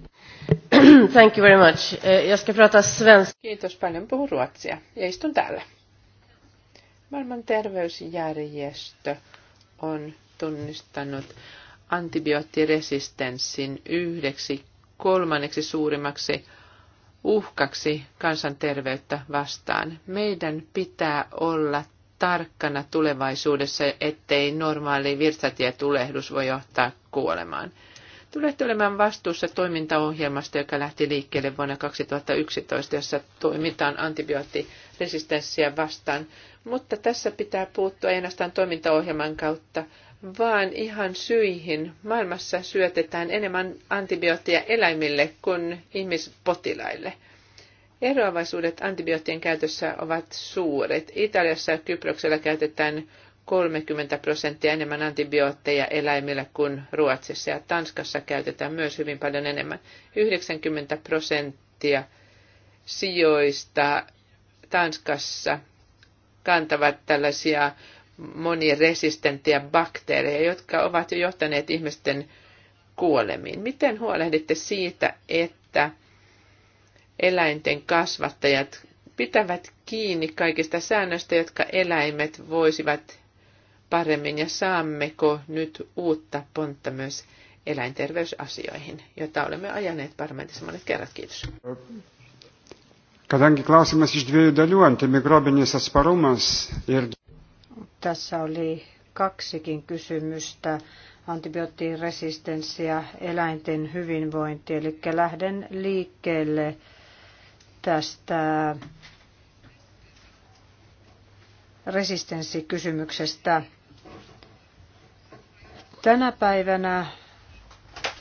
Thank you very much. Eh, jag ska prata svenska. Kiitos paljon. Puhun ruotsia ja istun täällä. Maailman terveysjärjestö on tunnistanut antibioottiresistenssin yhdeksi kolmanneksi suurimmaksi uhkaksi kansanterveyttä vastaan. Meidän pitää olla tarkkana tulevaisuudessa, ettei normaali virtsatietulehdus voi johtaa kuolemaan. Tulette olemaan vastuussa toimintaohjelmasta, joka lähti liikkeelle vuonna 2011, jossa toimitaan antibioottiresistenssiä vastaan. Mutta tässä pitää puuttua ei ainoastaan toimintaohjelman kautta, vaan ihan syihin. Maailmassa syötetään enemmän antibioottia eläimille kuin ihmispotilaille – Eroavaisuudet antibioottien käytössä ovat suuret. Italiassa ja Kyproksella käytetään 30 prosenttia enemmän antibiootteja eläimille kuin Ruotsissa ja Tanskassa käytetään myös hyvin paljon enemmän. 90 prosenttia sijoista Tanskassa kantavat tällaisia moniresistenttiä bakteereja, jotka ovat jo johtaneet ihmisten kuolemiin. Miten huolehditte siitä, että eläinten kasvattajat pitävät kiinni kaikista säännöistä, jotka eläimet voisivat paremmin ja saammeko nyt uutta pontta myös eläinterveysasioihin, jota olemme ajaneet parlamentissa monet kerrat. Kiitos. Kadangi klausimas iš dviejų dalių, antimikrobinis atsparumas ir... Tässä oli kaksikin kysymystä antibioottiresistenssi ja eläinten hyvinvointi, eli lähden liikkeelle tästä resistenssikysymyksestä. Tänä päivänä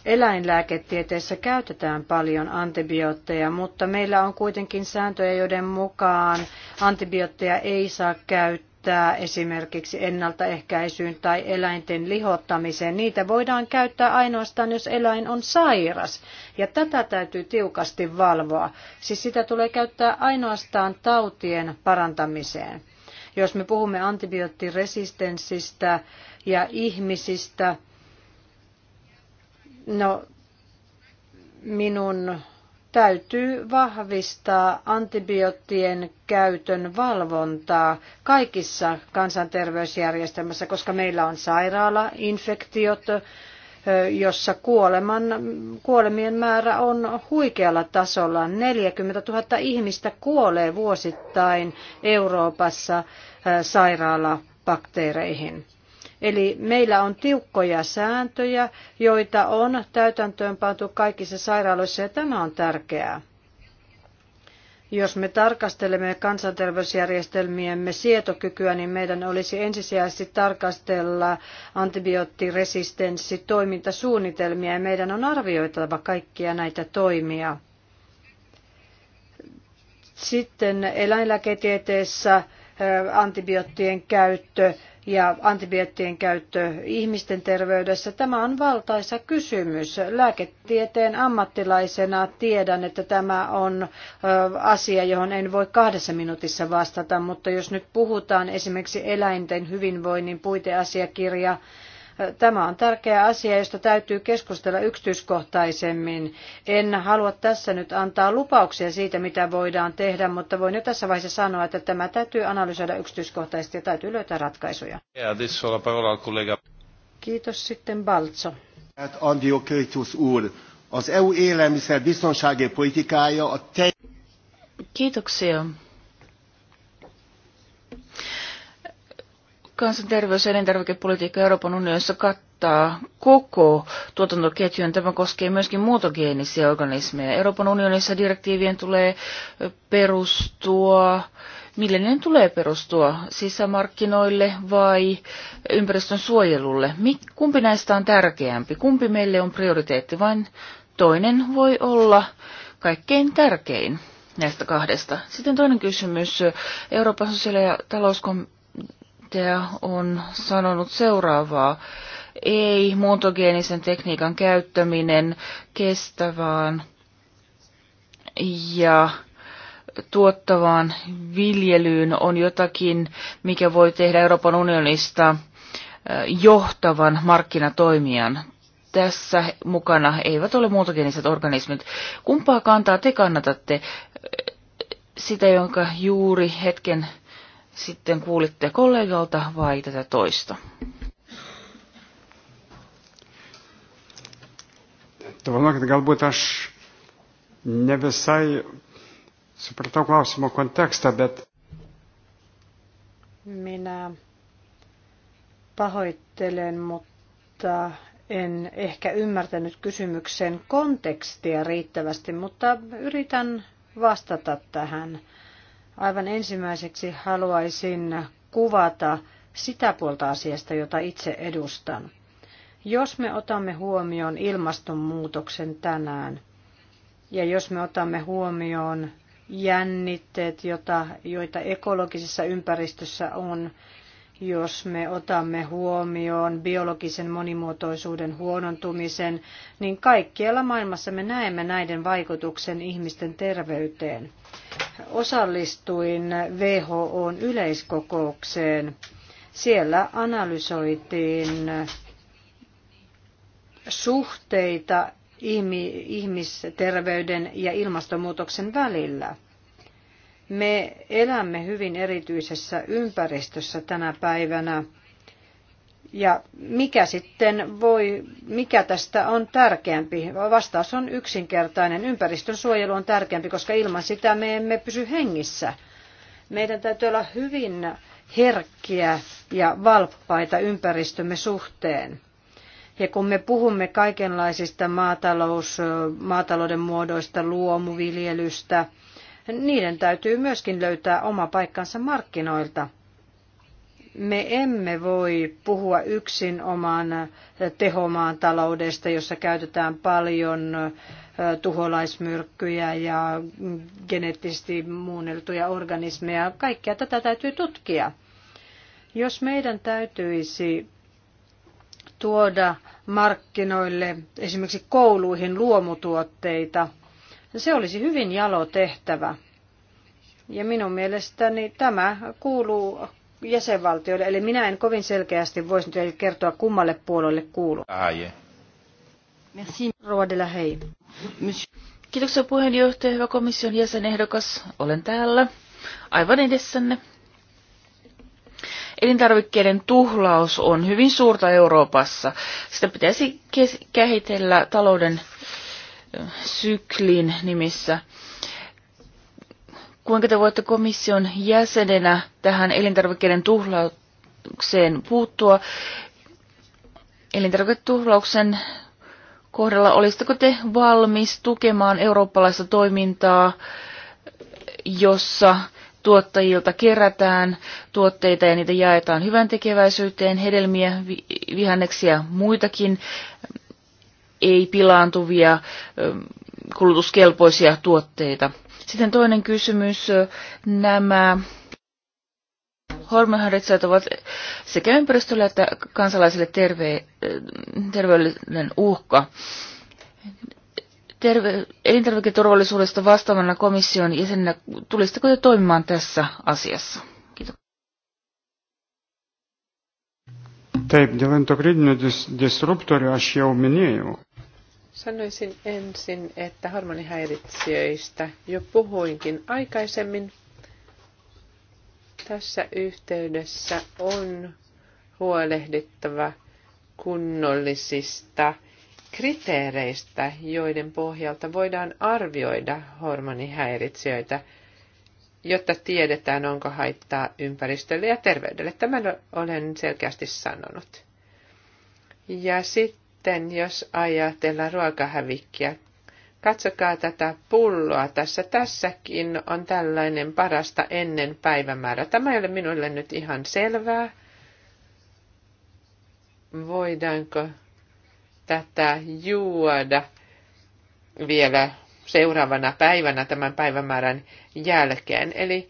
eläinlääketieteessä käytetään paljon antibiootteja, mutta meillä on kuitenkin sääntöjä, joiden mukaan antibiootteja ei saa käyttää käyttää esimerkiksi ennaltaehkäisyyn tai eläinten lihottamiseen. Niitä voidaan käyttää ainoastaan, jos eläin on sairas. Ja tätä täytyy tiukasti valvoa. Siis sitä tulee käyttää ainoastaan tautien parantamiseen. Jos me puhumme antibioottiresistenssistä ja ihmisistä, no minun täytyy vahvistaa antibioottien käytön valvontaa kaikissa kansanterveysjärjestelmässä, koska meillä on sairaalainfektiot, jossa kuoleman, kuolemien määrä on huikealla tasolla. 40 000 ihmistä kuolee vuosittain Euroopassa sairaalabakteereihin. Eli meillä on tiukkoja sääntöjä, joita on täytäntöönpantu kaikissa sairaaloissa ja tämä on tärkeää. Jos me tarkastelemme kansanterveysjärjestelmiemme sietokykyä, niin meidän olisi ensisijaisesti tarkastella antibioottiresistenssitoimintasuunnitelmia toimintasuunnitelmia ja meidän on arvioitava kaikkia näitä toimia. Sitten eläinlääketieteessä antibioottien käyttö ja antibioottien käyttö ihmisten terveydessä. Tämä on valtaisa kysymys. Lääketieteen ammattilaisena tiedän, että tämä on asia, johon en voi kahdessa minuutissa vastata, mutta jos nyt puhutaan esimerkiksi eläinten hyvinvoinnin puiteasiakirja, Tämä on tärkeä asia, josta täytyy keskustella yksityiskohtaisemmin. En halua tässä nyt antaa lupauksia siitä, mitä voidaan tehdä, mutta voin jo tässä vaiheessa sanoa, että tämä täytyy analysoida yksityiskohtaisesti ja täytyy löytää ratkaisuja. Kiitos sitten Balzo. EU te... Kiitoksia. Kansanterveys- ja elintarvikepolitiikka Euroopan unionissa kattaa koko tuotantoketjun. Tämä koskee myöskin muutogeenisiä organismeja. Euroopan unionissa direktiivien tulee perustua, mille ne tulee perustua, sisämarkkinoille vai ympäristön suojelulle. Kumpi näistä on tärkeämpi? Kumpi meille on prioriteetti? Vain toinen voi olla kaikkein tärkein näistä kahdesta. Sitten toinen kysymys. Euroopan sosiaali- ja talouskomitea on sanonut seuraavaa. Ei muuntogeenisen tekniikan käyttäminen kestävään ja tuottavaan viljelyyn on jotakin, mikä voi tehdä Euroopan unionista johtavan markkinatoimijan. Tässä mukana eivät ole muuntogeeniset organismit. Kumpaa kantaa te kannatatte? Sitä, jonka juuri hetken sitten kuulitte kollegalta vai tätä toista? Tai galbūt aš ne visai supratau klausimo kontekstą, bet. Minä pahoittelen, mutta en ehkä ymmärtänyt kysymyksen kontekstia riittävästi, mutta yritän vastata tähän. Aivan ensimmäiseksi haluaisin kuvata sitä puolta asiasta, jota itse edustan. Jos me otamme huomioon ilmastonmuutoksen tänään, ja jos me otamme huomioon jännitteet, jota, joita ekologisessa ympäristössä on, jos me otamme huomioon biologisen monimuotoisuuden huonontumisen, niin kaikkialla maailmassa me näemme näiden vaikutuksen ihmisten terveyteen osallistuin WHOn yleiskokoukseen. Siellä analysoitiin suhteita ihmisterveyden ja ilmastonmuutoksen välillä. Me elämme hyvin erityisessä ympäristössä tänä päivänä ja mikä sitten voi, mikä tästä on tärkeämpi? Vastaus on yksinkertainen. Ympäristön suojelu on tärkeämpi, koska ilman sitä me emme pysy hengissä. Meidän täytyy olla hyvin herkkiä ja valppaita ympäristömme suhteen. Ja kun me puhumme kaikenlaisista maatalous, maatalouden muodoista, luomuviljelystä, niiden täytyy myöskin löytää oma paikkansa markkinoilta – me emme voi puhua yksin oman tehomaan taloudesta, jossa käytetään paljon tuholaismyrkkyjä ja geneettisesti muunneltuja organismeja. Kaikkea tätä täytyy tutkia. Jos meidän täytyisi tuoda markkinoille esimerkiksi kouluihin luomutuotteita, se olisi hyvin jalo tehtävä. Ja minun mielestäni tämä kuuluu jäsenvaltioille, eli minä en kovin selkeästi voisi teille kertoa, kummalle puolelle kuuluu. Merci. Ruodilla hei. Kiitoksia puheenjohtaja, hyvä komission jäsenehdokas. Olen täällä, aivan edessänne. Elintarvikkeiden tuhlaus on hyvin suurta Euroopassa. Sitä pitäisi kehitellä talouden syklin nimissä. Kuinka te voitte komission jäsenenä tähän elintarvikkeiden tuhlaukseen puuttua? Elintarviketuhlauksen kohdalla olisitteko te valmis tukemaan eurooppalaista toimintaa, jossa tuottajilta kerätään tuotteita ja niitä jaetaan hyvän tekeväisyyteen, hedelmiä, vihanneksia, muitakin ei pilaantuvia kulutuskelpoisia tuotteita. Sitten toinen kysymys, nämä hormonharjoittajat ovat sekä ympäristölle että kansalaisille terve, terveellinen uhka. Terve, elintarviketurvallisuudesta vastaavana komission jäsenenä, tulisitteko te toimimaan tässä asiassa? Kiitos. Taip, dėl endokrininių disruptorių aš jau minėjau. Sanoisin ensin, että hormonihäiritsijöistä jo puhuinkin aikaisemmin. Tässä yhteydessä on huolehdittava kunnollisista kriteereistä, joiden pohjalta voidaan arvioida hormonihäiritsijöitä, jotta tiedetään, onko haittaa ympäristölle ja terveydelle. Tämän olen selkeästi sanonut. Ja sitten sitten, jos ajatellaan ruokahävikkiä, katsokaa tätä pulloa tässä. Tässäkin on tällainen parasta ennen päivämäärä. Tämä ei ole minulle nyt ihan selvää. Voidaanko tätä juoda vielä seuraavana päivänä tämän päivämäärän jälkeen. Eli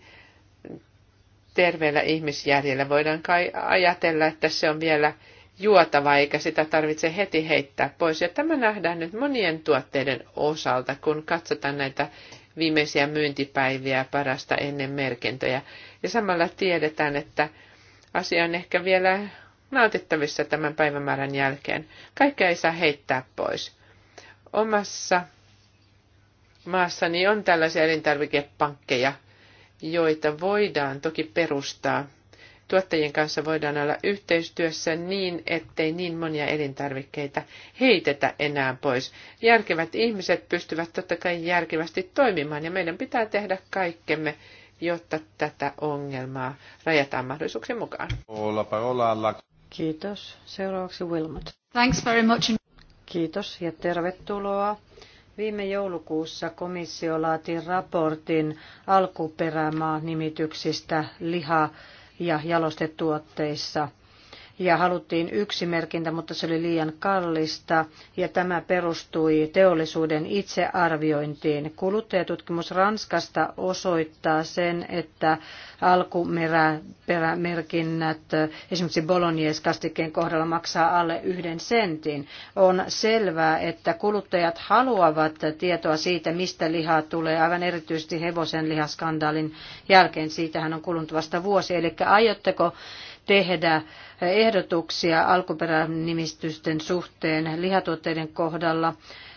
terveellä ihmisjärjellä voidaan kai ajatella, että se on vielä juotava, eikä sitä tarvitse heti heittää pois. Ja tämä nähdään nyt monien tuotteiden osalta, kun katsotaan näitä viimeisiä myyntipäiviä parasta ennen merkintöjä. Ja samalla tiedetään, että asia on ehkä vielä nautittavissa tämän päivämäärän jälkeen. Kaikkea ei saa heittää pois. Omassa maassani on tällaisia elintarvikepankkeja, joita voidaan toki perustaa tuottajien kanssa voidaan olla yhteistyössä niin, ettei niin monia elintarvikkeita heitetä enää pois. Järkevät ihmiset pystyvät totta kai järkevästi toimimaan ja meidän pitää tehdä kaikkemme, jotta tätä ongelmaa rajataan mahdollisuuksien mukaan. Kiitos. Seuraavaksi Wilmot. Thanks very much. Kiitos ja tervetuloa. Viime joulukuussa komissio laati raportin alkuperämaa nimityksistä liha- ja jalostetuotteissa – ja haluttiin yksi merkintä, mutta se oli liian kallista ja tämä perustui teollisuuden itsearviointiin. Kuluttajatutkimus Ranskasta osoittaa sen, että alkuperämerkinnät esimerkiksi bolognese-kastikkeen kohdalla maksaa alle yhden sentin. On selvää, että kuluttajat haluavat tietoa siitä, mistä lihaa tulee, aivan erityisesti hevosen lihaskandaalin jälkeen. Siitähän on kulunut vasta vuosi. Eli aiotteko tehdä ehdotuksia alkuperänimistysten suhteen lihatuotteiden kohdalla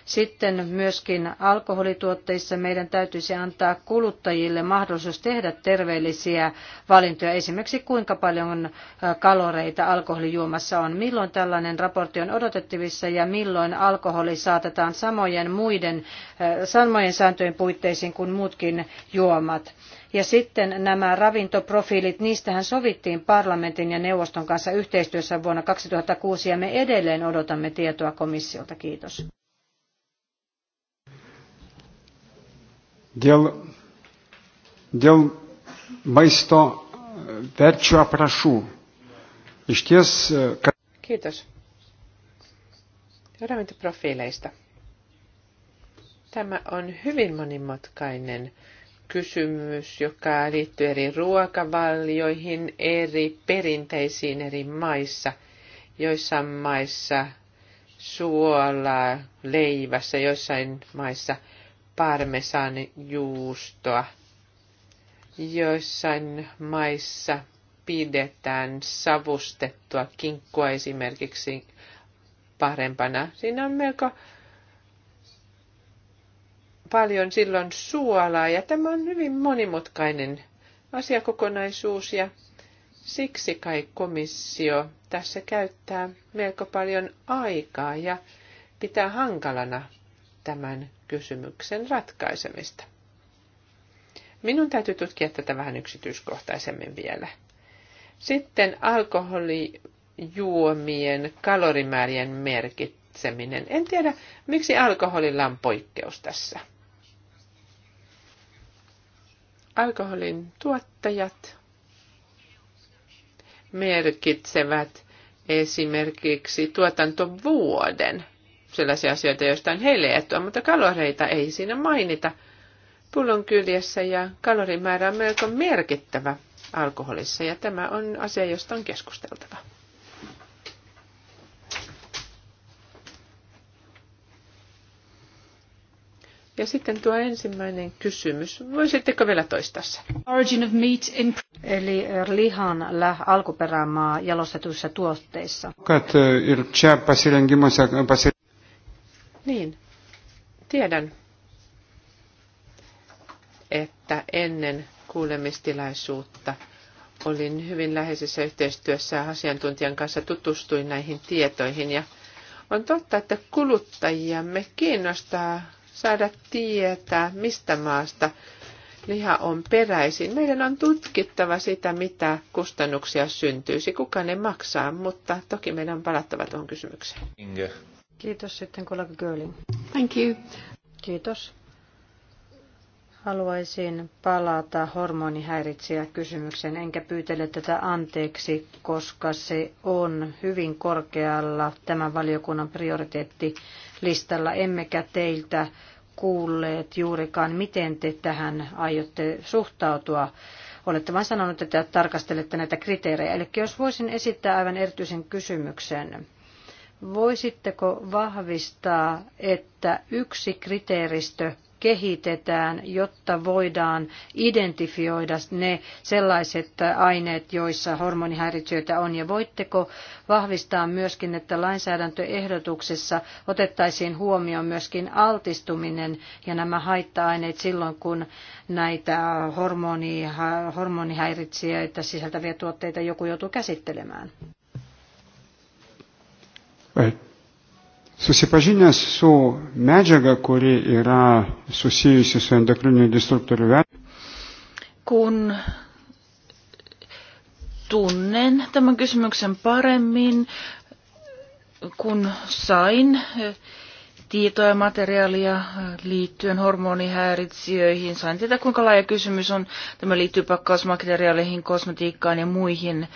sitten myöskin alkoholituotteissa meidän täytyisi antaa kuluttajille mahdollisuus tehdä terveellisiä valintoja, esimerkiksi kuinka paljon äh, kaloreita alkoholijuomassa on, milloin tällainen raportti on odotettavissa ja milloin alkoholi saatetaan samojen muiden äh, samojen sääntöjen puitteisiin kuin muutkin juomat. Ja sitten nämä ravintoprofiilit, niistähän sovittiin parlamentin ja neuvoston kanssa yhteistyössä vuonna 2006 ja me edelleen odotamme tietoa komissiolta. Kiitos. dėl, dėl maisto e, verčių aprašų. Iš ties, e, kad... Kiitos. Ravintoprofiileista. Tämä on hyvin monimutkainen kysymys, joka liittyy eri ruokavalioihin, eri perinteisiin eri maissa. Joissain maissa suolaa leivässä, joissain maissa – parmesanjuustoa. Joissain maissa pidetään savustettua kinkkua esimerkiksi parempana. Siinä on melko paljon silloin suolaa ja tämä on hyvin monimutkainen asiakokonaisuus ja siksi kai komissio tässä käyttää melko paljon aikaa ja pitää hankalana tämän kysymyksen ratkaisemista. Minun täytyy tutkia tätä vähän yksityiskohtaisemmin vielä. Sitten alkoholijuomien kalorimäärien merkitseminen. En tiedä, miksi alkoholilla on poikkeus tässä. Alkoholin tuottajat merkitsevät esimerkiksi tuotantovuoden – sellaisia asioita, joista on heille etua, mutta kaloreita ei siinä mainita. Pullon kyljessä ja kalorimäärä on melko merkittävä alkoholissa ja tämä on asia, josta on keskusteltava. Ja sitten tuo ensimmäinen kysymys. Voisitteko vielä toistaa sen? Origin of meat in... Eli lihan lä, alkuperämaa jalostetuissa tuotteissa. Kat, uh, eh, čia niin, tiedän, että ennen kuulemistilaisuutta olin hyvin läheisessä yhteistyössä asiantuntijan kanssa, tutustuin näihin tietoihin ja on totta, että kuluttajiamme kiinnostaa saada tietää, mistä maasta liha on peräisin. Meidän on tutkittava sitä, mitä kustannuksia syntyisi, kuka ne maksaa, mutta toki meidän on palattava tuohon kysymykseen. Inge. Kiitos sitten kollega Görling. Thank you. Kiitos. Haluaisin palata hormonihäiritsijä kysymykseen, enkä pyytele tätä anteeksi, koska se on hyvin korkealla tämän valiokunnan prioriteettilistalla, emmekä teiltä kuulleet juurikaan, miten te tähän aiotte suhtautua. Olette vain sanonut, että tarkastelette näitä kriteerejä. Eli jos voisin esittää aivan erityisen kysymyksen Voisitteko vahvistaa, että yksi kriteeristö kehitetään, jotta voidaan identifioida ne sellaiset aineet, joissa hormonihäiriöitä on. Ja voitteko vahvistaa myöskin, että lainsäädäntöehdotuksessa otettaisiin huomioon myöskin altistuminen ja nämä haitta-aineet silloin, kun näitä hormoni, hormonihäiritsijöitä sisältäviä tuotteita joku joutuu käsittelemään? Susipažinęs su medžiaga, kuri yra susijusi su endokriniu disruptoriu Kun tunnen tämän kysymyksen paremmin, kun sain eh, tietoa ja materiaalia eh, liittyen hormonihäiritsijöihin. Sain tietää, kuinka laaja kysymys on. Tämä liittyy pakkausmateriaaleihin, kosmetiikkaan ja muihin äh,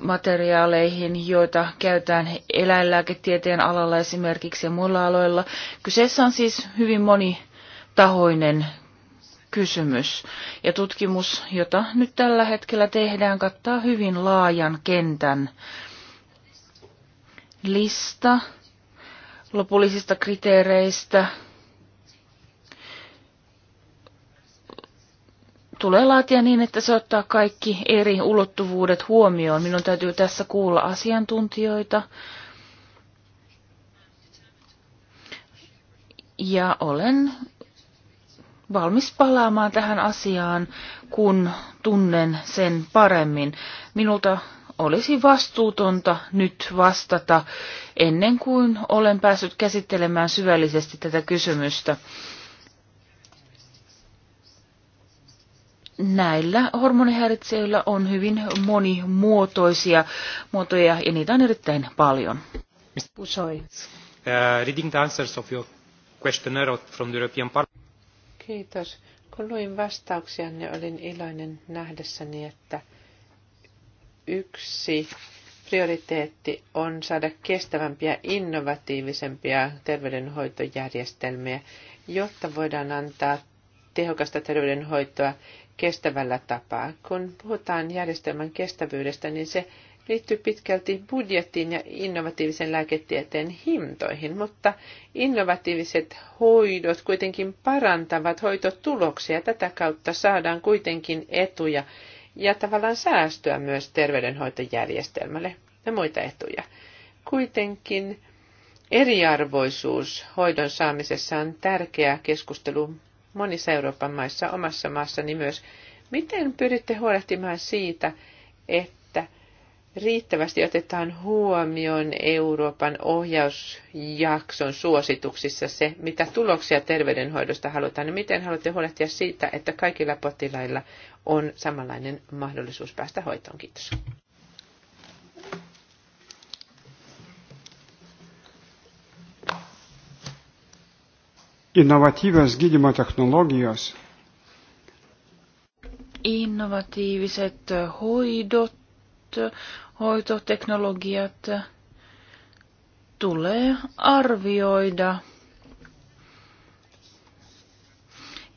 materiaaleihin, joita käytetään eläinlääketieteen alalla esimerkiksi ja muilla aloilla. Kyseessä on siis hyvin monitahoinen kysymys. Ja tutkimus, jota nyt tällä hetkellä tehdään, kattaa hyvin laajan kentän lista lopullisista kriteereistä, tulee laatia niin, että se ottaa kaikki eri ulottuvuudet huomioon. Minun täytyy tässä kuulla asiantuntijoita. Ja olen valmis palaamaan tähän asiaan, kun tunnen sen paremmin. Minulta olisi vastuutonta nyt vastata ennen kuin olen päässyt käsittelemään syvällisesti tätä kysymystä. näillä hormonihäiritseillä on hyvin monimuotoisia muotoja ja niitä on erittäin paljon. Uh, reading the answers of your from the European Parliament. Kiitos. Kun luin niin olin iloinen nähdessäni, että yksi prioriteetti on saada kestävämpiä, innovatiivisempia terveydenhoitojärjestelmiä, jotta voidaan antaa tehokasta terveydenhoitoa kestävällä tapaa. Kun puhutaan järjestelmän kestävyydestä, niin se liittyy pitkälti budjettiin ja innovatiivisen lääketieteen hintoihin, mutta innovatiiviset hoidot kuitenkin parantavat hoitotuloksia. Tätä kautta saadaan kuitenkin etuja ja tavallaan säästöä myös terveydenhoitojärjestelmälle ja muita etuja. Kuitenkin eriarvoisuus hoidon saamisessa on tärkeä keskustelu monissa Euroopan maissa, omassa maassani myös. Miten pyritte huolehtimaan siitä, että riittävästi otetaan huomioon Euroopan ohjausjakson suosituksissa se, mitä tuloksia terveydenhoidosta halutaan, niin miten haluatte huolehtia siitä, että kaikilla potilailla on samanlainen mahdollisuus päästä hoitoon? Kiitos. Innovatiivios gydymo technologijos. Innovatiiviset hoidot, hoitoteknologiat tulee arvioida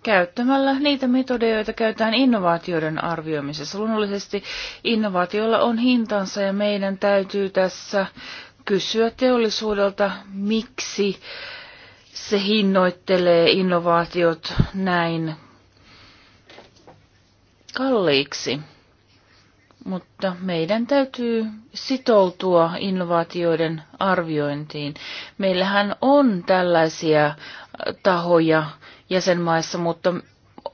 käyttämällä niitä metodeja, joita käytetään innovaatioiden arvioimisessa. Luonnollisesti innovaatioilla on hintansa ja meidän täytyy tässä kysyä teollisuudelta, miksi se hinnoittelee innovaatiot näin kalliiksi. Mutta meidän täytyy sitoutua innovaatioiden arviointiin. Meillähän on tällaisia tahoja jäsenmaissa, mutta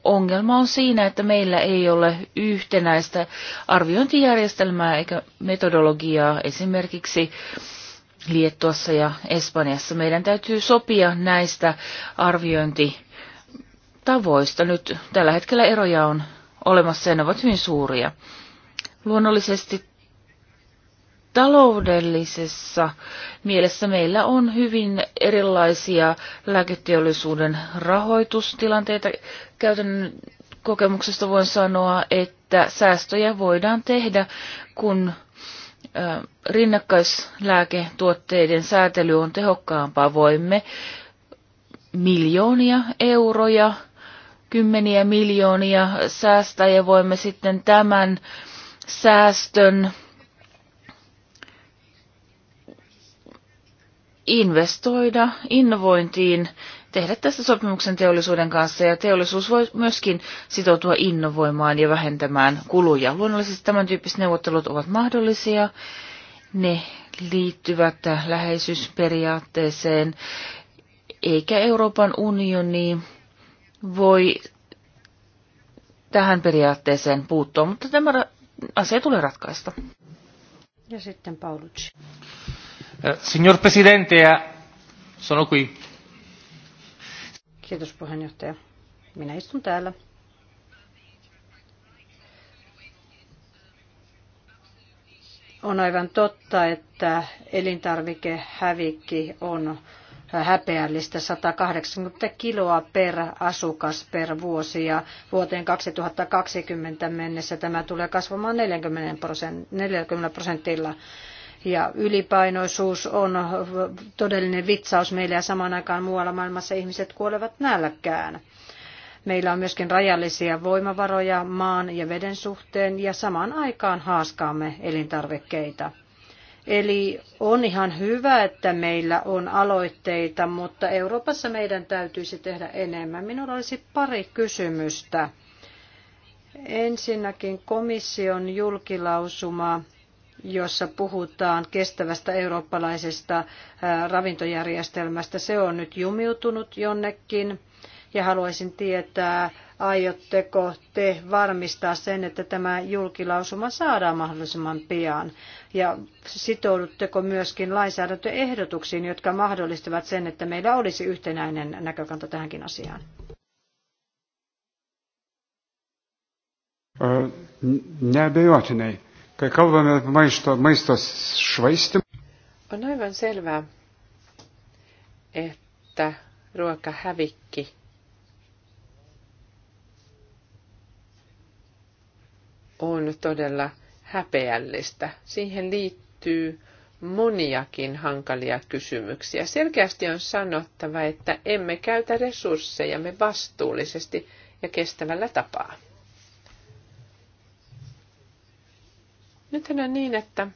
ongelma on siinä, että meillä ei ole yhtenäistä arviointijärjestelmää eikä metodologiaa esimerkiksi Liettuassa ja Espanjassa. Meidän täytyy sopia näistä arviointitavoista. Nyt tällä hetkellä eroja on olemassa ja ne ovat hyvin suuria. Luonnollisesti taloudellisessa mielessä meillä on hyvin erilaisia lääketeollisuuden rahoitustilanteita. Käytännön kokemuksesta voin sanoa, että säästöjä voidaan tehdä, kun rinnakkaislääketuotteiden säätely on tehokkaampaa. Voimme miljoonia euroja, kymmeniä miljoonia säästää ja voimme sitten tämän säästön investoida innovointiin tehdä tästä sopimuksen teollisuuden kanssa ja teollisuus voi myöskin sitoutua innovoimaan ja vähentämään kuluja. Luonnollisesti tämän tyyppiset neuvottelut ovat mahdollisia. Ne liittyvät läheisyysperiaatteeseen, eikä Euroopan unioni voi tähän periaatteeseen puuttua, mutta tämä asia tulee ratkaista. Ja sitten Paulucci. Eh, signor Presidente, eh, sono qui. Kiitos puheenjohtaja. Minä istun täällä. On aivan totta, että elintarvikehävikki on häpeällistä 180 kiloa per asukas per vuosi ja vuoteen 2020 mennessä tämä tulee kasvamaan 40 prosentilla ja ylipainoisuus on todellinen vitsaus meille ja samaan aikaan muualla maailmassa ihmiset kuolevat nälkään. Meillä on myöskin rajallisia voimavaroja maan ja veden suhteen ja samaan aikaan haaskaamme elintarvikkeita. Eli on ihan hyvä, että meillä on aloitteita, mutta Euroopassa meidän täytyisi tehdä enemmän. Minulla olisi pari kysymystä. Ensinnäkin komission julkilausuma jossa puhutaan kestävästä eurooppalaisesta äh, ravintojärjestelmästä. Se on nyt jumiutunut jonnekin ja haluaisin tietää, aiotteko te varmistaa sen, että tämä julkilausuma saadaan mahdollisimman pian? Ja sitoudutteko myöskin lainsäädäntöehdotuksiin, jotka mahdollistavat sen, että meillä olisi yhtenäinen näkökanta tähänkin asiaan? Neabejotinai. Kai kalbame maisto, maisto švaistimą. On aivan selvää, että ruokahävikki on todella häpeällistä. Siihen liittyy moniakin hankalia kysymyksiä. Selkeästi on sanottava, että emme käytä resursseja me vastuullisesti ja kestävällä tapaa. Nyt on niin, että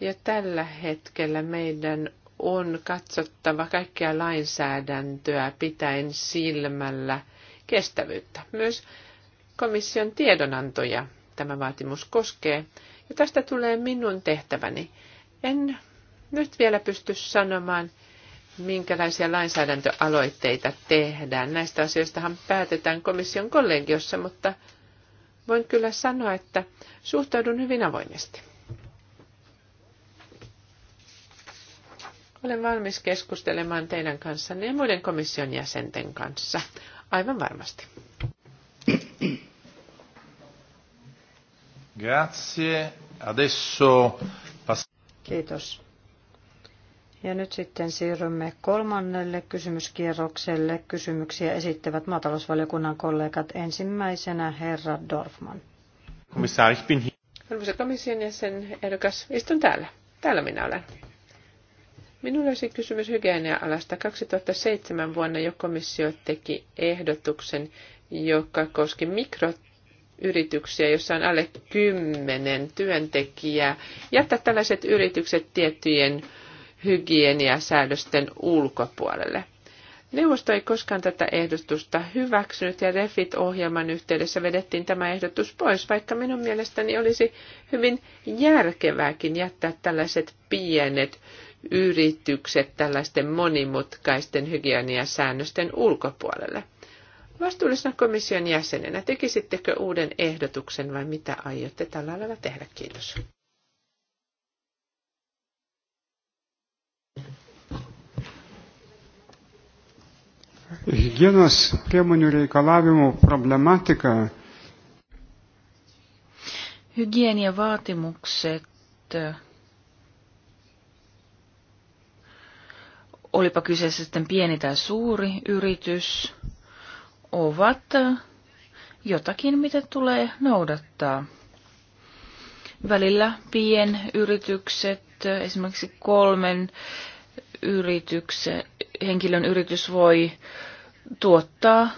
ja tällä hetkellä meidän on katsottava kaikkia lainsäädäntöä pitäen silmällä kestävyyttä. Myös komission tiedonantoja tämä vaatimus koskee. Ja tästä tulee minun tehtäväni. En nyt vielä pysty sanomaan, minkälaisia lainsäädäntöaloitteita tehdään. Näistä asioistahan päätetään komission kollegiossa, mutta voin kyllä sanoa, että suhtaudun hyvin avoimesti. Olen valmis keskustelemaan teidän kanssanne ja muiden komission jäsenten kanssa. Aivan varmasti. Grazie. Adesso Kiitos. Ja nyt sitten siirrymme kolmannelle kysymyskierrokselle. Kysymyksiä esittävät maatalousvaliokunnan kollegat. Ensimmäisenä herra Dorfman. Komissaari, bin Arvoisa komission jäsen ehdokas, istun täällä. Täällä minä olen. Minulla olisi kysymys hygienia-alasta. 2007 vuonna jo komissio teki ehdotuksen, joka koski yrityksiä, jossa on alle kymmenen työntekijää. Jättää tällaiset yritykset tiettyjen hygieniasäädösten ulkopuolelle. Neuvosto ei koskaan tätä ehdotusta hyväksynyt ja REFIT-ohjelman yhteydessä vedettiin tämä ehdotus pois, vaikka minun mielestäni olisi hyvin järkevääkin jättää tällaiset pienet yritykset tällaisten monimutkaisten hygieniasäännösten ulkopuolelle. Vastuullisena komission jäsenenä tekisittekö uuden ehdotuksen vai mitä aiotte tällä lailla tehdä? Kiitos. Hygienos priemonių reikalavimų problematika. vaatimukset, olipa kyseessä sitten pieni tai suuri yritys, ovat jotakin, mitä tulee noudattaa. Välillä pienyritykset, esimerkiksi kolmen yrityksen, henkilön yritys voi tuottaa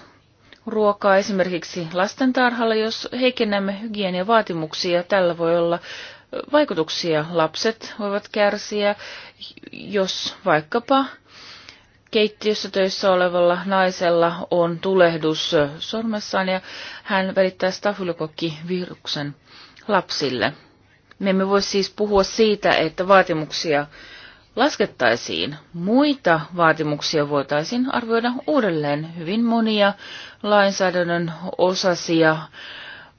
ruokaa esimerkiksi lastentarhalla, jos heikennämme hygieniavaatimuksia, tällä voi olla vaikutuksia. Lapset voivat kärsiä, jos vaikkapa keittiössä töissä olevalla naisella on tulehdus sormessaan ja hän välittää stafylokokkiviruksen lapsille. Me emme voi siis puhua siitä, että vaatimuksia laskettaisiin. Muita vaatimuksia voitaisiin arvioida uudelleen. Hyvin monia lainsäädännön osasia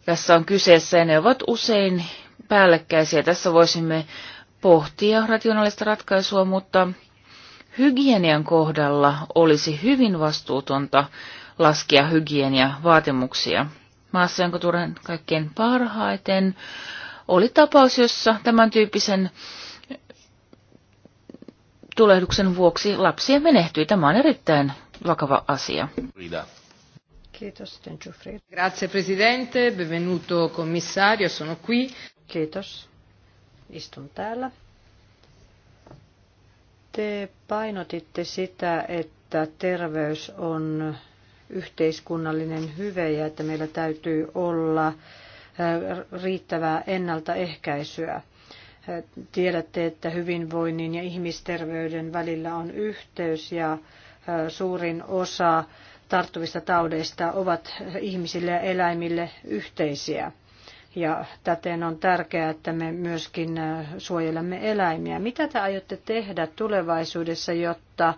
tässä on kyseessä ja ne ovat usein päällekkäisiä. Tässä voisimme pohtia rationaalista ratkaisua, mutta hygienian kohdalla olisi hyvin vastuutonta laskea hygienia vaatimuksia. Maassa, jonka turen kaikkein parhaiten, oli tapaus, jossa tämän tyyppisen tulehduksen vuoksi lapsia menehtyi. Tämä on erittäin vakava asia. Kiitos, Grazie Presidente, benvenuto commissario, sono qui. Kiitos. Istun täällä. Te painotitte sitä, että terveys on yhteiskunnallinen hyve ja että meillä täytyy olla äh, riittävää ennaltaehkäisyä. Tiedätte, että hyvinvoinnin ja ihmisterveyden välillä on yhteys ja suurin osa tarttuvista taudeista ovat ihmisille ja eläimille yhteisiä ja täten on tärkeää, että me myöskin äh, suojelemme eläimiä. Mitä te aiotte tehdä tulevaisuudessa, jotta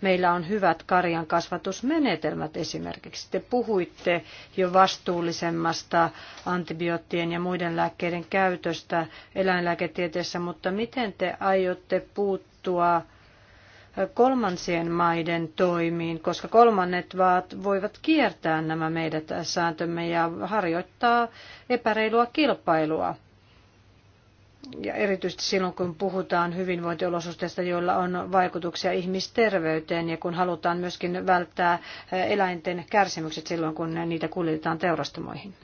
meillä on hyvät karjan kasvatusmenetelmät esimerkiksi? Te puhuitte jo vastuullisemmasta antibioottien ja muiden lääkkeiden käytöstä eläinlääketieteessä, mutta miten te aiotte puuttua kolmansien maiden toimiin, koska kolmannet vaat voivat kiertää nämä meidät sääntömme ja harjoittaa epäreilua kilpailua. Ja erityisesti silloin, kun puhutaan hyvinvointiolosuhteista, joilla on vaikutuksia ihmisterveyteen ja kun halutaan myöskin välttää eläinten kärsimykset silloin, kun niitä kuljetetaan teurastamoihin.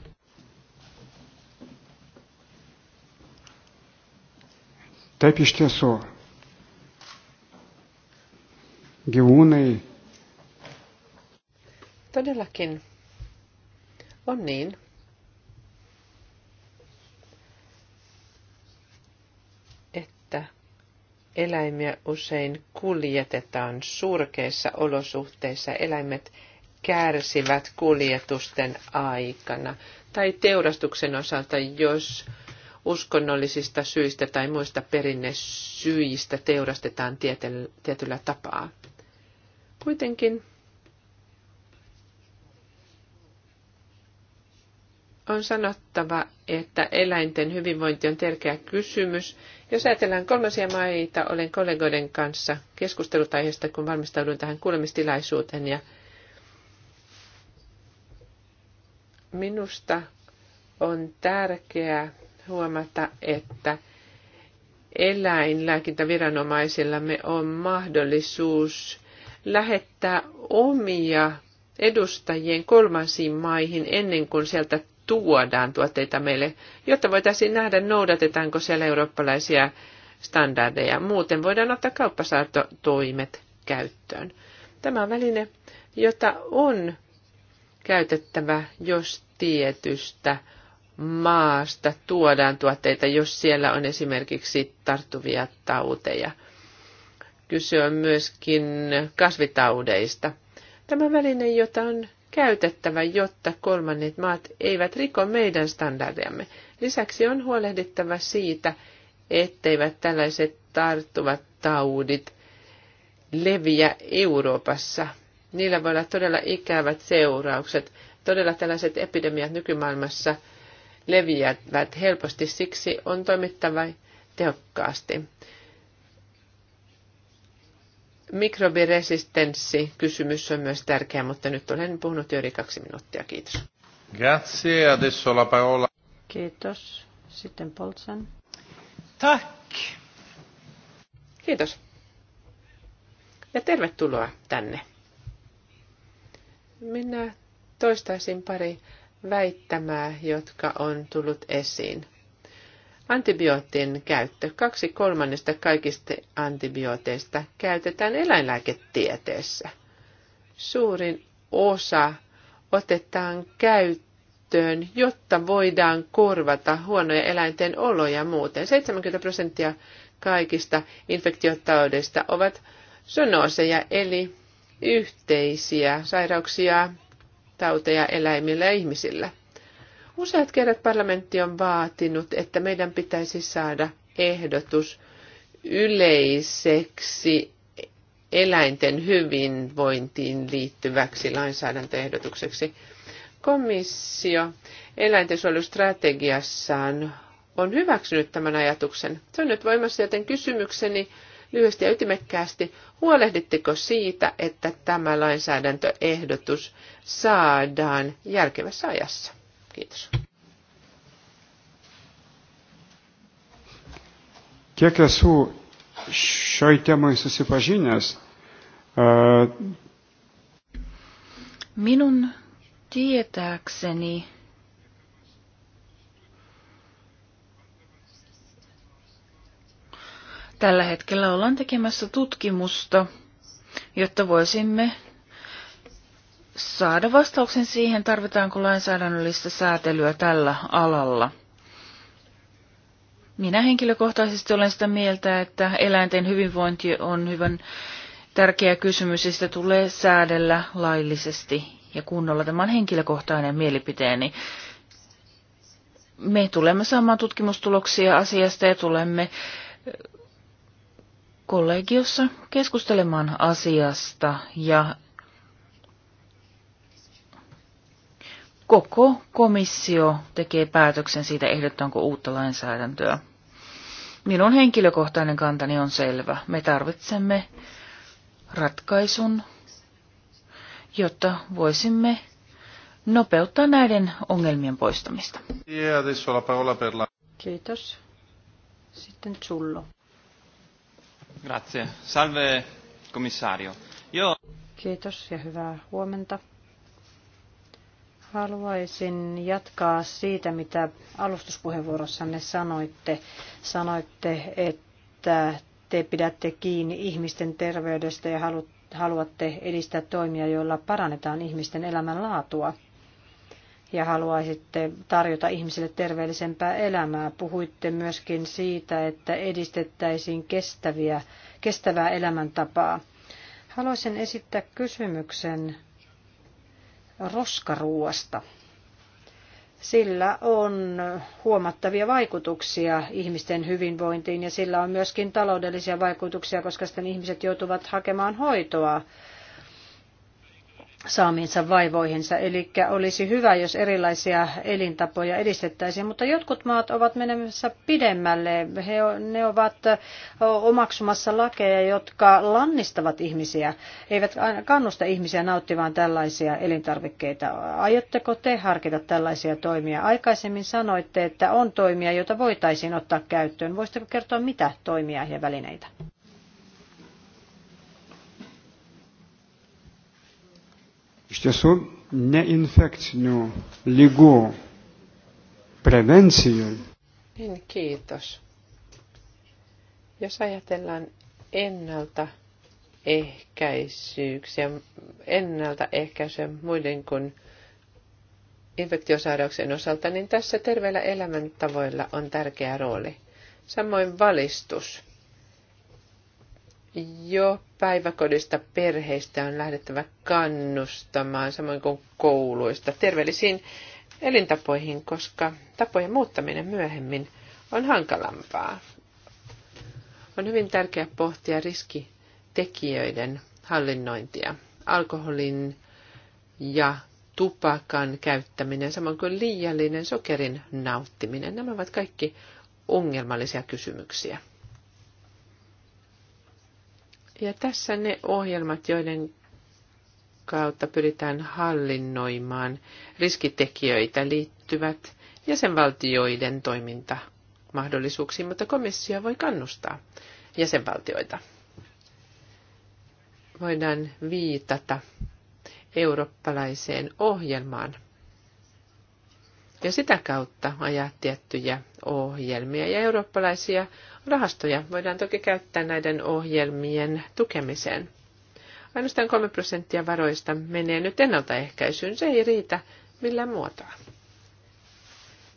Taip iš gyvūnai. Todellakin on niin. että eläimiä usein kuljetetaan surkeissa olosuhteissa. Eläimet kärsivät kuljetusten aikana. Tai teurastuksen osalta, jos uskonnollisista syistä tai muista perinnesyistä teurastetaan tietyllä tapaa. Kuitenkin on sanottava, että eläinten hyvinvointi on tärkeä kysymys. Jos ajatellaan kolmasia maita, olen kollegoiden kanssa keskustellut aiheesta, kun valmistauduin tähän kuulemistilaisuuteen. Ja minusta on tärkeää huomata, että eläinlääkintäviranomaisillamme on mahdollisuus lähettää omia edustajien kolmansiin maihin ennen kuin sieltä tuodaan tuotteita meille, jotta voitaisiin nähdä, noudatetaanko siellä eurooppalaisia standardeja. Muuten voidaan ottaa kauppasaartotoimet käyttöön. Tämä on väline, jota on käytettävä, jos tietystä maasta tuodaan tuotteita, jos siellä on esimerkiksi tarttuvia tauteja – Kyse on myöskin kasvitaudeista. Tämä väline, jota on käytettävä, jotta kolmannet maat eivät riko meidän standardiamme. Lisäksi on huolehdittava siitä, etteivät tällaiset tarttuvat taudit leviä Euroopassa. Niillä voi olla todella ikävät seuraukset. Todella tällaiset epidemiat nykymaailmassa leviävät helposti, siksi on toimittava tehokkaasti. Mikrobiresistenssi kysymys on myös tärkeä, mutta nyt olen puhunut jo yli kaksi minuuttia. Kiitos. Grazie, adesso la parola. Kiitos. Sitten Poltsan. Tack. Kiitos. Ja tervetuloa tänne. Minä toistaisin pari väittämää, jotka on tullut esiin. Antibioottien käyttö. Kaksi kolmannesta kaikista antibiooteista käytetään eläinlääketieteessä. Suurin osa otetaan käyttöön, jotta voidaan korvata huonoja eläinten oloja muuten. 70 prosenttia kaikista infektiotaudeista ovat sonoseja, eli yhteisiä sairauksia, tauteja eläimillä ja ihmisillä. Useat kerrat parlamentti on vaatinut, että meidän pitäisi saada ehdotus yleiseksi eläinten hyvinvointiin liittyväksi lainsäädäntöehdotukseksi. Komissio eläintensuojelustrategiassaan on hyväksynyt tämän ajatuksen. Se on nyt voimassa, joten kysymykseni lyhyesti ja ytimekkäästi, huolehditteko siitä, että tämä lainsäädäntöehdotus saadaan järkevässä ajassa? Kiitos. Kiek esu šioj temai susipažinęs? E, Minun tietääkseni tällä hetkellä ollaan tekemässä tutkimusta, jotta voisimme saada vastauksen siihen, tarvitaanko lainsäädännöllistä säätelyä tällä alalla. Minä henkilökohtaisesti olen sitä mieltä, että eläinten hyvinvointi on hyvän tärkeä kysymys ja sitä tulee säädellä laillisesti ja kunnolla. Tämä on henkilökohtainen mielipiteeni. Me tulemme saamaan tutkimustuloksia asiasta ja tulemme eh, kollegiossa keskustelemaan asiasta ja koko komissio tekee päätöksen siitä, ehdottaanko uutta lainsäädäntöä. Minun henkilökohtainen kantani on selvä. Me tarvitsemme ratkaisun, jotta voisimme nopeuttaa näiden ongelmien poistamista. Kiitos. Sitten Zullo. Grazie. Salve, komissario. Kiitos ja hyvää huomenta. Haluaisin jatkaa siitä, mitä alustuspuheenvuorossanne sanoitte. Sanoitte, että te pidätte kiinni ihmisten terveydestä ja haluatte edistää toimia, joilla parannetaan ihmisten elämänlaatua ja haluaisitte tarjota ihmisille terveellisempää elämää. Puhuitte myöskin siitä, että edistettäisiin kestäviä, kestävää elämäntapaa. Haluaisin esittää kysymyksen roskaruuasta. Sillä on huomattavia vaikutuksia ihmisten hyvinvointiin ja sillä on myöskin taloudellisia vaikutuksia, koska sitten ihmiset joutuvat hakemaan hoitoa saamiinsa vaivoihinsa. Eli olisi hyvä, jos erilaisia elintapoja edistettäisiin, mutta jotkut maat ovat menemässä pidemmälle. He, ne ovat omaksumassa lakeja, jotka lannistavat ihmisiä, eivät kannusta ihmisiä nauttimaan tällaisia elintarvikkeita. Aiotteko te harkita tällaisia toimia? Aikaisemmin sanoitte, että on toimia, joita voitaisiin ottaa käyttöön. Voisitteko kertoa, mitä toimia ja välineitä? Iš tiesų, neinfekcinių lygų prevencijai. Niin, kiitos. Jos ajatellaan ennalta ehkäisyyksiä, ennalta ehkäisyä muiden kuin infektiosairauksien osalta, niin tässä terveillä elämäntavoilla on tärkeä rooli. Samoin valistus jo päiväkodista perheistä on lähdettävä kannustamaan, samoin kuin kouluista, terveellisiin elintapoihin, koska tapojen muuttaminen myöhemmin on hankalampaa. On hyvin tärkeää pohtia riskitekijöiden hallinnointia. Alkoholin ja tupakan käyttäminen, samoin kuin liiallinen sokerin nauttiminen, nämä ovat kaikki ongelmallisia kysymyksiä. Ja tässä ne ohjelmat, joiden kautta pyritään hallinnoimaan riskitekijöitä liittyvät jäsenvaltioiden toimintamahdollisuuksiin, mutta komissio voi kannustaa jäsenvaltioita. Voidaan viitata eurooppalaiseen ohjelmaan, ja sitä kautta ajaa tiettyjä ohjelmia. Ja eurooppalaisia rahastoja voidaan toki käyttää näiden ohjelmien tukemiseen. Ainoastaan 3 prosenttia varoista menee nyt ennaltaehkäisyyn. Se ei riitä millään muotoa.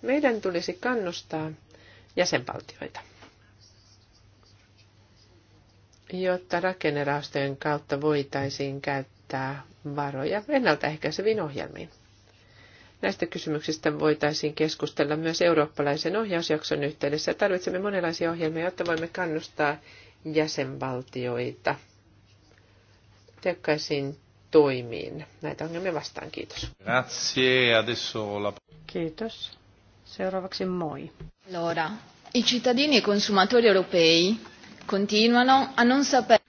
Meidän tulisi kannustaa jäsenvaltioita, jotta rakennerahastojen kautta voitaisiin käyttää varoja ennaltaehkäiseviin ohjelmiin. Näistä kysymyksistä voitaisiin keskustella myös eurooppalaisen ohjausjakson yhteydessä. Tarvitsemme monenlaisia ohjelmia, jotta voimme kannustaa jäsenvaltioita tehokkaisiin toimiin. Näitä ongelmia vastaan, kiitos. Grazie, adesso la... Kiitos. Seuraavaksi moi. Allora, i cittadini e consumatori europei continuano a non sapere...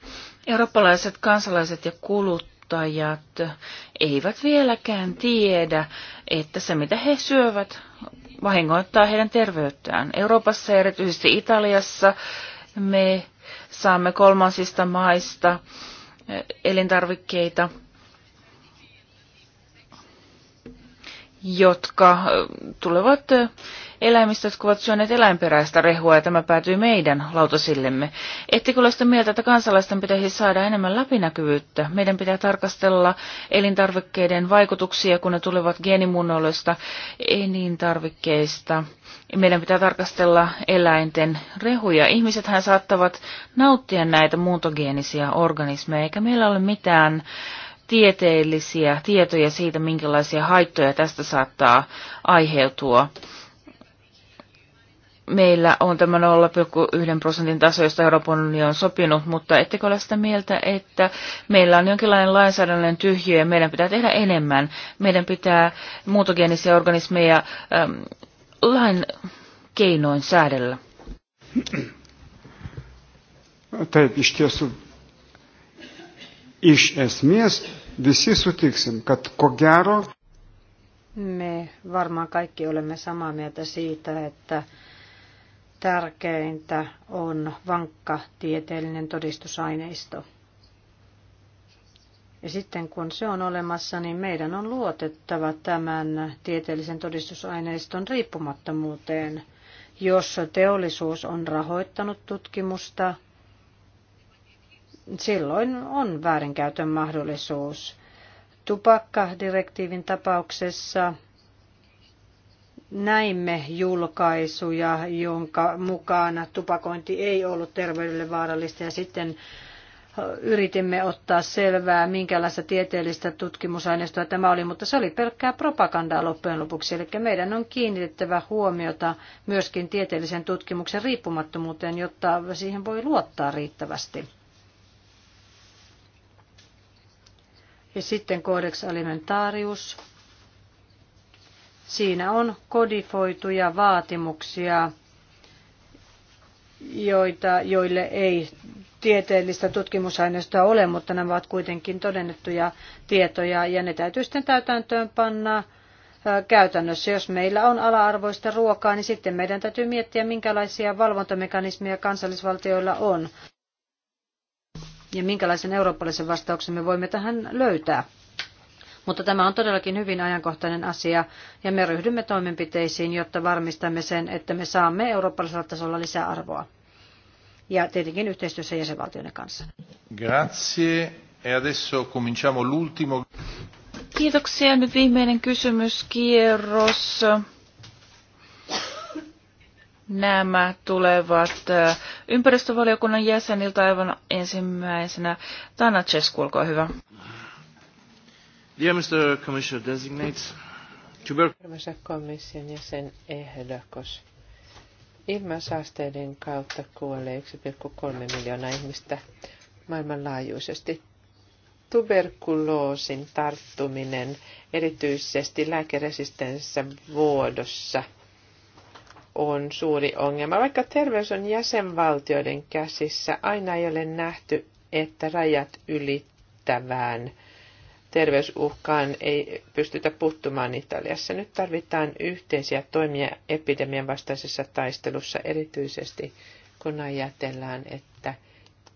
Eurooppalaiset kansalaiset ja kulut johtajat eivät vieläkään tiedä, että se mitä he syövät vahingoittaa heidän terveyttään. Euroopassa ja erityisesti Italiassa me saamme kolmansista maista elintarvikkeita, jotka tulevat eläimistä, jotka ovat syöneet eläinperäistä rehua, ja tämä päätyy meidän lautasillemme. Ette kyllä sitä mieltä, että kansalaisten pitäisi saada enemmän läpinäkyvyyttä. Meidän pitää tarkastella elintarvikkeiden vaikutuksia, kun ne tulevat geenimuunnoista elintarvikkeista. Meidän pitää tarkastella eläinten rehuja. Ihmisethän saattavat nauttia näitä muuntogeenisiä organismeja, eikä meillä ole mitään äh, tieteellisiä tietoja siitä, minkälaisia haittoja tästä saattaa aiheutua. Meillä on tämä 0,1 prosentin taso, josta Euroopan unioni on sopinut, mutta ettekö ole sitä mieltä, että meillä on jonkinlainen lainsäädännöllinen tyhjiö ja meidän pitää tehdä enemmän. Meidän pitää muutogeenisiä organismeja ähm, lain keinoin säädellä. Taip, iš tiesų, iš esmės visi sutiksim, kad ko gero. Me varmaan kaikki olemme samaa mieltä siitä, että tärkeintä on vankka tieteellinen todistusaineisto. Ja sitten kun se on olemassa, niin meidän on luotettava tämän tieteellisen todistusaineiston riippumattomuuteen. Jos teollisuus on rahoittanut tutkimusta, silloin on väärinkäytön mahdollisuus. Tupakkadirektiivin tapauksessa näimme julkaisuja, jonka mukaan tupakointi ei ollut terveydelle vaarallista ja sitten yritimme ottaa selvää, minkälaista tieteellistä tutkimusaineistoa tämä oli, mutta se oli pelkkää propagandaa loppujen lopuksi. Eli meidän on kiinnitettävä huomiota myöskin tieteellisen tutkimuksen riippumattomuuteen, jotta siihen voi luottaa riittävästi. Ja sitten Codex Alimentarius. Siinä on kodifoituja vaatimuksia, joita, joille ei tieteellistä tutkimusaineistoa ole, mutta nämä ovat kuitenkin todennettuja tietoja ja ne täytyy sitten täytäntöön panna käytännössä. Jos meillä on ala-arvoista ruokaa, niin sitten meidän täytyy miettiä, minkälaisia valvontamekanismeja kansallisvaltioilla on ja minkälaisen eurooppalaisen vastauksen me voimme tähän löytää. Mutta tämä on todellakin hyvin ajankohtainen asia ja me ryhdymme toimenpiteisiin, jotta varmistamme sen, että me saamme eurooppalaisella tasolla lisäarvoa. Ja tietenkin yhteistyössä jäsenvaltioiden kanssa. Grazie. E adesso cominciamo l'ultimo. Kiitoksia. Nyt viimeinen kysymyskierros. Nämä tulevat äh, ympäristövaliokunnan jäseniltä aivan ensimmäisenä. Tana Cescu, olkaa hyvä. Dear Mr. Commissioner designates Arvoisa komission jäsen ehdokas. Ilmansaasteiden kautta kuolee 1,3 miljoonaa ihmistä maailmanlaajuisesti. Tuberkuloosin tarttuminen erityisesti lääkeresistenssissä vuodossa – on suuri ongelma. Vaikka terveys on jäsenvaltioiden käsissä, aina ei ole nähty, että rajat ylittävään terveysuhkaan ei pystytä puuttumaan Italiassa. Nyt tarvitaan yhteisiä toimia epidemian vastaisessa taistelussa, erityisesti kun ajatellaan, että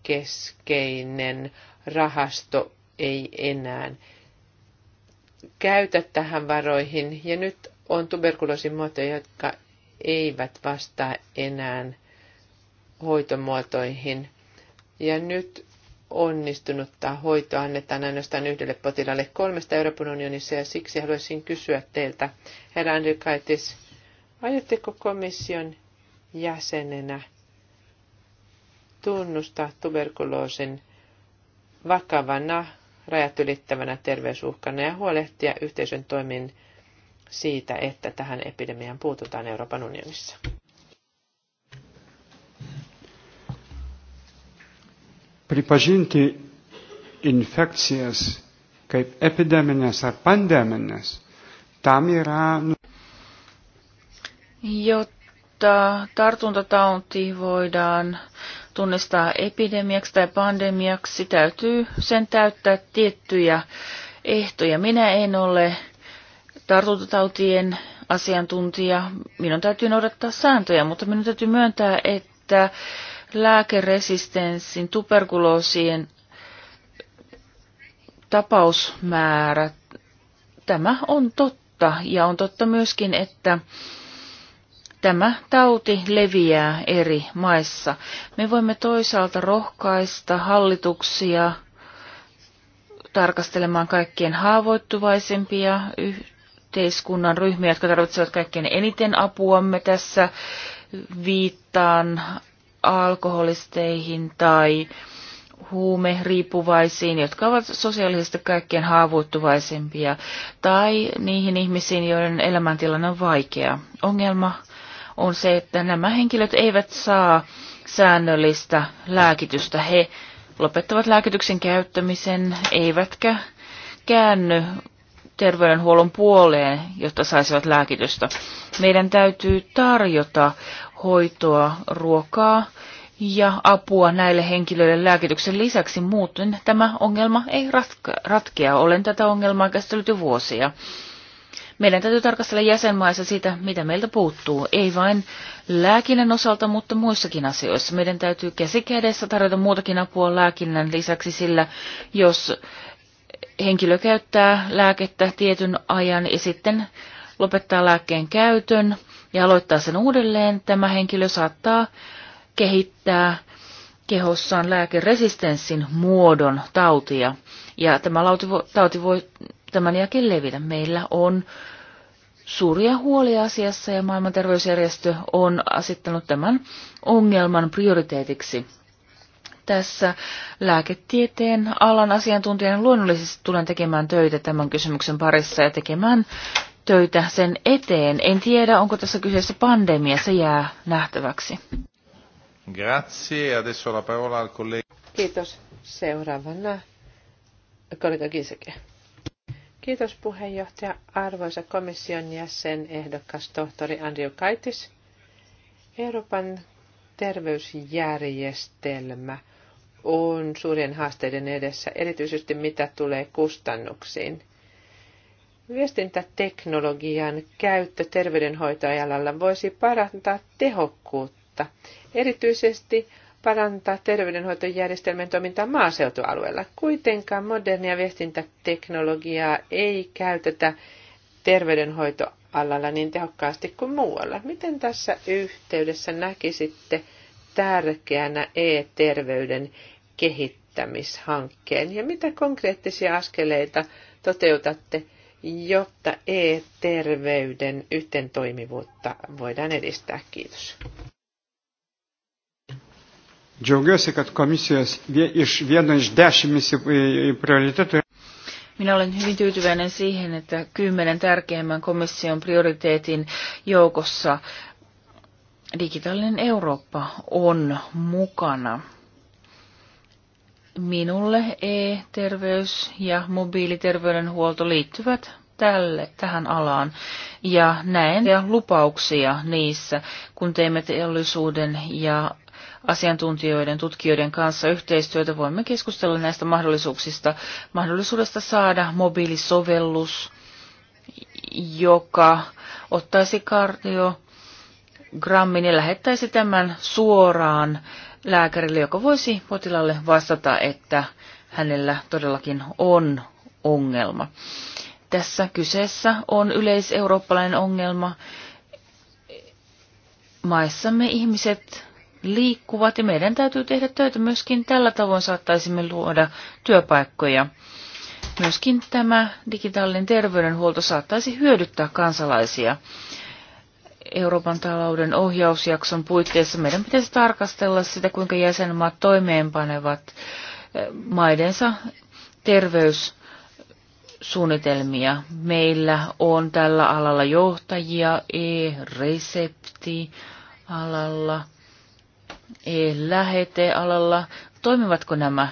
keskeinen rahasto ei enää käytä tähän varoihin. Ja nyt on tuberkuloosin muotoja, jotka eivät vastaa enää hoitomuotoihin. Ja nyt onnistunutta hoitoa annetaan ainoastaan yhdelle potilaalle kolmesta Euroopan unionissa, ja siksi haluaisin kysyä teiltä, herra Andrikaitis, aiotteko komission jäsenenä tunnustaa tuberkuloosin vakavana rajat ylittävänä terveysuhkana ja huolehtia yhteisön toimin siitä, että tähän epidemiaan puututaan Euroopan unionissa. Pripažinti infekcijas kaip epideminės ar pandeminės, tam yra... Jotta tartuntatauti voidaan tunnistaa epidemiaksi tai pandemiaksi, täytyy sen täyttää tiettyjä ehtoja. Minä en ole tartuntatautien asiantuntija. Minun täytyy noudattaa sääntöjä, mutta minun täytyy myöntää, että lääkeresistenssin, tuberkuloosien tapausmäärä, tämä on totta. Ja on totta myöskin, että tämä tauti leviää eri maissa. Me voimme toisaalta rohkaista hallituksia tarkastelemaan kaikkien haavoittuvaisempia yh- yhteiskunnan ryhmiä, jotka tarvitsevat kaikkein eniten apuamme tässä. Viittaan alkoholisteihin tai huumeriippuvaisiin, jotka ovat sosiaalisesti kaikkein haavoittuvaisempia, tai niihin ihmisiin, joiden elämäntilanne on vaikea. Ongelma on se, että nämä henkilöt eivät saa säännöllistä lääkitystä. He lopettavat lääkityksen käyttämisen, eivätkä käänny terveydenhuollon puoleen, jotta saisivat lääkitystä. Meidän täytyy tarjota hoitoa, ruokaa ja apua näille henkilöille lääkityksen lisäksi. Muuten tämä ongelma ei ratka- ratkea. Olen tätä ongelmaa käsitellyt jo vuosia. Meidän täytyy tarkastella jäsenmaissa sitä, mitä meiltä puuttuu, ei vain lääkinnän osalta, mutta muissakin asioissa. Meidän täytyy käsikädessä tarjota muutakin apua lääkinnän lisäksi, sillä jos henkilö käyttää lääkettä tietyn ajan ja sitten lopettaa lääkkeen käytön ja aloittaa sen uudelleen, tämä henkilö saattaa kehittää kehossaan lääkeresistenssin muodon tautia. Ja tämä tauti voi tämän jälkeen levitä. Meillä on suuria huolia asiassa ja maailman terveysjärjestö on asettanut tämän ongelman prioriteetiksi tässä lääketieteen alan asiantuntijana luonnollisesti tulen tekemään töitä tämän kysymyksen parissa ja tekemään töitä sen eteen. En tiedä, onko tässä kyseessä pandemia, se jää nähtäväksi. Grazie. Adesso la parola al collega. Kiitos. Seuraavana kollega Kiseke. Kiitos puheenjohtaja, arvoisa komission jäsen, ehdokas tohtori Andrew Kaitis. Euroopan terveysjärjestelmä on suurien haasteiden edessä, erityisesti mitä tulee kustannuksiin. Viestintäteknologian käyttö terveydenhoitoajalla voisi parantaa tehokkuutta, erityisesti parantaa terveydenhoitojärjestelmän toimintaa maaseutualueella. Kuitenkaan modernia viestintäteknologiaa ei käytetä terveydenhoitoalalla niin tehokkaasti kuin muualla. Miten tässä yhteydessä näkisitte tärkeänä e-terveyden kehittämishankkeen? Ja mitä konkreettisia askeleita toteutatte, jotta e-terveyden yhteentoimivuutta voidaan edistää? Kiitos. Džiaugiuosi, kad komisijos iš vieno iš prioritetų. Minä olen hyvin tyytyväinen siihen, että kymmenen tärkeimmän komission prioriteetin joukossa digitaalinen Eurooppa on mukana. Minulle e-terveys ja mobiiliterveydenhuolto liittyvät tälle, tähän alaan ja näen ja lupauksia niissä, kun teemme teollisuuden ja asiantuntijoiden, tutkijoiden kanssa yhteistyötä. Voimme keskustella näistä mahdollisuuksista, mahdollisuudesta saada mobiilisovellus, joka ottaisi kardiogrammin ja lähettäisi tämän suoraan lääkärille, joka voisi potilaalle vastata, että hänellä todellakin on ongelma. Tässä kyseessä on yleiseurooppalainen ongelma. Maissamme ihmiset liikkuvat ja meidän täytyy tehdä töitä myöskin tällä tavoin saattaisimme luoda työpaikkoja. Myöskin tämä digitaalinen terveydenhuolto saattaisi hyödyttää kansalaisia. Euroopan talouden ohjausjakson puitteissa meidän pitäisi tarkastella sitä, kuinka jäsenmaat toimeenpanevat eh, maidensa terveyssuunnitelmia. Meillä on tällä alalla johtajia e-resepti alalla, e alalla Toimivatko nämä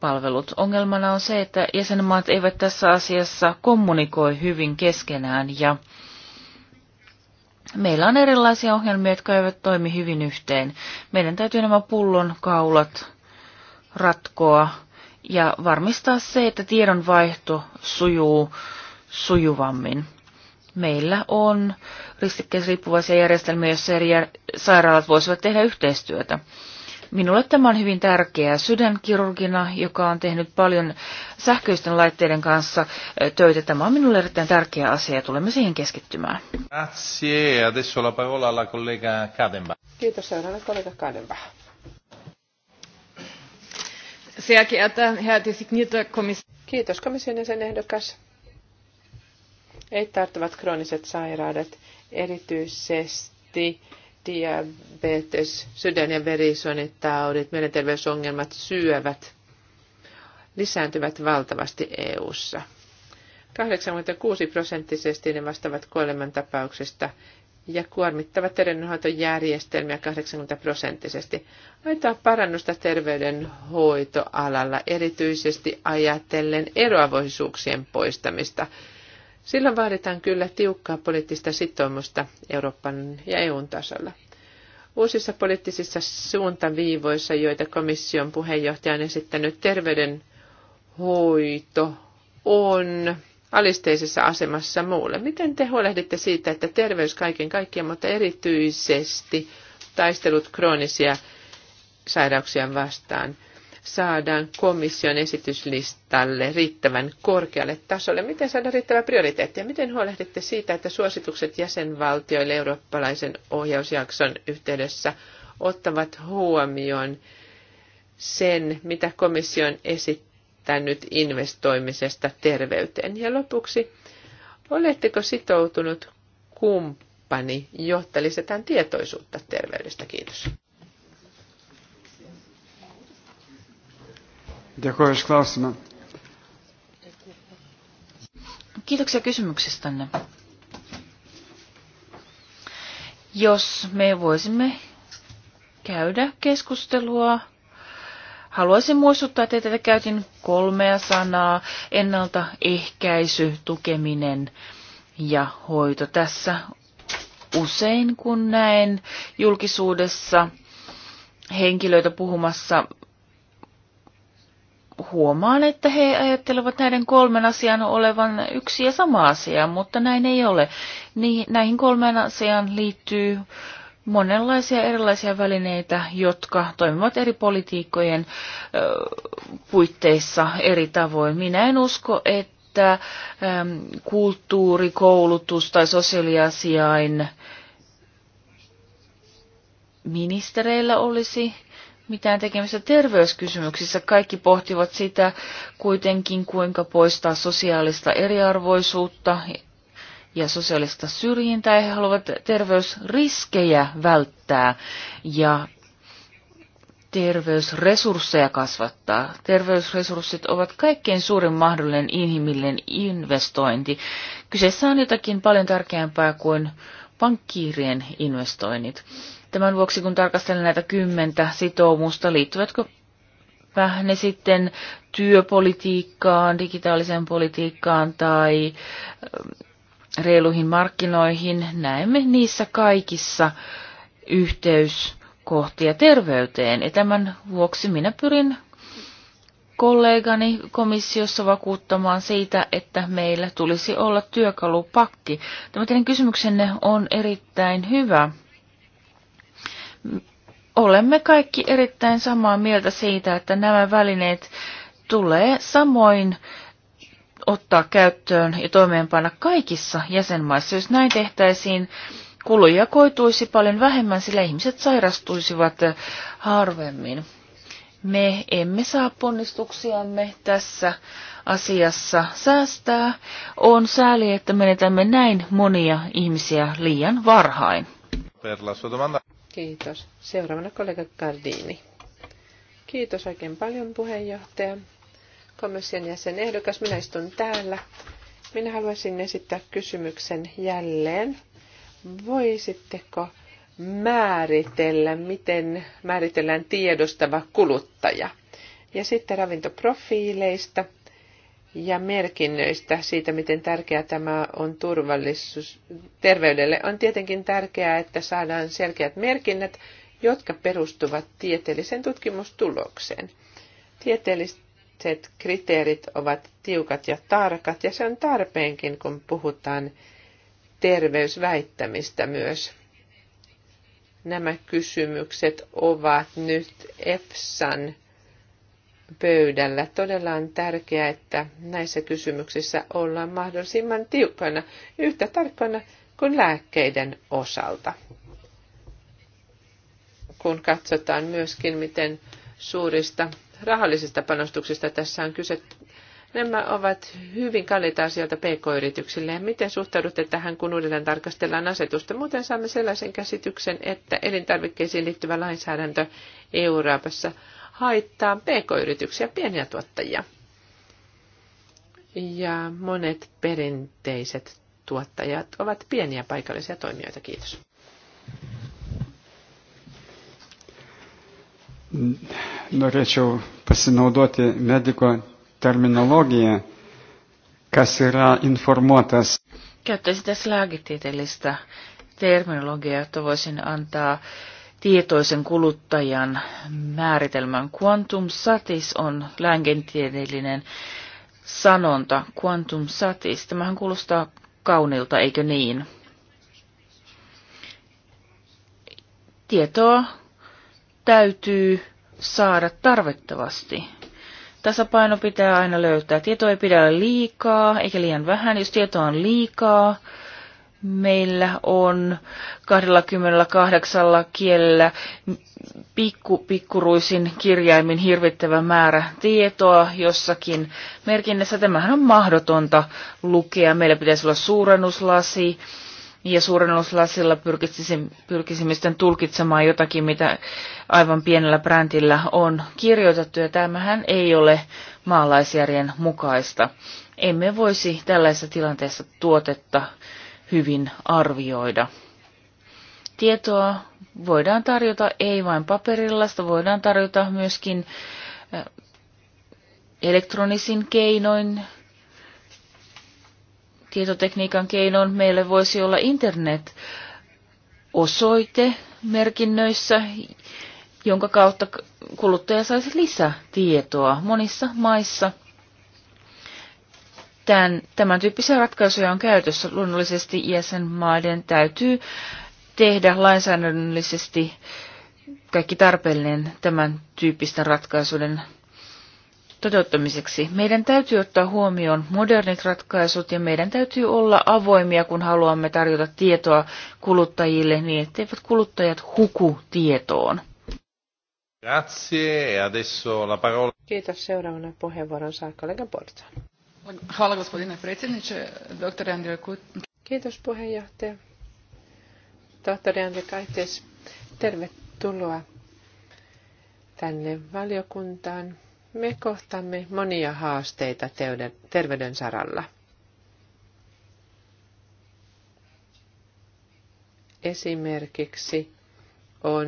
palvelut. Ongelmana on se, että jäsenmaat eivät tässä asiassa kommunikoi hyvin keskenään ja meillä on erilaisia ohjelmia, jotka eivät toimi hyvin yhteen. Meidän täytyy nämä kaulat ratkoa ja varmistaa se, että tiedonvaihto sujuu sujuvammin. Meillä on ristikkeisriippuvaisia järjestelmiä, joissa eri sairaalat voisivat tehdä yhteistyötä. Minulle tämä on hyvin tärkeää sydänkirurgina, joka on tehnyt paljon sähköisten laitteiden kanssa töitä. Tämä on minulle erittäin tärkeä asia ja tulemme siihen keskittymään. Grazie. Adesso la parola alla collega Kadenba. Kiitos seuraavana kollega Kadenbach. Sehr geehrter Herr designierter Kommissar. Kiitos komission jäsenehdokas. Ei tarttuvat krooniset sairaudet, erityisesti diabetes, sydän- ja verisuonitaudit, mielenterveysongelmat, syövät lisääntyvät valtavasti EU:ssa. 86 prosenttisesti ne vastaavat kuolemantapauksista ja kuormittavat terveydenhoitojärjestelmiä 80 prosenttisesti. Aitoa parannusta terveydenhoitoalalla, erityisesti ajatellen eroavoisuuksien poistamista Silloin vaaditaan kyllä tiukkaa poliittista sitoumusta Euroopan ja EUn tasolla. Uusissa poliittisissa suuntaviivoissa, joita komission puheenjohtaja on esittänyt, terveydenhoito on alisteisessa asemassa muulle. Miten te huolehditte siitä, että terveys kaiken kaikkiaan, mutta erityisesti taistelut kroonisia sairauksia vastaan – saadaan komission esityslistalle riittävän korkealle tasolle? Miten saadaan riittävä prioriteetti ja miten huolehditte siitä, että suositukset jäsenvaltioille eurooppalaisen ohjausjakson yhteydessä ottavat huomioon sen, mitä komissio on esittänyt investoimisesta terveyteen? Ja lopuksi, oletteko sitoutunut kumppani, jotta tietoisuutta terveydestä? Kiitos. Dėkuoju iš klausimą. Kiitoksia kysymyksestänne. Jos me voisimme käydä keskustelua, haluaisin muistuttaa teitä, että käytin kolmea sanaa, ennaltaehkäisy, tukeminen ja hoito. Tässä usein kun näen julkisuudessa henkilöitä puhumassa huomaan, että he ajattelevat näiden kolmen asian olevan yksi ja sama asia, mutta näin ei ole. Niin, näihin kolmeen asiaan liittyy monenlaisia erilaisia välineitä, jotka toimivat eri politiikkojen puitteissa eri tavoin. Minä en usko, että kulttuuri, koulutus tai sosiaaliasiain ministereillä olisi mitään tekemistä terveyskysymyksissä. Kaikki pohtivat sitä kuitenkin, kuinka poistaa sosiaalista eriarvoisuutta ja sosiaalista syrjintää. He haluavat terveysriskejä välttää ja terveysresursseja kasvattaa. Terveysresurssit ovat kaikkein suurin mahdollinen inhimillinen investointi. Kyseessä on jotakin paljon tärkeämpää kuin pankkiirien investoinnit. Tämän vuoksi, kun tarkastelen näitä kymmentä sitoumusta, liittyvätkö ne sitten työpolitiikkaan, digitaaliseen politiikkaan tai ähm, reiluihin markkinoihin, näemme niissä kaikissa yhteyskohtia terveyteen. Ja tämän vuoksi minä pyrin kollegani komissiossa vakuuttamaan siitä, että meillä tulisi olla työkalupakki. Tämä teidän kysymyksenne on erittäin hyvä olemme kaikki erittäin samaa mieltä siitä, että nämä välineet tulee samoin ottaa käyttöön ja toimeenpana kaikissa jäsenmaissa. Jos näin tehtäisiin, kuluja koituisi paljon vähemmän, sillä ihmiset sairastuisivat harvemmin. Me emme saa ponnistuksiamme tässä asiassa säästää. On sääli, että menetämme näin monia ihmisiä liian varhain. Kiitos. Seuraavana kollega Gardini. Kiitos oikein paljon puheenjohtaja. Komission jäsen ehdokas, minä istun täällä. Minä haluaisin esittää kysymyksen jälleen. Voisitteko määritellä, miten määritellään tiedostava kuluttaja? Ja sitten ravintoprofiileista – ja merkinnöistä siitä, miten tärkeää tämä on turvallisuus terveydelle. On tietenkin tärkeää, että saadaan selkeät merkinnät, jotka perustuvat tieteelliseen tutkimustulokseen. Tieteelliset kriteerit ovat tiukat ja tarkat, ja se on tarpeenkin, kun puhutaan terveysväittämistä myös. Nämä kysymykset ovat nyt EFSAn pöydällä. Todella on tärkeää, että näissä kysymyksissä ollaan mahdollisimman tiukkana, yhtä tarkkana kuin lääkkeiden osalta. Kun katsotaan myöskin, miten suurista rahallisista panostuksista tässä on kyse, nämä ovat hyvin kalliita asioita pk-yrityksille. Miten suhtaudutte tähän, kun uudelleen tarkastellaan asetusta? Muuten saamme sellaisen käsityksen, että elintarvikkeisiin liittyvä lainsäädäntö Euroopassa – haittaa pk-yrityksiä, pieniä tuottajia. Ja monet perinteiset tuottajat ovat pieniä paikallisia toimijoita. Kiitos. Norėčiau pasinaudoti mediko terminologiją, kas yra informuotas. Käyttäisin tässä lääketieteellistä terminologiaa, jotta voisin antaa tietoisen kuluttajan määritelmän. Quantum satis on länkentieteellinen sanonta. Quantum satis, tämähän kuulostaa kaunilta, eikö niin? Tietoa täytyy saada tarvittavasti. Tasapaino pitää aina löytää. Tietoa ei pidä olla liikaa eikä liian vähän. Jos tietoa on liikaa, meillä on 28 kielellä pikku, pikkuruisin kirjaimin hirvittävä määrä tietoa jossakin merkinnässä. Tämähän on mahdotonta lukea. Meillä pitäisi olla suurennuslasi ja suurennuslasilla pyrkisimme sitten tulkitsemaan jotakin, mitä aivan pienellä brändillä on kirjoitettu. Ja tämähän ei ole maalaisjärjen mukaista. Emme voisi tällaisessa tilanteessa tuotetta hyvin arvioida. Tietoa voidaan tarjota ei vain paperilla, sitä voidaan tarjota myöskin eh, elektronisin keinoin, tietotekniikan keinoin. Meille voisi olla internet-osoite merkinnöissä, jonka kautta kuluttaja saisi lisätietoa monissa maissa – tämän, tämän tyyppisiä ratkaisuja on käytössä. Luonnollisesti jäsenmaiden täytyy tehdä lainsäädännöllisesti kaikki tarpeellinen tämän tyyppisten ratkaisuiden toteuttamiseksi. Meidän täytyy ottaa huomioon modernit ratkaisut ja meidän täytyy olla avoimia, kun haluamme tarjota tietoa kuluttajille niin, etteivät kuluttajat huku tietoon. Grazie, e adesso la parola. Kiitos. Seuraavana puheenvuoron saa kollegan portaan. Hvala gospodine predsjedniče, doktore Andrija Kiitos puheenjohtaja. Tohtori Andrija Kaites, tervetuloa tänne valiokuntaan. Me kohtamme monia haasteita terveyden saralla. Esimerkiksi on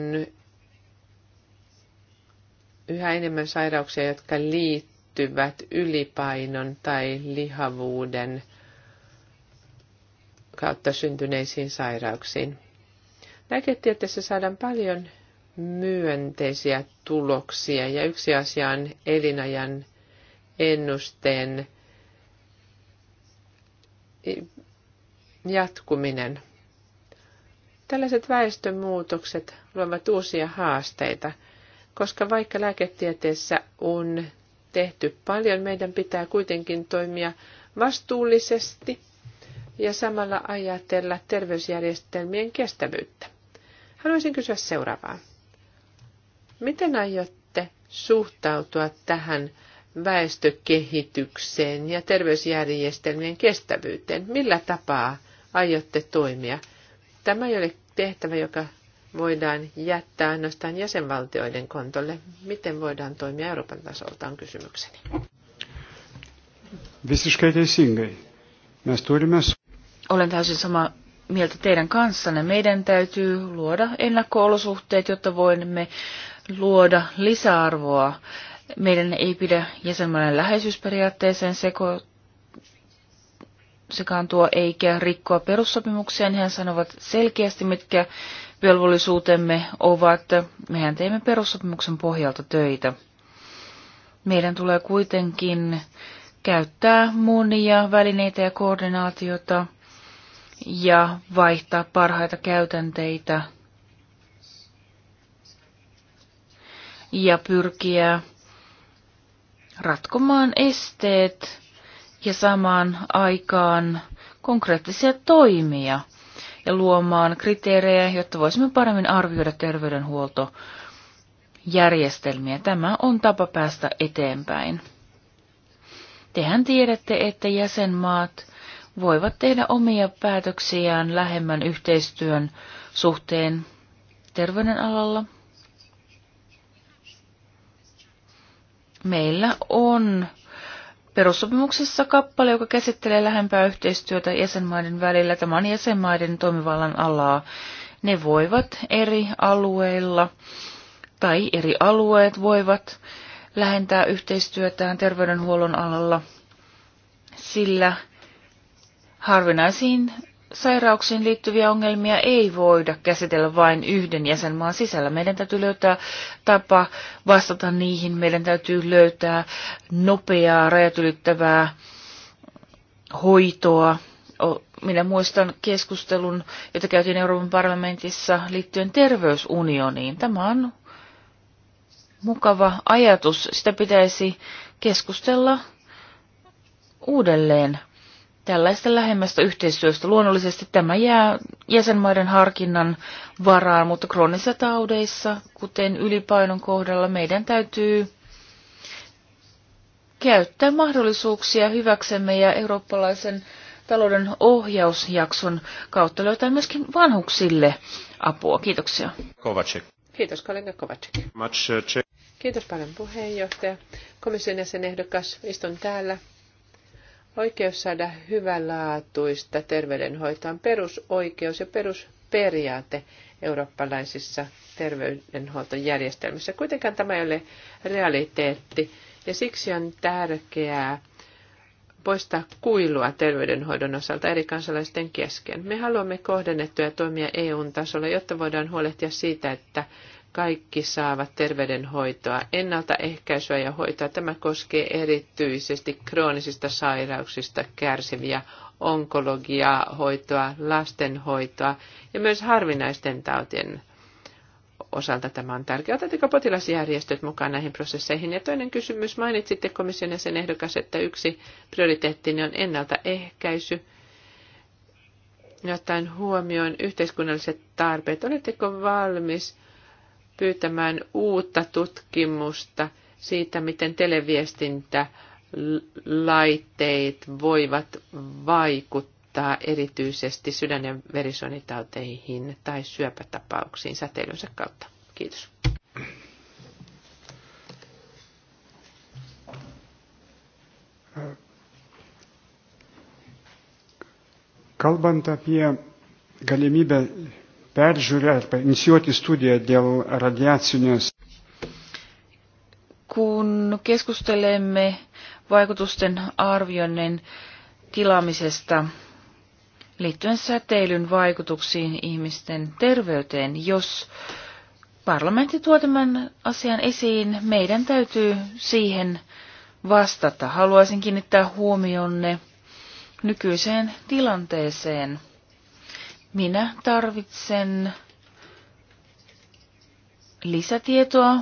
yhä enemmän sairauksia, jotka liittyvät liittyvät ylipainon tai lihavuuden kautta syntyneisiin sairauksiin. Lääketieteessä saadaan paljon myönteisiä tuloksia ja yksi asia on elinajan ennusteen jatkuminen. Tällaiset väestönmuutokset luovat uusia haasteita, koska vaikka lääketieteessä on tehty paljon. Meidän pitää kuitenkin toimia vastuullisesti ja samalla ajatella terveysjärjestelmien kestävyyttä. Haluaisin kysyä seuraavaa. Miten aiotte suhtautua tähän väestökehitykseen ja terveysjärjestelmien kestävyyteen? Millä tapaa aiotte toimia? Tämä ei ole tehtävä, joka voidaan jättää ainoastaan jäsenvaltioiden kontolle. Miten voidaan toimia Euroopan tasolta on kysymykseni. Olen täysin sama mieltä teidän kanssanne. Meidän täytyy luoda ennakkoolosuhteet, jotta voimme luoda lisäarvoa. Meidän ei pidä jäsenmaiden läheisyysperiaatteeseen seko, sekaantua eikä rikkoa perussopimukseen. Hän sanovat selkeästi, mitkä velvollisuutemme ovat, mehän teemme perussopimuksen pohjalta töitä. Meidän tulee kuitenkin käyttää monia välineitä ja koordinaatiota ja vaihtaa parhaita käytänteitä ja pyrkiä ratkomaan esteet ja samaan aikaan konkreettisia toimia – ja luomaan kriteerejä, jotta voisimme paremmin arvioida terveydenhuoltojärjestelmiä. Tämä on tapa päästä eteenpäin. Tehän tiedätte, että jäsenmaat voivat tehdä omia päätöksiään lähemmän yhteistyön suhteen terveydenalalla. Meillä on perussopimuksessa kappale, joka käsittelee lähempää yhteistyötä jäsenmaiden välillä. Tämä on jäsenmaiden toimivallan alaa. Ne voivat eri alueilla tai eri alueet voivat lähentää yhteistyötään terveydenhuollon alalla, sillä harvinaisiin sairauksiin liittyviä ongelmia ei voida käsitellä vain yhden jäsenmaan sisällä. Meidän täytyy löytää tapa vastata niihin. Meidän täytyy löytää nopeaa, rajat ylittävää hoitoa. Minä muistan keskustelun, jota käytiin Euroopan parlamentissa liittyen terveysunioniin. Tämä on mukava ajatus. Sitä pitäisi keskustella uudelleen tällaista lähemmästä yhteistyöstä. Luonnollisesti tämä jää jäsenmaiden harkinnan varaan, mutta kroonisissa taudeissa, kuten ylipainon kohdalla, meidän täytyy käyttää mahdollisuuksia hyväksemme ja eurooppalaisen talouden ohjausjakson kautta löytää myöskin vanhuksille apua. Kiitoksia. Kovacek. Kiitos, kollega Kovacek. Uh, Kiitos paljon puheenjohtaja. Komission jäsenehdokas, istun täällä Oikeus saada hyvälaatuista terveydenhoitoa on perusoikeus ja perusperiaate eurooppalaisissa terveydenhuoltojärjestelmissä. Kuitenkaan tämä ei ole realiteetti ja siksi on tärkeää poistaa kuilua terveydenhoidon osalta eri kansalaisten kesken. Me haluamme kohdennettuja toimia eu tasolla, jotta voidaan huolehtia siitä, että kaikki saavat terveydenhoitoa, ennaltaehkäisyä ja hoitoa. Tämä koskee erityisesti kroonisista sairauksista kärsiviä, onkologiaa, hoitoa, lastenhoitoa ja myös harvinaisten tautien osalta tämä on tärkeää. Otatteko potilasjärjestöt mukaan näihin prosesseihin? Ja toinen kysymys, mainitsitte komission ja sen ehdokas, että yksi prioriteetti on ennaltaehkäisy ja ottaen huomioon yhteiskunnalliset tarpeet. Oletteko valmis pyytämään uutta tutkimusta siitä, miten televiestintälaitteet voivat vaikuttaa erityisesti sydän- ja verisuonitauteihin tai syöpätapauksiin säteilynsä kautta. Kiitos. Kalbant apie galimybę peržiūrę ar inicijuoti studiją dėl radiacinės. Kun keskustelemme vaikutusten arvioinnin tilaamisesta liittyen säteilyn vaikutuksiin ihmisten terveyteen, jos parlamentti tuo tämän asian esiin, meidän täytyy siihen vastata. Haluaisin kiinnittää huomionne nykyiseen tilanteeseen – minä tarvitsen lisätietoa.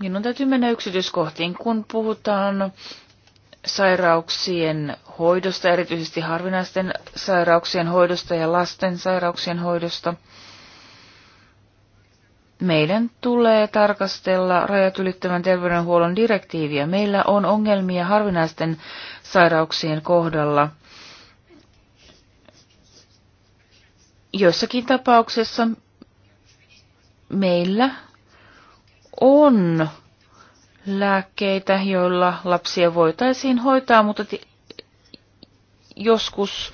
Minun täytyy mennä yksityiskohtiin, kun puhutaan sairauksien hoidosta, erityisesti harvinaisten sairauksien hoidosta ja lasten sairauksien hoidosta. Meidän tulee tarkastella rajat ylittävän terveydenhuollon direktiiviä. Meillä on ongelmia harvinaisten sairauksien kohdalla. joissakin tapauksessa meillä on lääkkeitä, joilla lapsia voitaisiin hoitaa, mutta joskus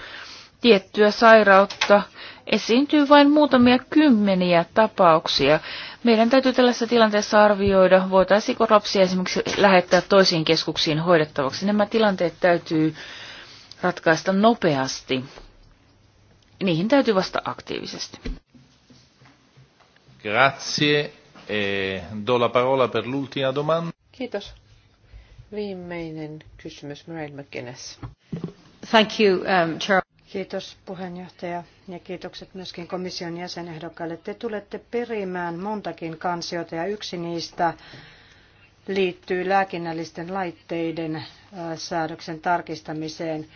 tiettyä sairautta esiintyy vain muutamia kymmeniä tapauksia. Meidän täytyy tällaisessa tilanteessa arvioida, voitaisiinko lapsia esimerkiksi lähettää toisiin keskuksiin hoidettavaksi. Nämä tilanteet täytyy ratkaista nopeasti niihin täytyy vastata aktiivisesti. Grazie. E do la parola per l'ultima domanda. Kiitos. Viimeinen kysymys, Murray McGuinness. Thank you, um, Charles. Kiitos puheenjohtaja ja kiitokset myöskin komission jäsenehdokkaille. Te tulette perimään montakin kansiota ja yksi niistä liittyy lääkinnällisten laitteiden säädöksen tarkistamiseen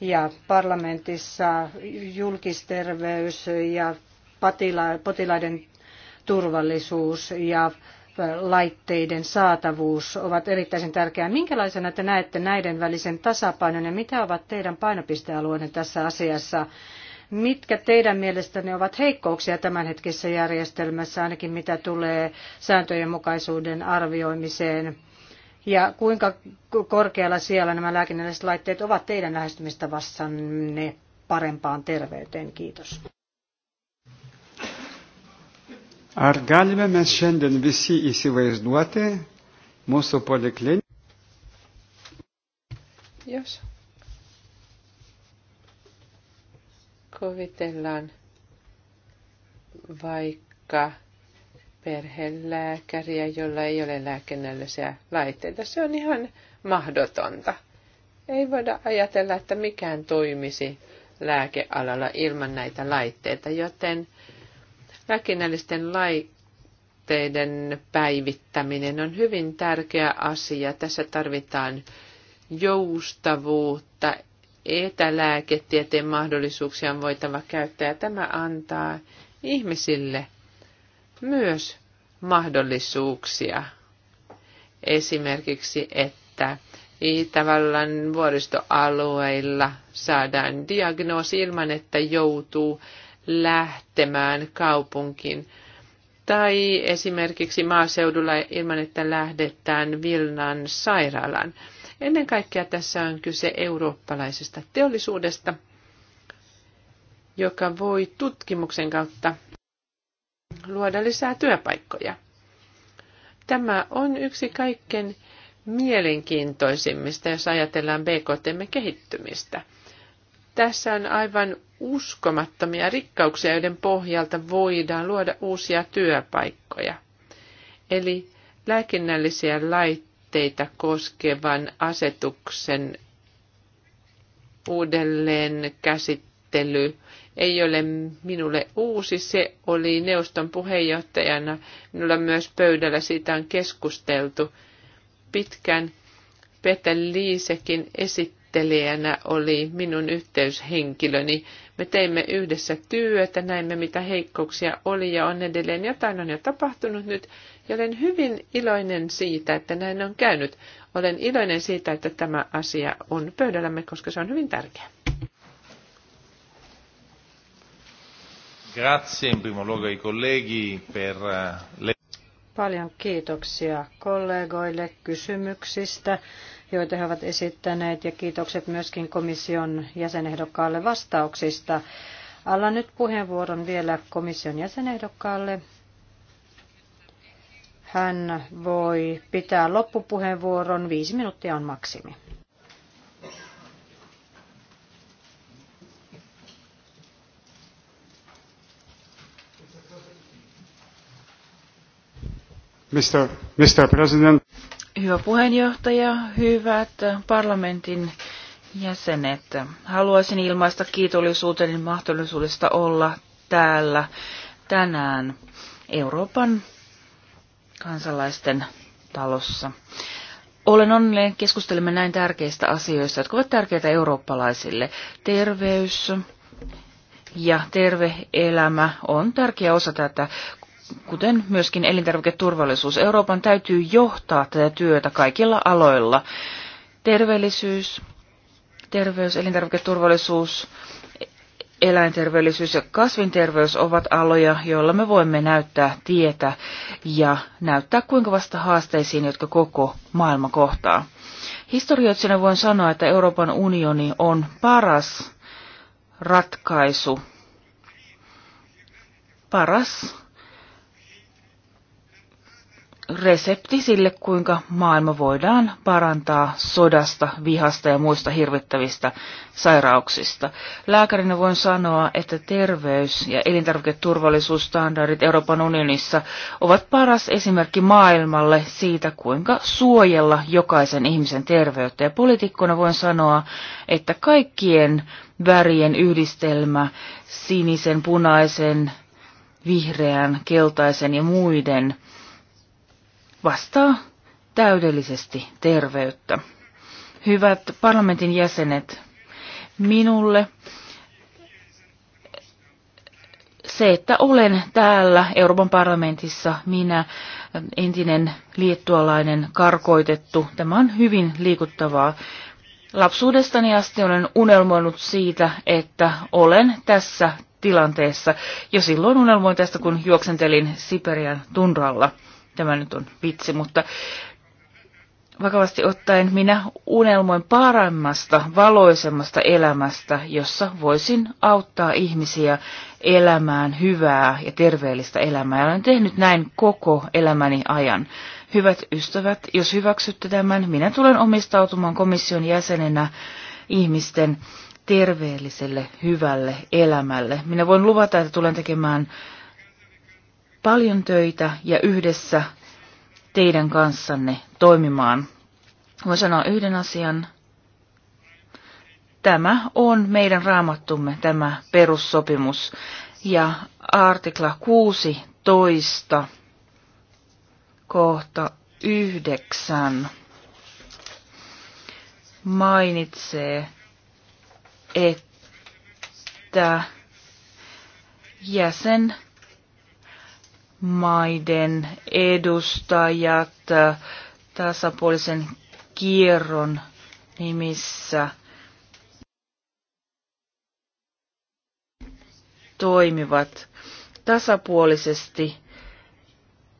ja parlamentissa julkisterveys ja potilaiden turvallisuus ja laitteiden saatavuus ovat erittäin tärkeää. Minkälaisena te näette näiden välisen tasapainon ja mitä ovat teidän painopistealueenne tässä asiassa? Mitkä teidän mielestänne ovat heikkouksia tämänhetkisessä järjestelmässä, ainakin mitä tulee sääntöjen mukaisuuden arvioimiseen? ja kuinka korkealla siellä nämä lääkinnälliset laitteet ovat teidän lähestymistavassanne parempaan terveyteen? Kiitos. Ar galime mes šiandien visi įsivaizduoti mūsų poliklinikų? Jos kuvitellaan vaikka perhelääkäriä, jolla ei ole lääkennällisiä laitteita. Se on ihan mahdotonta. Ei voida ajatella, että mikään toimisi lääkealalla ilman näitä laitteita, joten lääkinnällisten laitteiden päivittäminen on hyvin tärkeä asia. Tässä tarvitaan joustavuutta, etälääketieteen mahdollisuuksia on voitava käyttää ja tämä antaa ihmisille – myös mahdollisuuksia. Esimerkiksi, että Itävallan vuoristoalueilla saadaan diagnoosi ilman, että joutuu lähtemään kaupunkiin. Tai esimerkiksi maaseudulla ilman, että lähdetään Vilnan sairaalaan. Ennen kaikkea tässä on kyse eurooppalaisesta teollisuudesta, joka voi tutkimuksen kautta luoda lisää työpaikkoja. Tämä on yksi kaikkein mielenkiintoisimmista, jos ajatellaan BKTmme kehittymistä. Tässä on aivan uskomattomia rikkauksia, joiden pohjalta voidaan luoda uusia työpaikkoja. Eli lääkinnällisiä laitteita koskevan asetuksen uudelleen käsittely ei ole minulle uusi. Se oli neuvoston puheenjohtajana. Minulla myös pöydällä siitä on keskusteltu pitkän, Peter Liisekin esittelijänä oli minun yhteyshenkilöni. Me teimme yhdessä työtä, näimme mitä heikkouksia oli ja on edelleen. Jotain on jo tapahtunut nyt ja olen hyvin iloinen siitä, että näin on käynyt. Olen iloinen siitä, että tämä asia on pöydällämme, koska se on hyvin tärkeä. Grazie in primo luogo ai colleghi per eh, le... Paljon kiitoksia kollegoille kysymyksistä, joita he ovat esittäneet, ja kiitokset myöskin komission jäsenehdokkaalle vastauksista. Alla nyt puheenvuoron vielä komission jäsenehdokkaalle. Hän voi pitää loppupuheenvuoron. Viisi minuuttia on maksimi. Mr. Mr. President. Hyvä puheenjohtaja, hyvät parlamentin jäsenet. Haluaisin ilmaista kiitollisuuteni mahdollisuudesta olla täällä tänään Euroopan kansalaisten talossa. Olen onnellinen, keskustelemme näin tärkeistä asioista, jotka ovat tärkeitä eurooppalaisille. Terveys ja terve elämä on tärkeä osa tätä kuten myöskin elintarviketurvallisuus. Euroopan täytyy johtaa tätä työtä kaikilla aloilla. Terveellisyys, terveys, elintarviketurvallisuus, eläinterveellisyys ja kasvinterveys ovat aloja, joilla me voimme näyttää tietä ja näyttää kuinka vasta haasteisiin, jotka koko maailma kohtaa. Historioitsijana voin sanoa, että Euroopan unioni on paras ratkaisu, paras resepti sille, kuinka maailma voidaan parantaa sodasta, vihasta ja muista hirvittävistä sairauksista. Lääkärinä voin sanoa, että terveys- ja elintarviketurvallisuusstandardit Euroopan unionissa ovat paras esimerkki maailmalle siitä, kuinka suojella jokaisen ihmisen terveyttä. Ja poliitikkona voin sanoa, että kaikkien värien yhdistelmä, sinisen, punaisen, vihreän, keltaisen ja muiden – vastaa täydellisesti terveyttä. Hyvät parlamentin jäsenet, minulle se, että olen täällä Euroopan parlamentissa, minä entinen liettualainen karkoitettu, tämä on hyvin liikuttavaa. Lapsuudestani asti olen unelmoinut siitä, että olen tässä tilanteessa. Jo silloin unelmoin tästä, kun juoksentelin Siperian tunralla. Tämä nyt on vitsi, mutta vakavasti ottaen minä unelmoin paremmasta, valoisemmasta elämästä, jossa voisin auttaa ihmisiä elämään hyvää ja terveellistä elämää. Ja olen tehnyt näin koko elämäni ajan. Hyvät ystävät, jos hyväksytte tämän, minä tulen omistautumaan komission jäsenenä ihmisten terveelliselle, hyvälle elämälle. Minä voin luvata, että tulen tekemään paljon töitä ja yhdessä teidän kanssanne toimimaan. Voin sanoa yhden asian. Tämä on meidän raamattumme, tämä perussopimus. Ja artikla 16, kohta 9, mainitsee, että jäsen maiden edustajat tasapuolisen kierron nimissä toimivat tasapuolisesti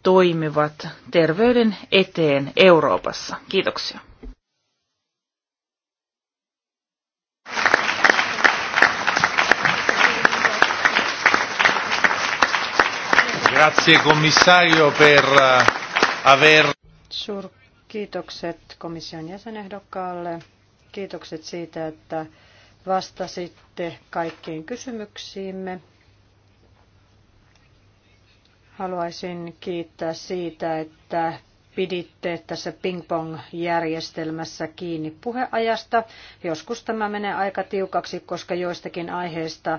toimivat terveyden eteen Euroopassa. Kiitoksia. Grazie commissario per eh, aver... kiitokset komission jäsenehdokkaalle. Kiitokset siitä, että vastasitte kaikkiin kysymyksiimme. Haluaisin kiittää siitä, että piditte tässä ping-pong-järjestelmässä kiinni puheajasta. Joskus tämä menee aika tiukaksi, koska joistakin aiheista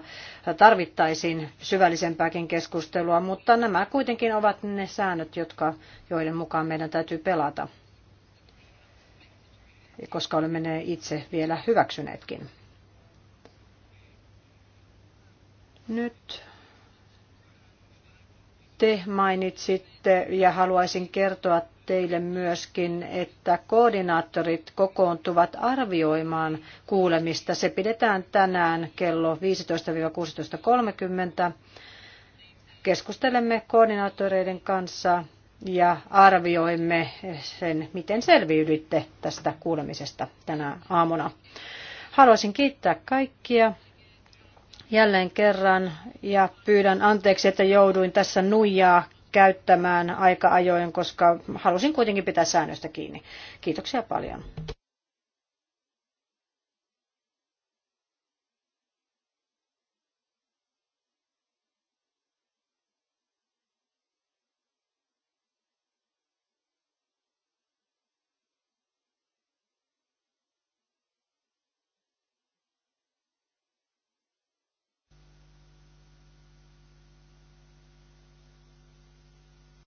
tarvittaisiin syvällisempääkin keskustelua, mutta nämä kuitenkin ovat ne säännöt, jotka, joiden mukaan meidän täytyy pelata, koska olemme ne itse vielä hyväksyneetkin. Nyt te mainitsitte ja haluaisin kertoa teille myöskin, että koordinaattorit kokoontuvat arvioimaan kuulemista. Se pidetään tänään kello 15-16.30. Keskustelemme koordinaattoreiden kanssa ja arvioimme sen, miten selviydytte tästä kuulemisesta tänä aamuna. Haluaisin kiittää kaikkia jälleen kerran ja pyydän anteeksi, että jouduin tässä nuijaa käyttämään aika ajoin, koska halusin kuitenkin pitää säännöstä kiinni. Kiitoksia paljon.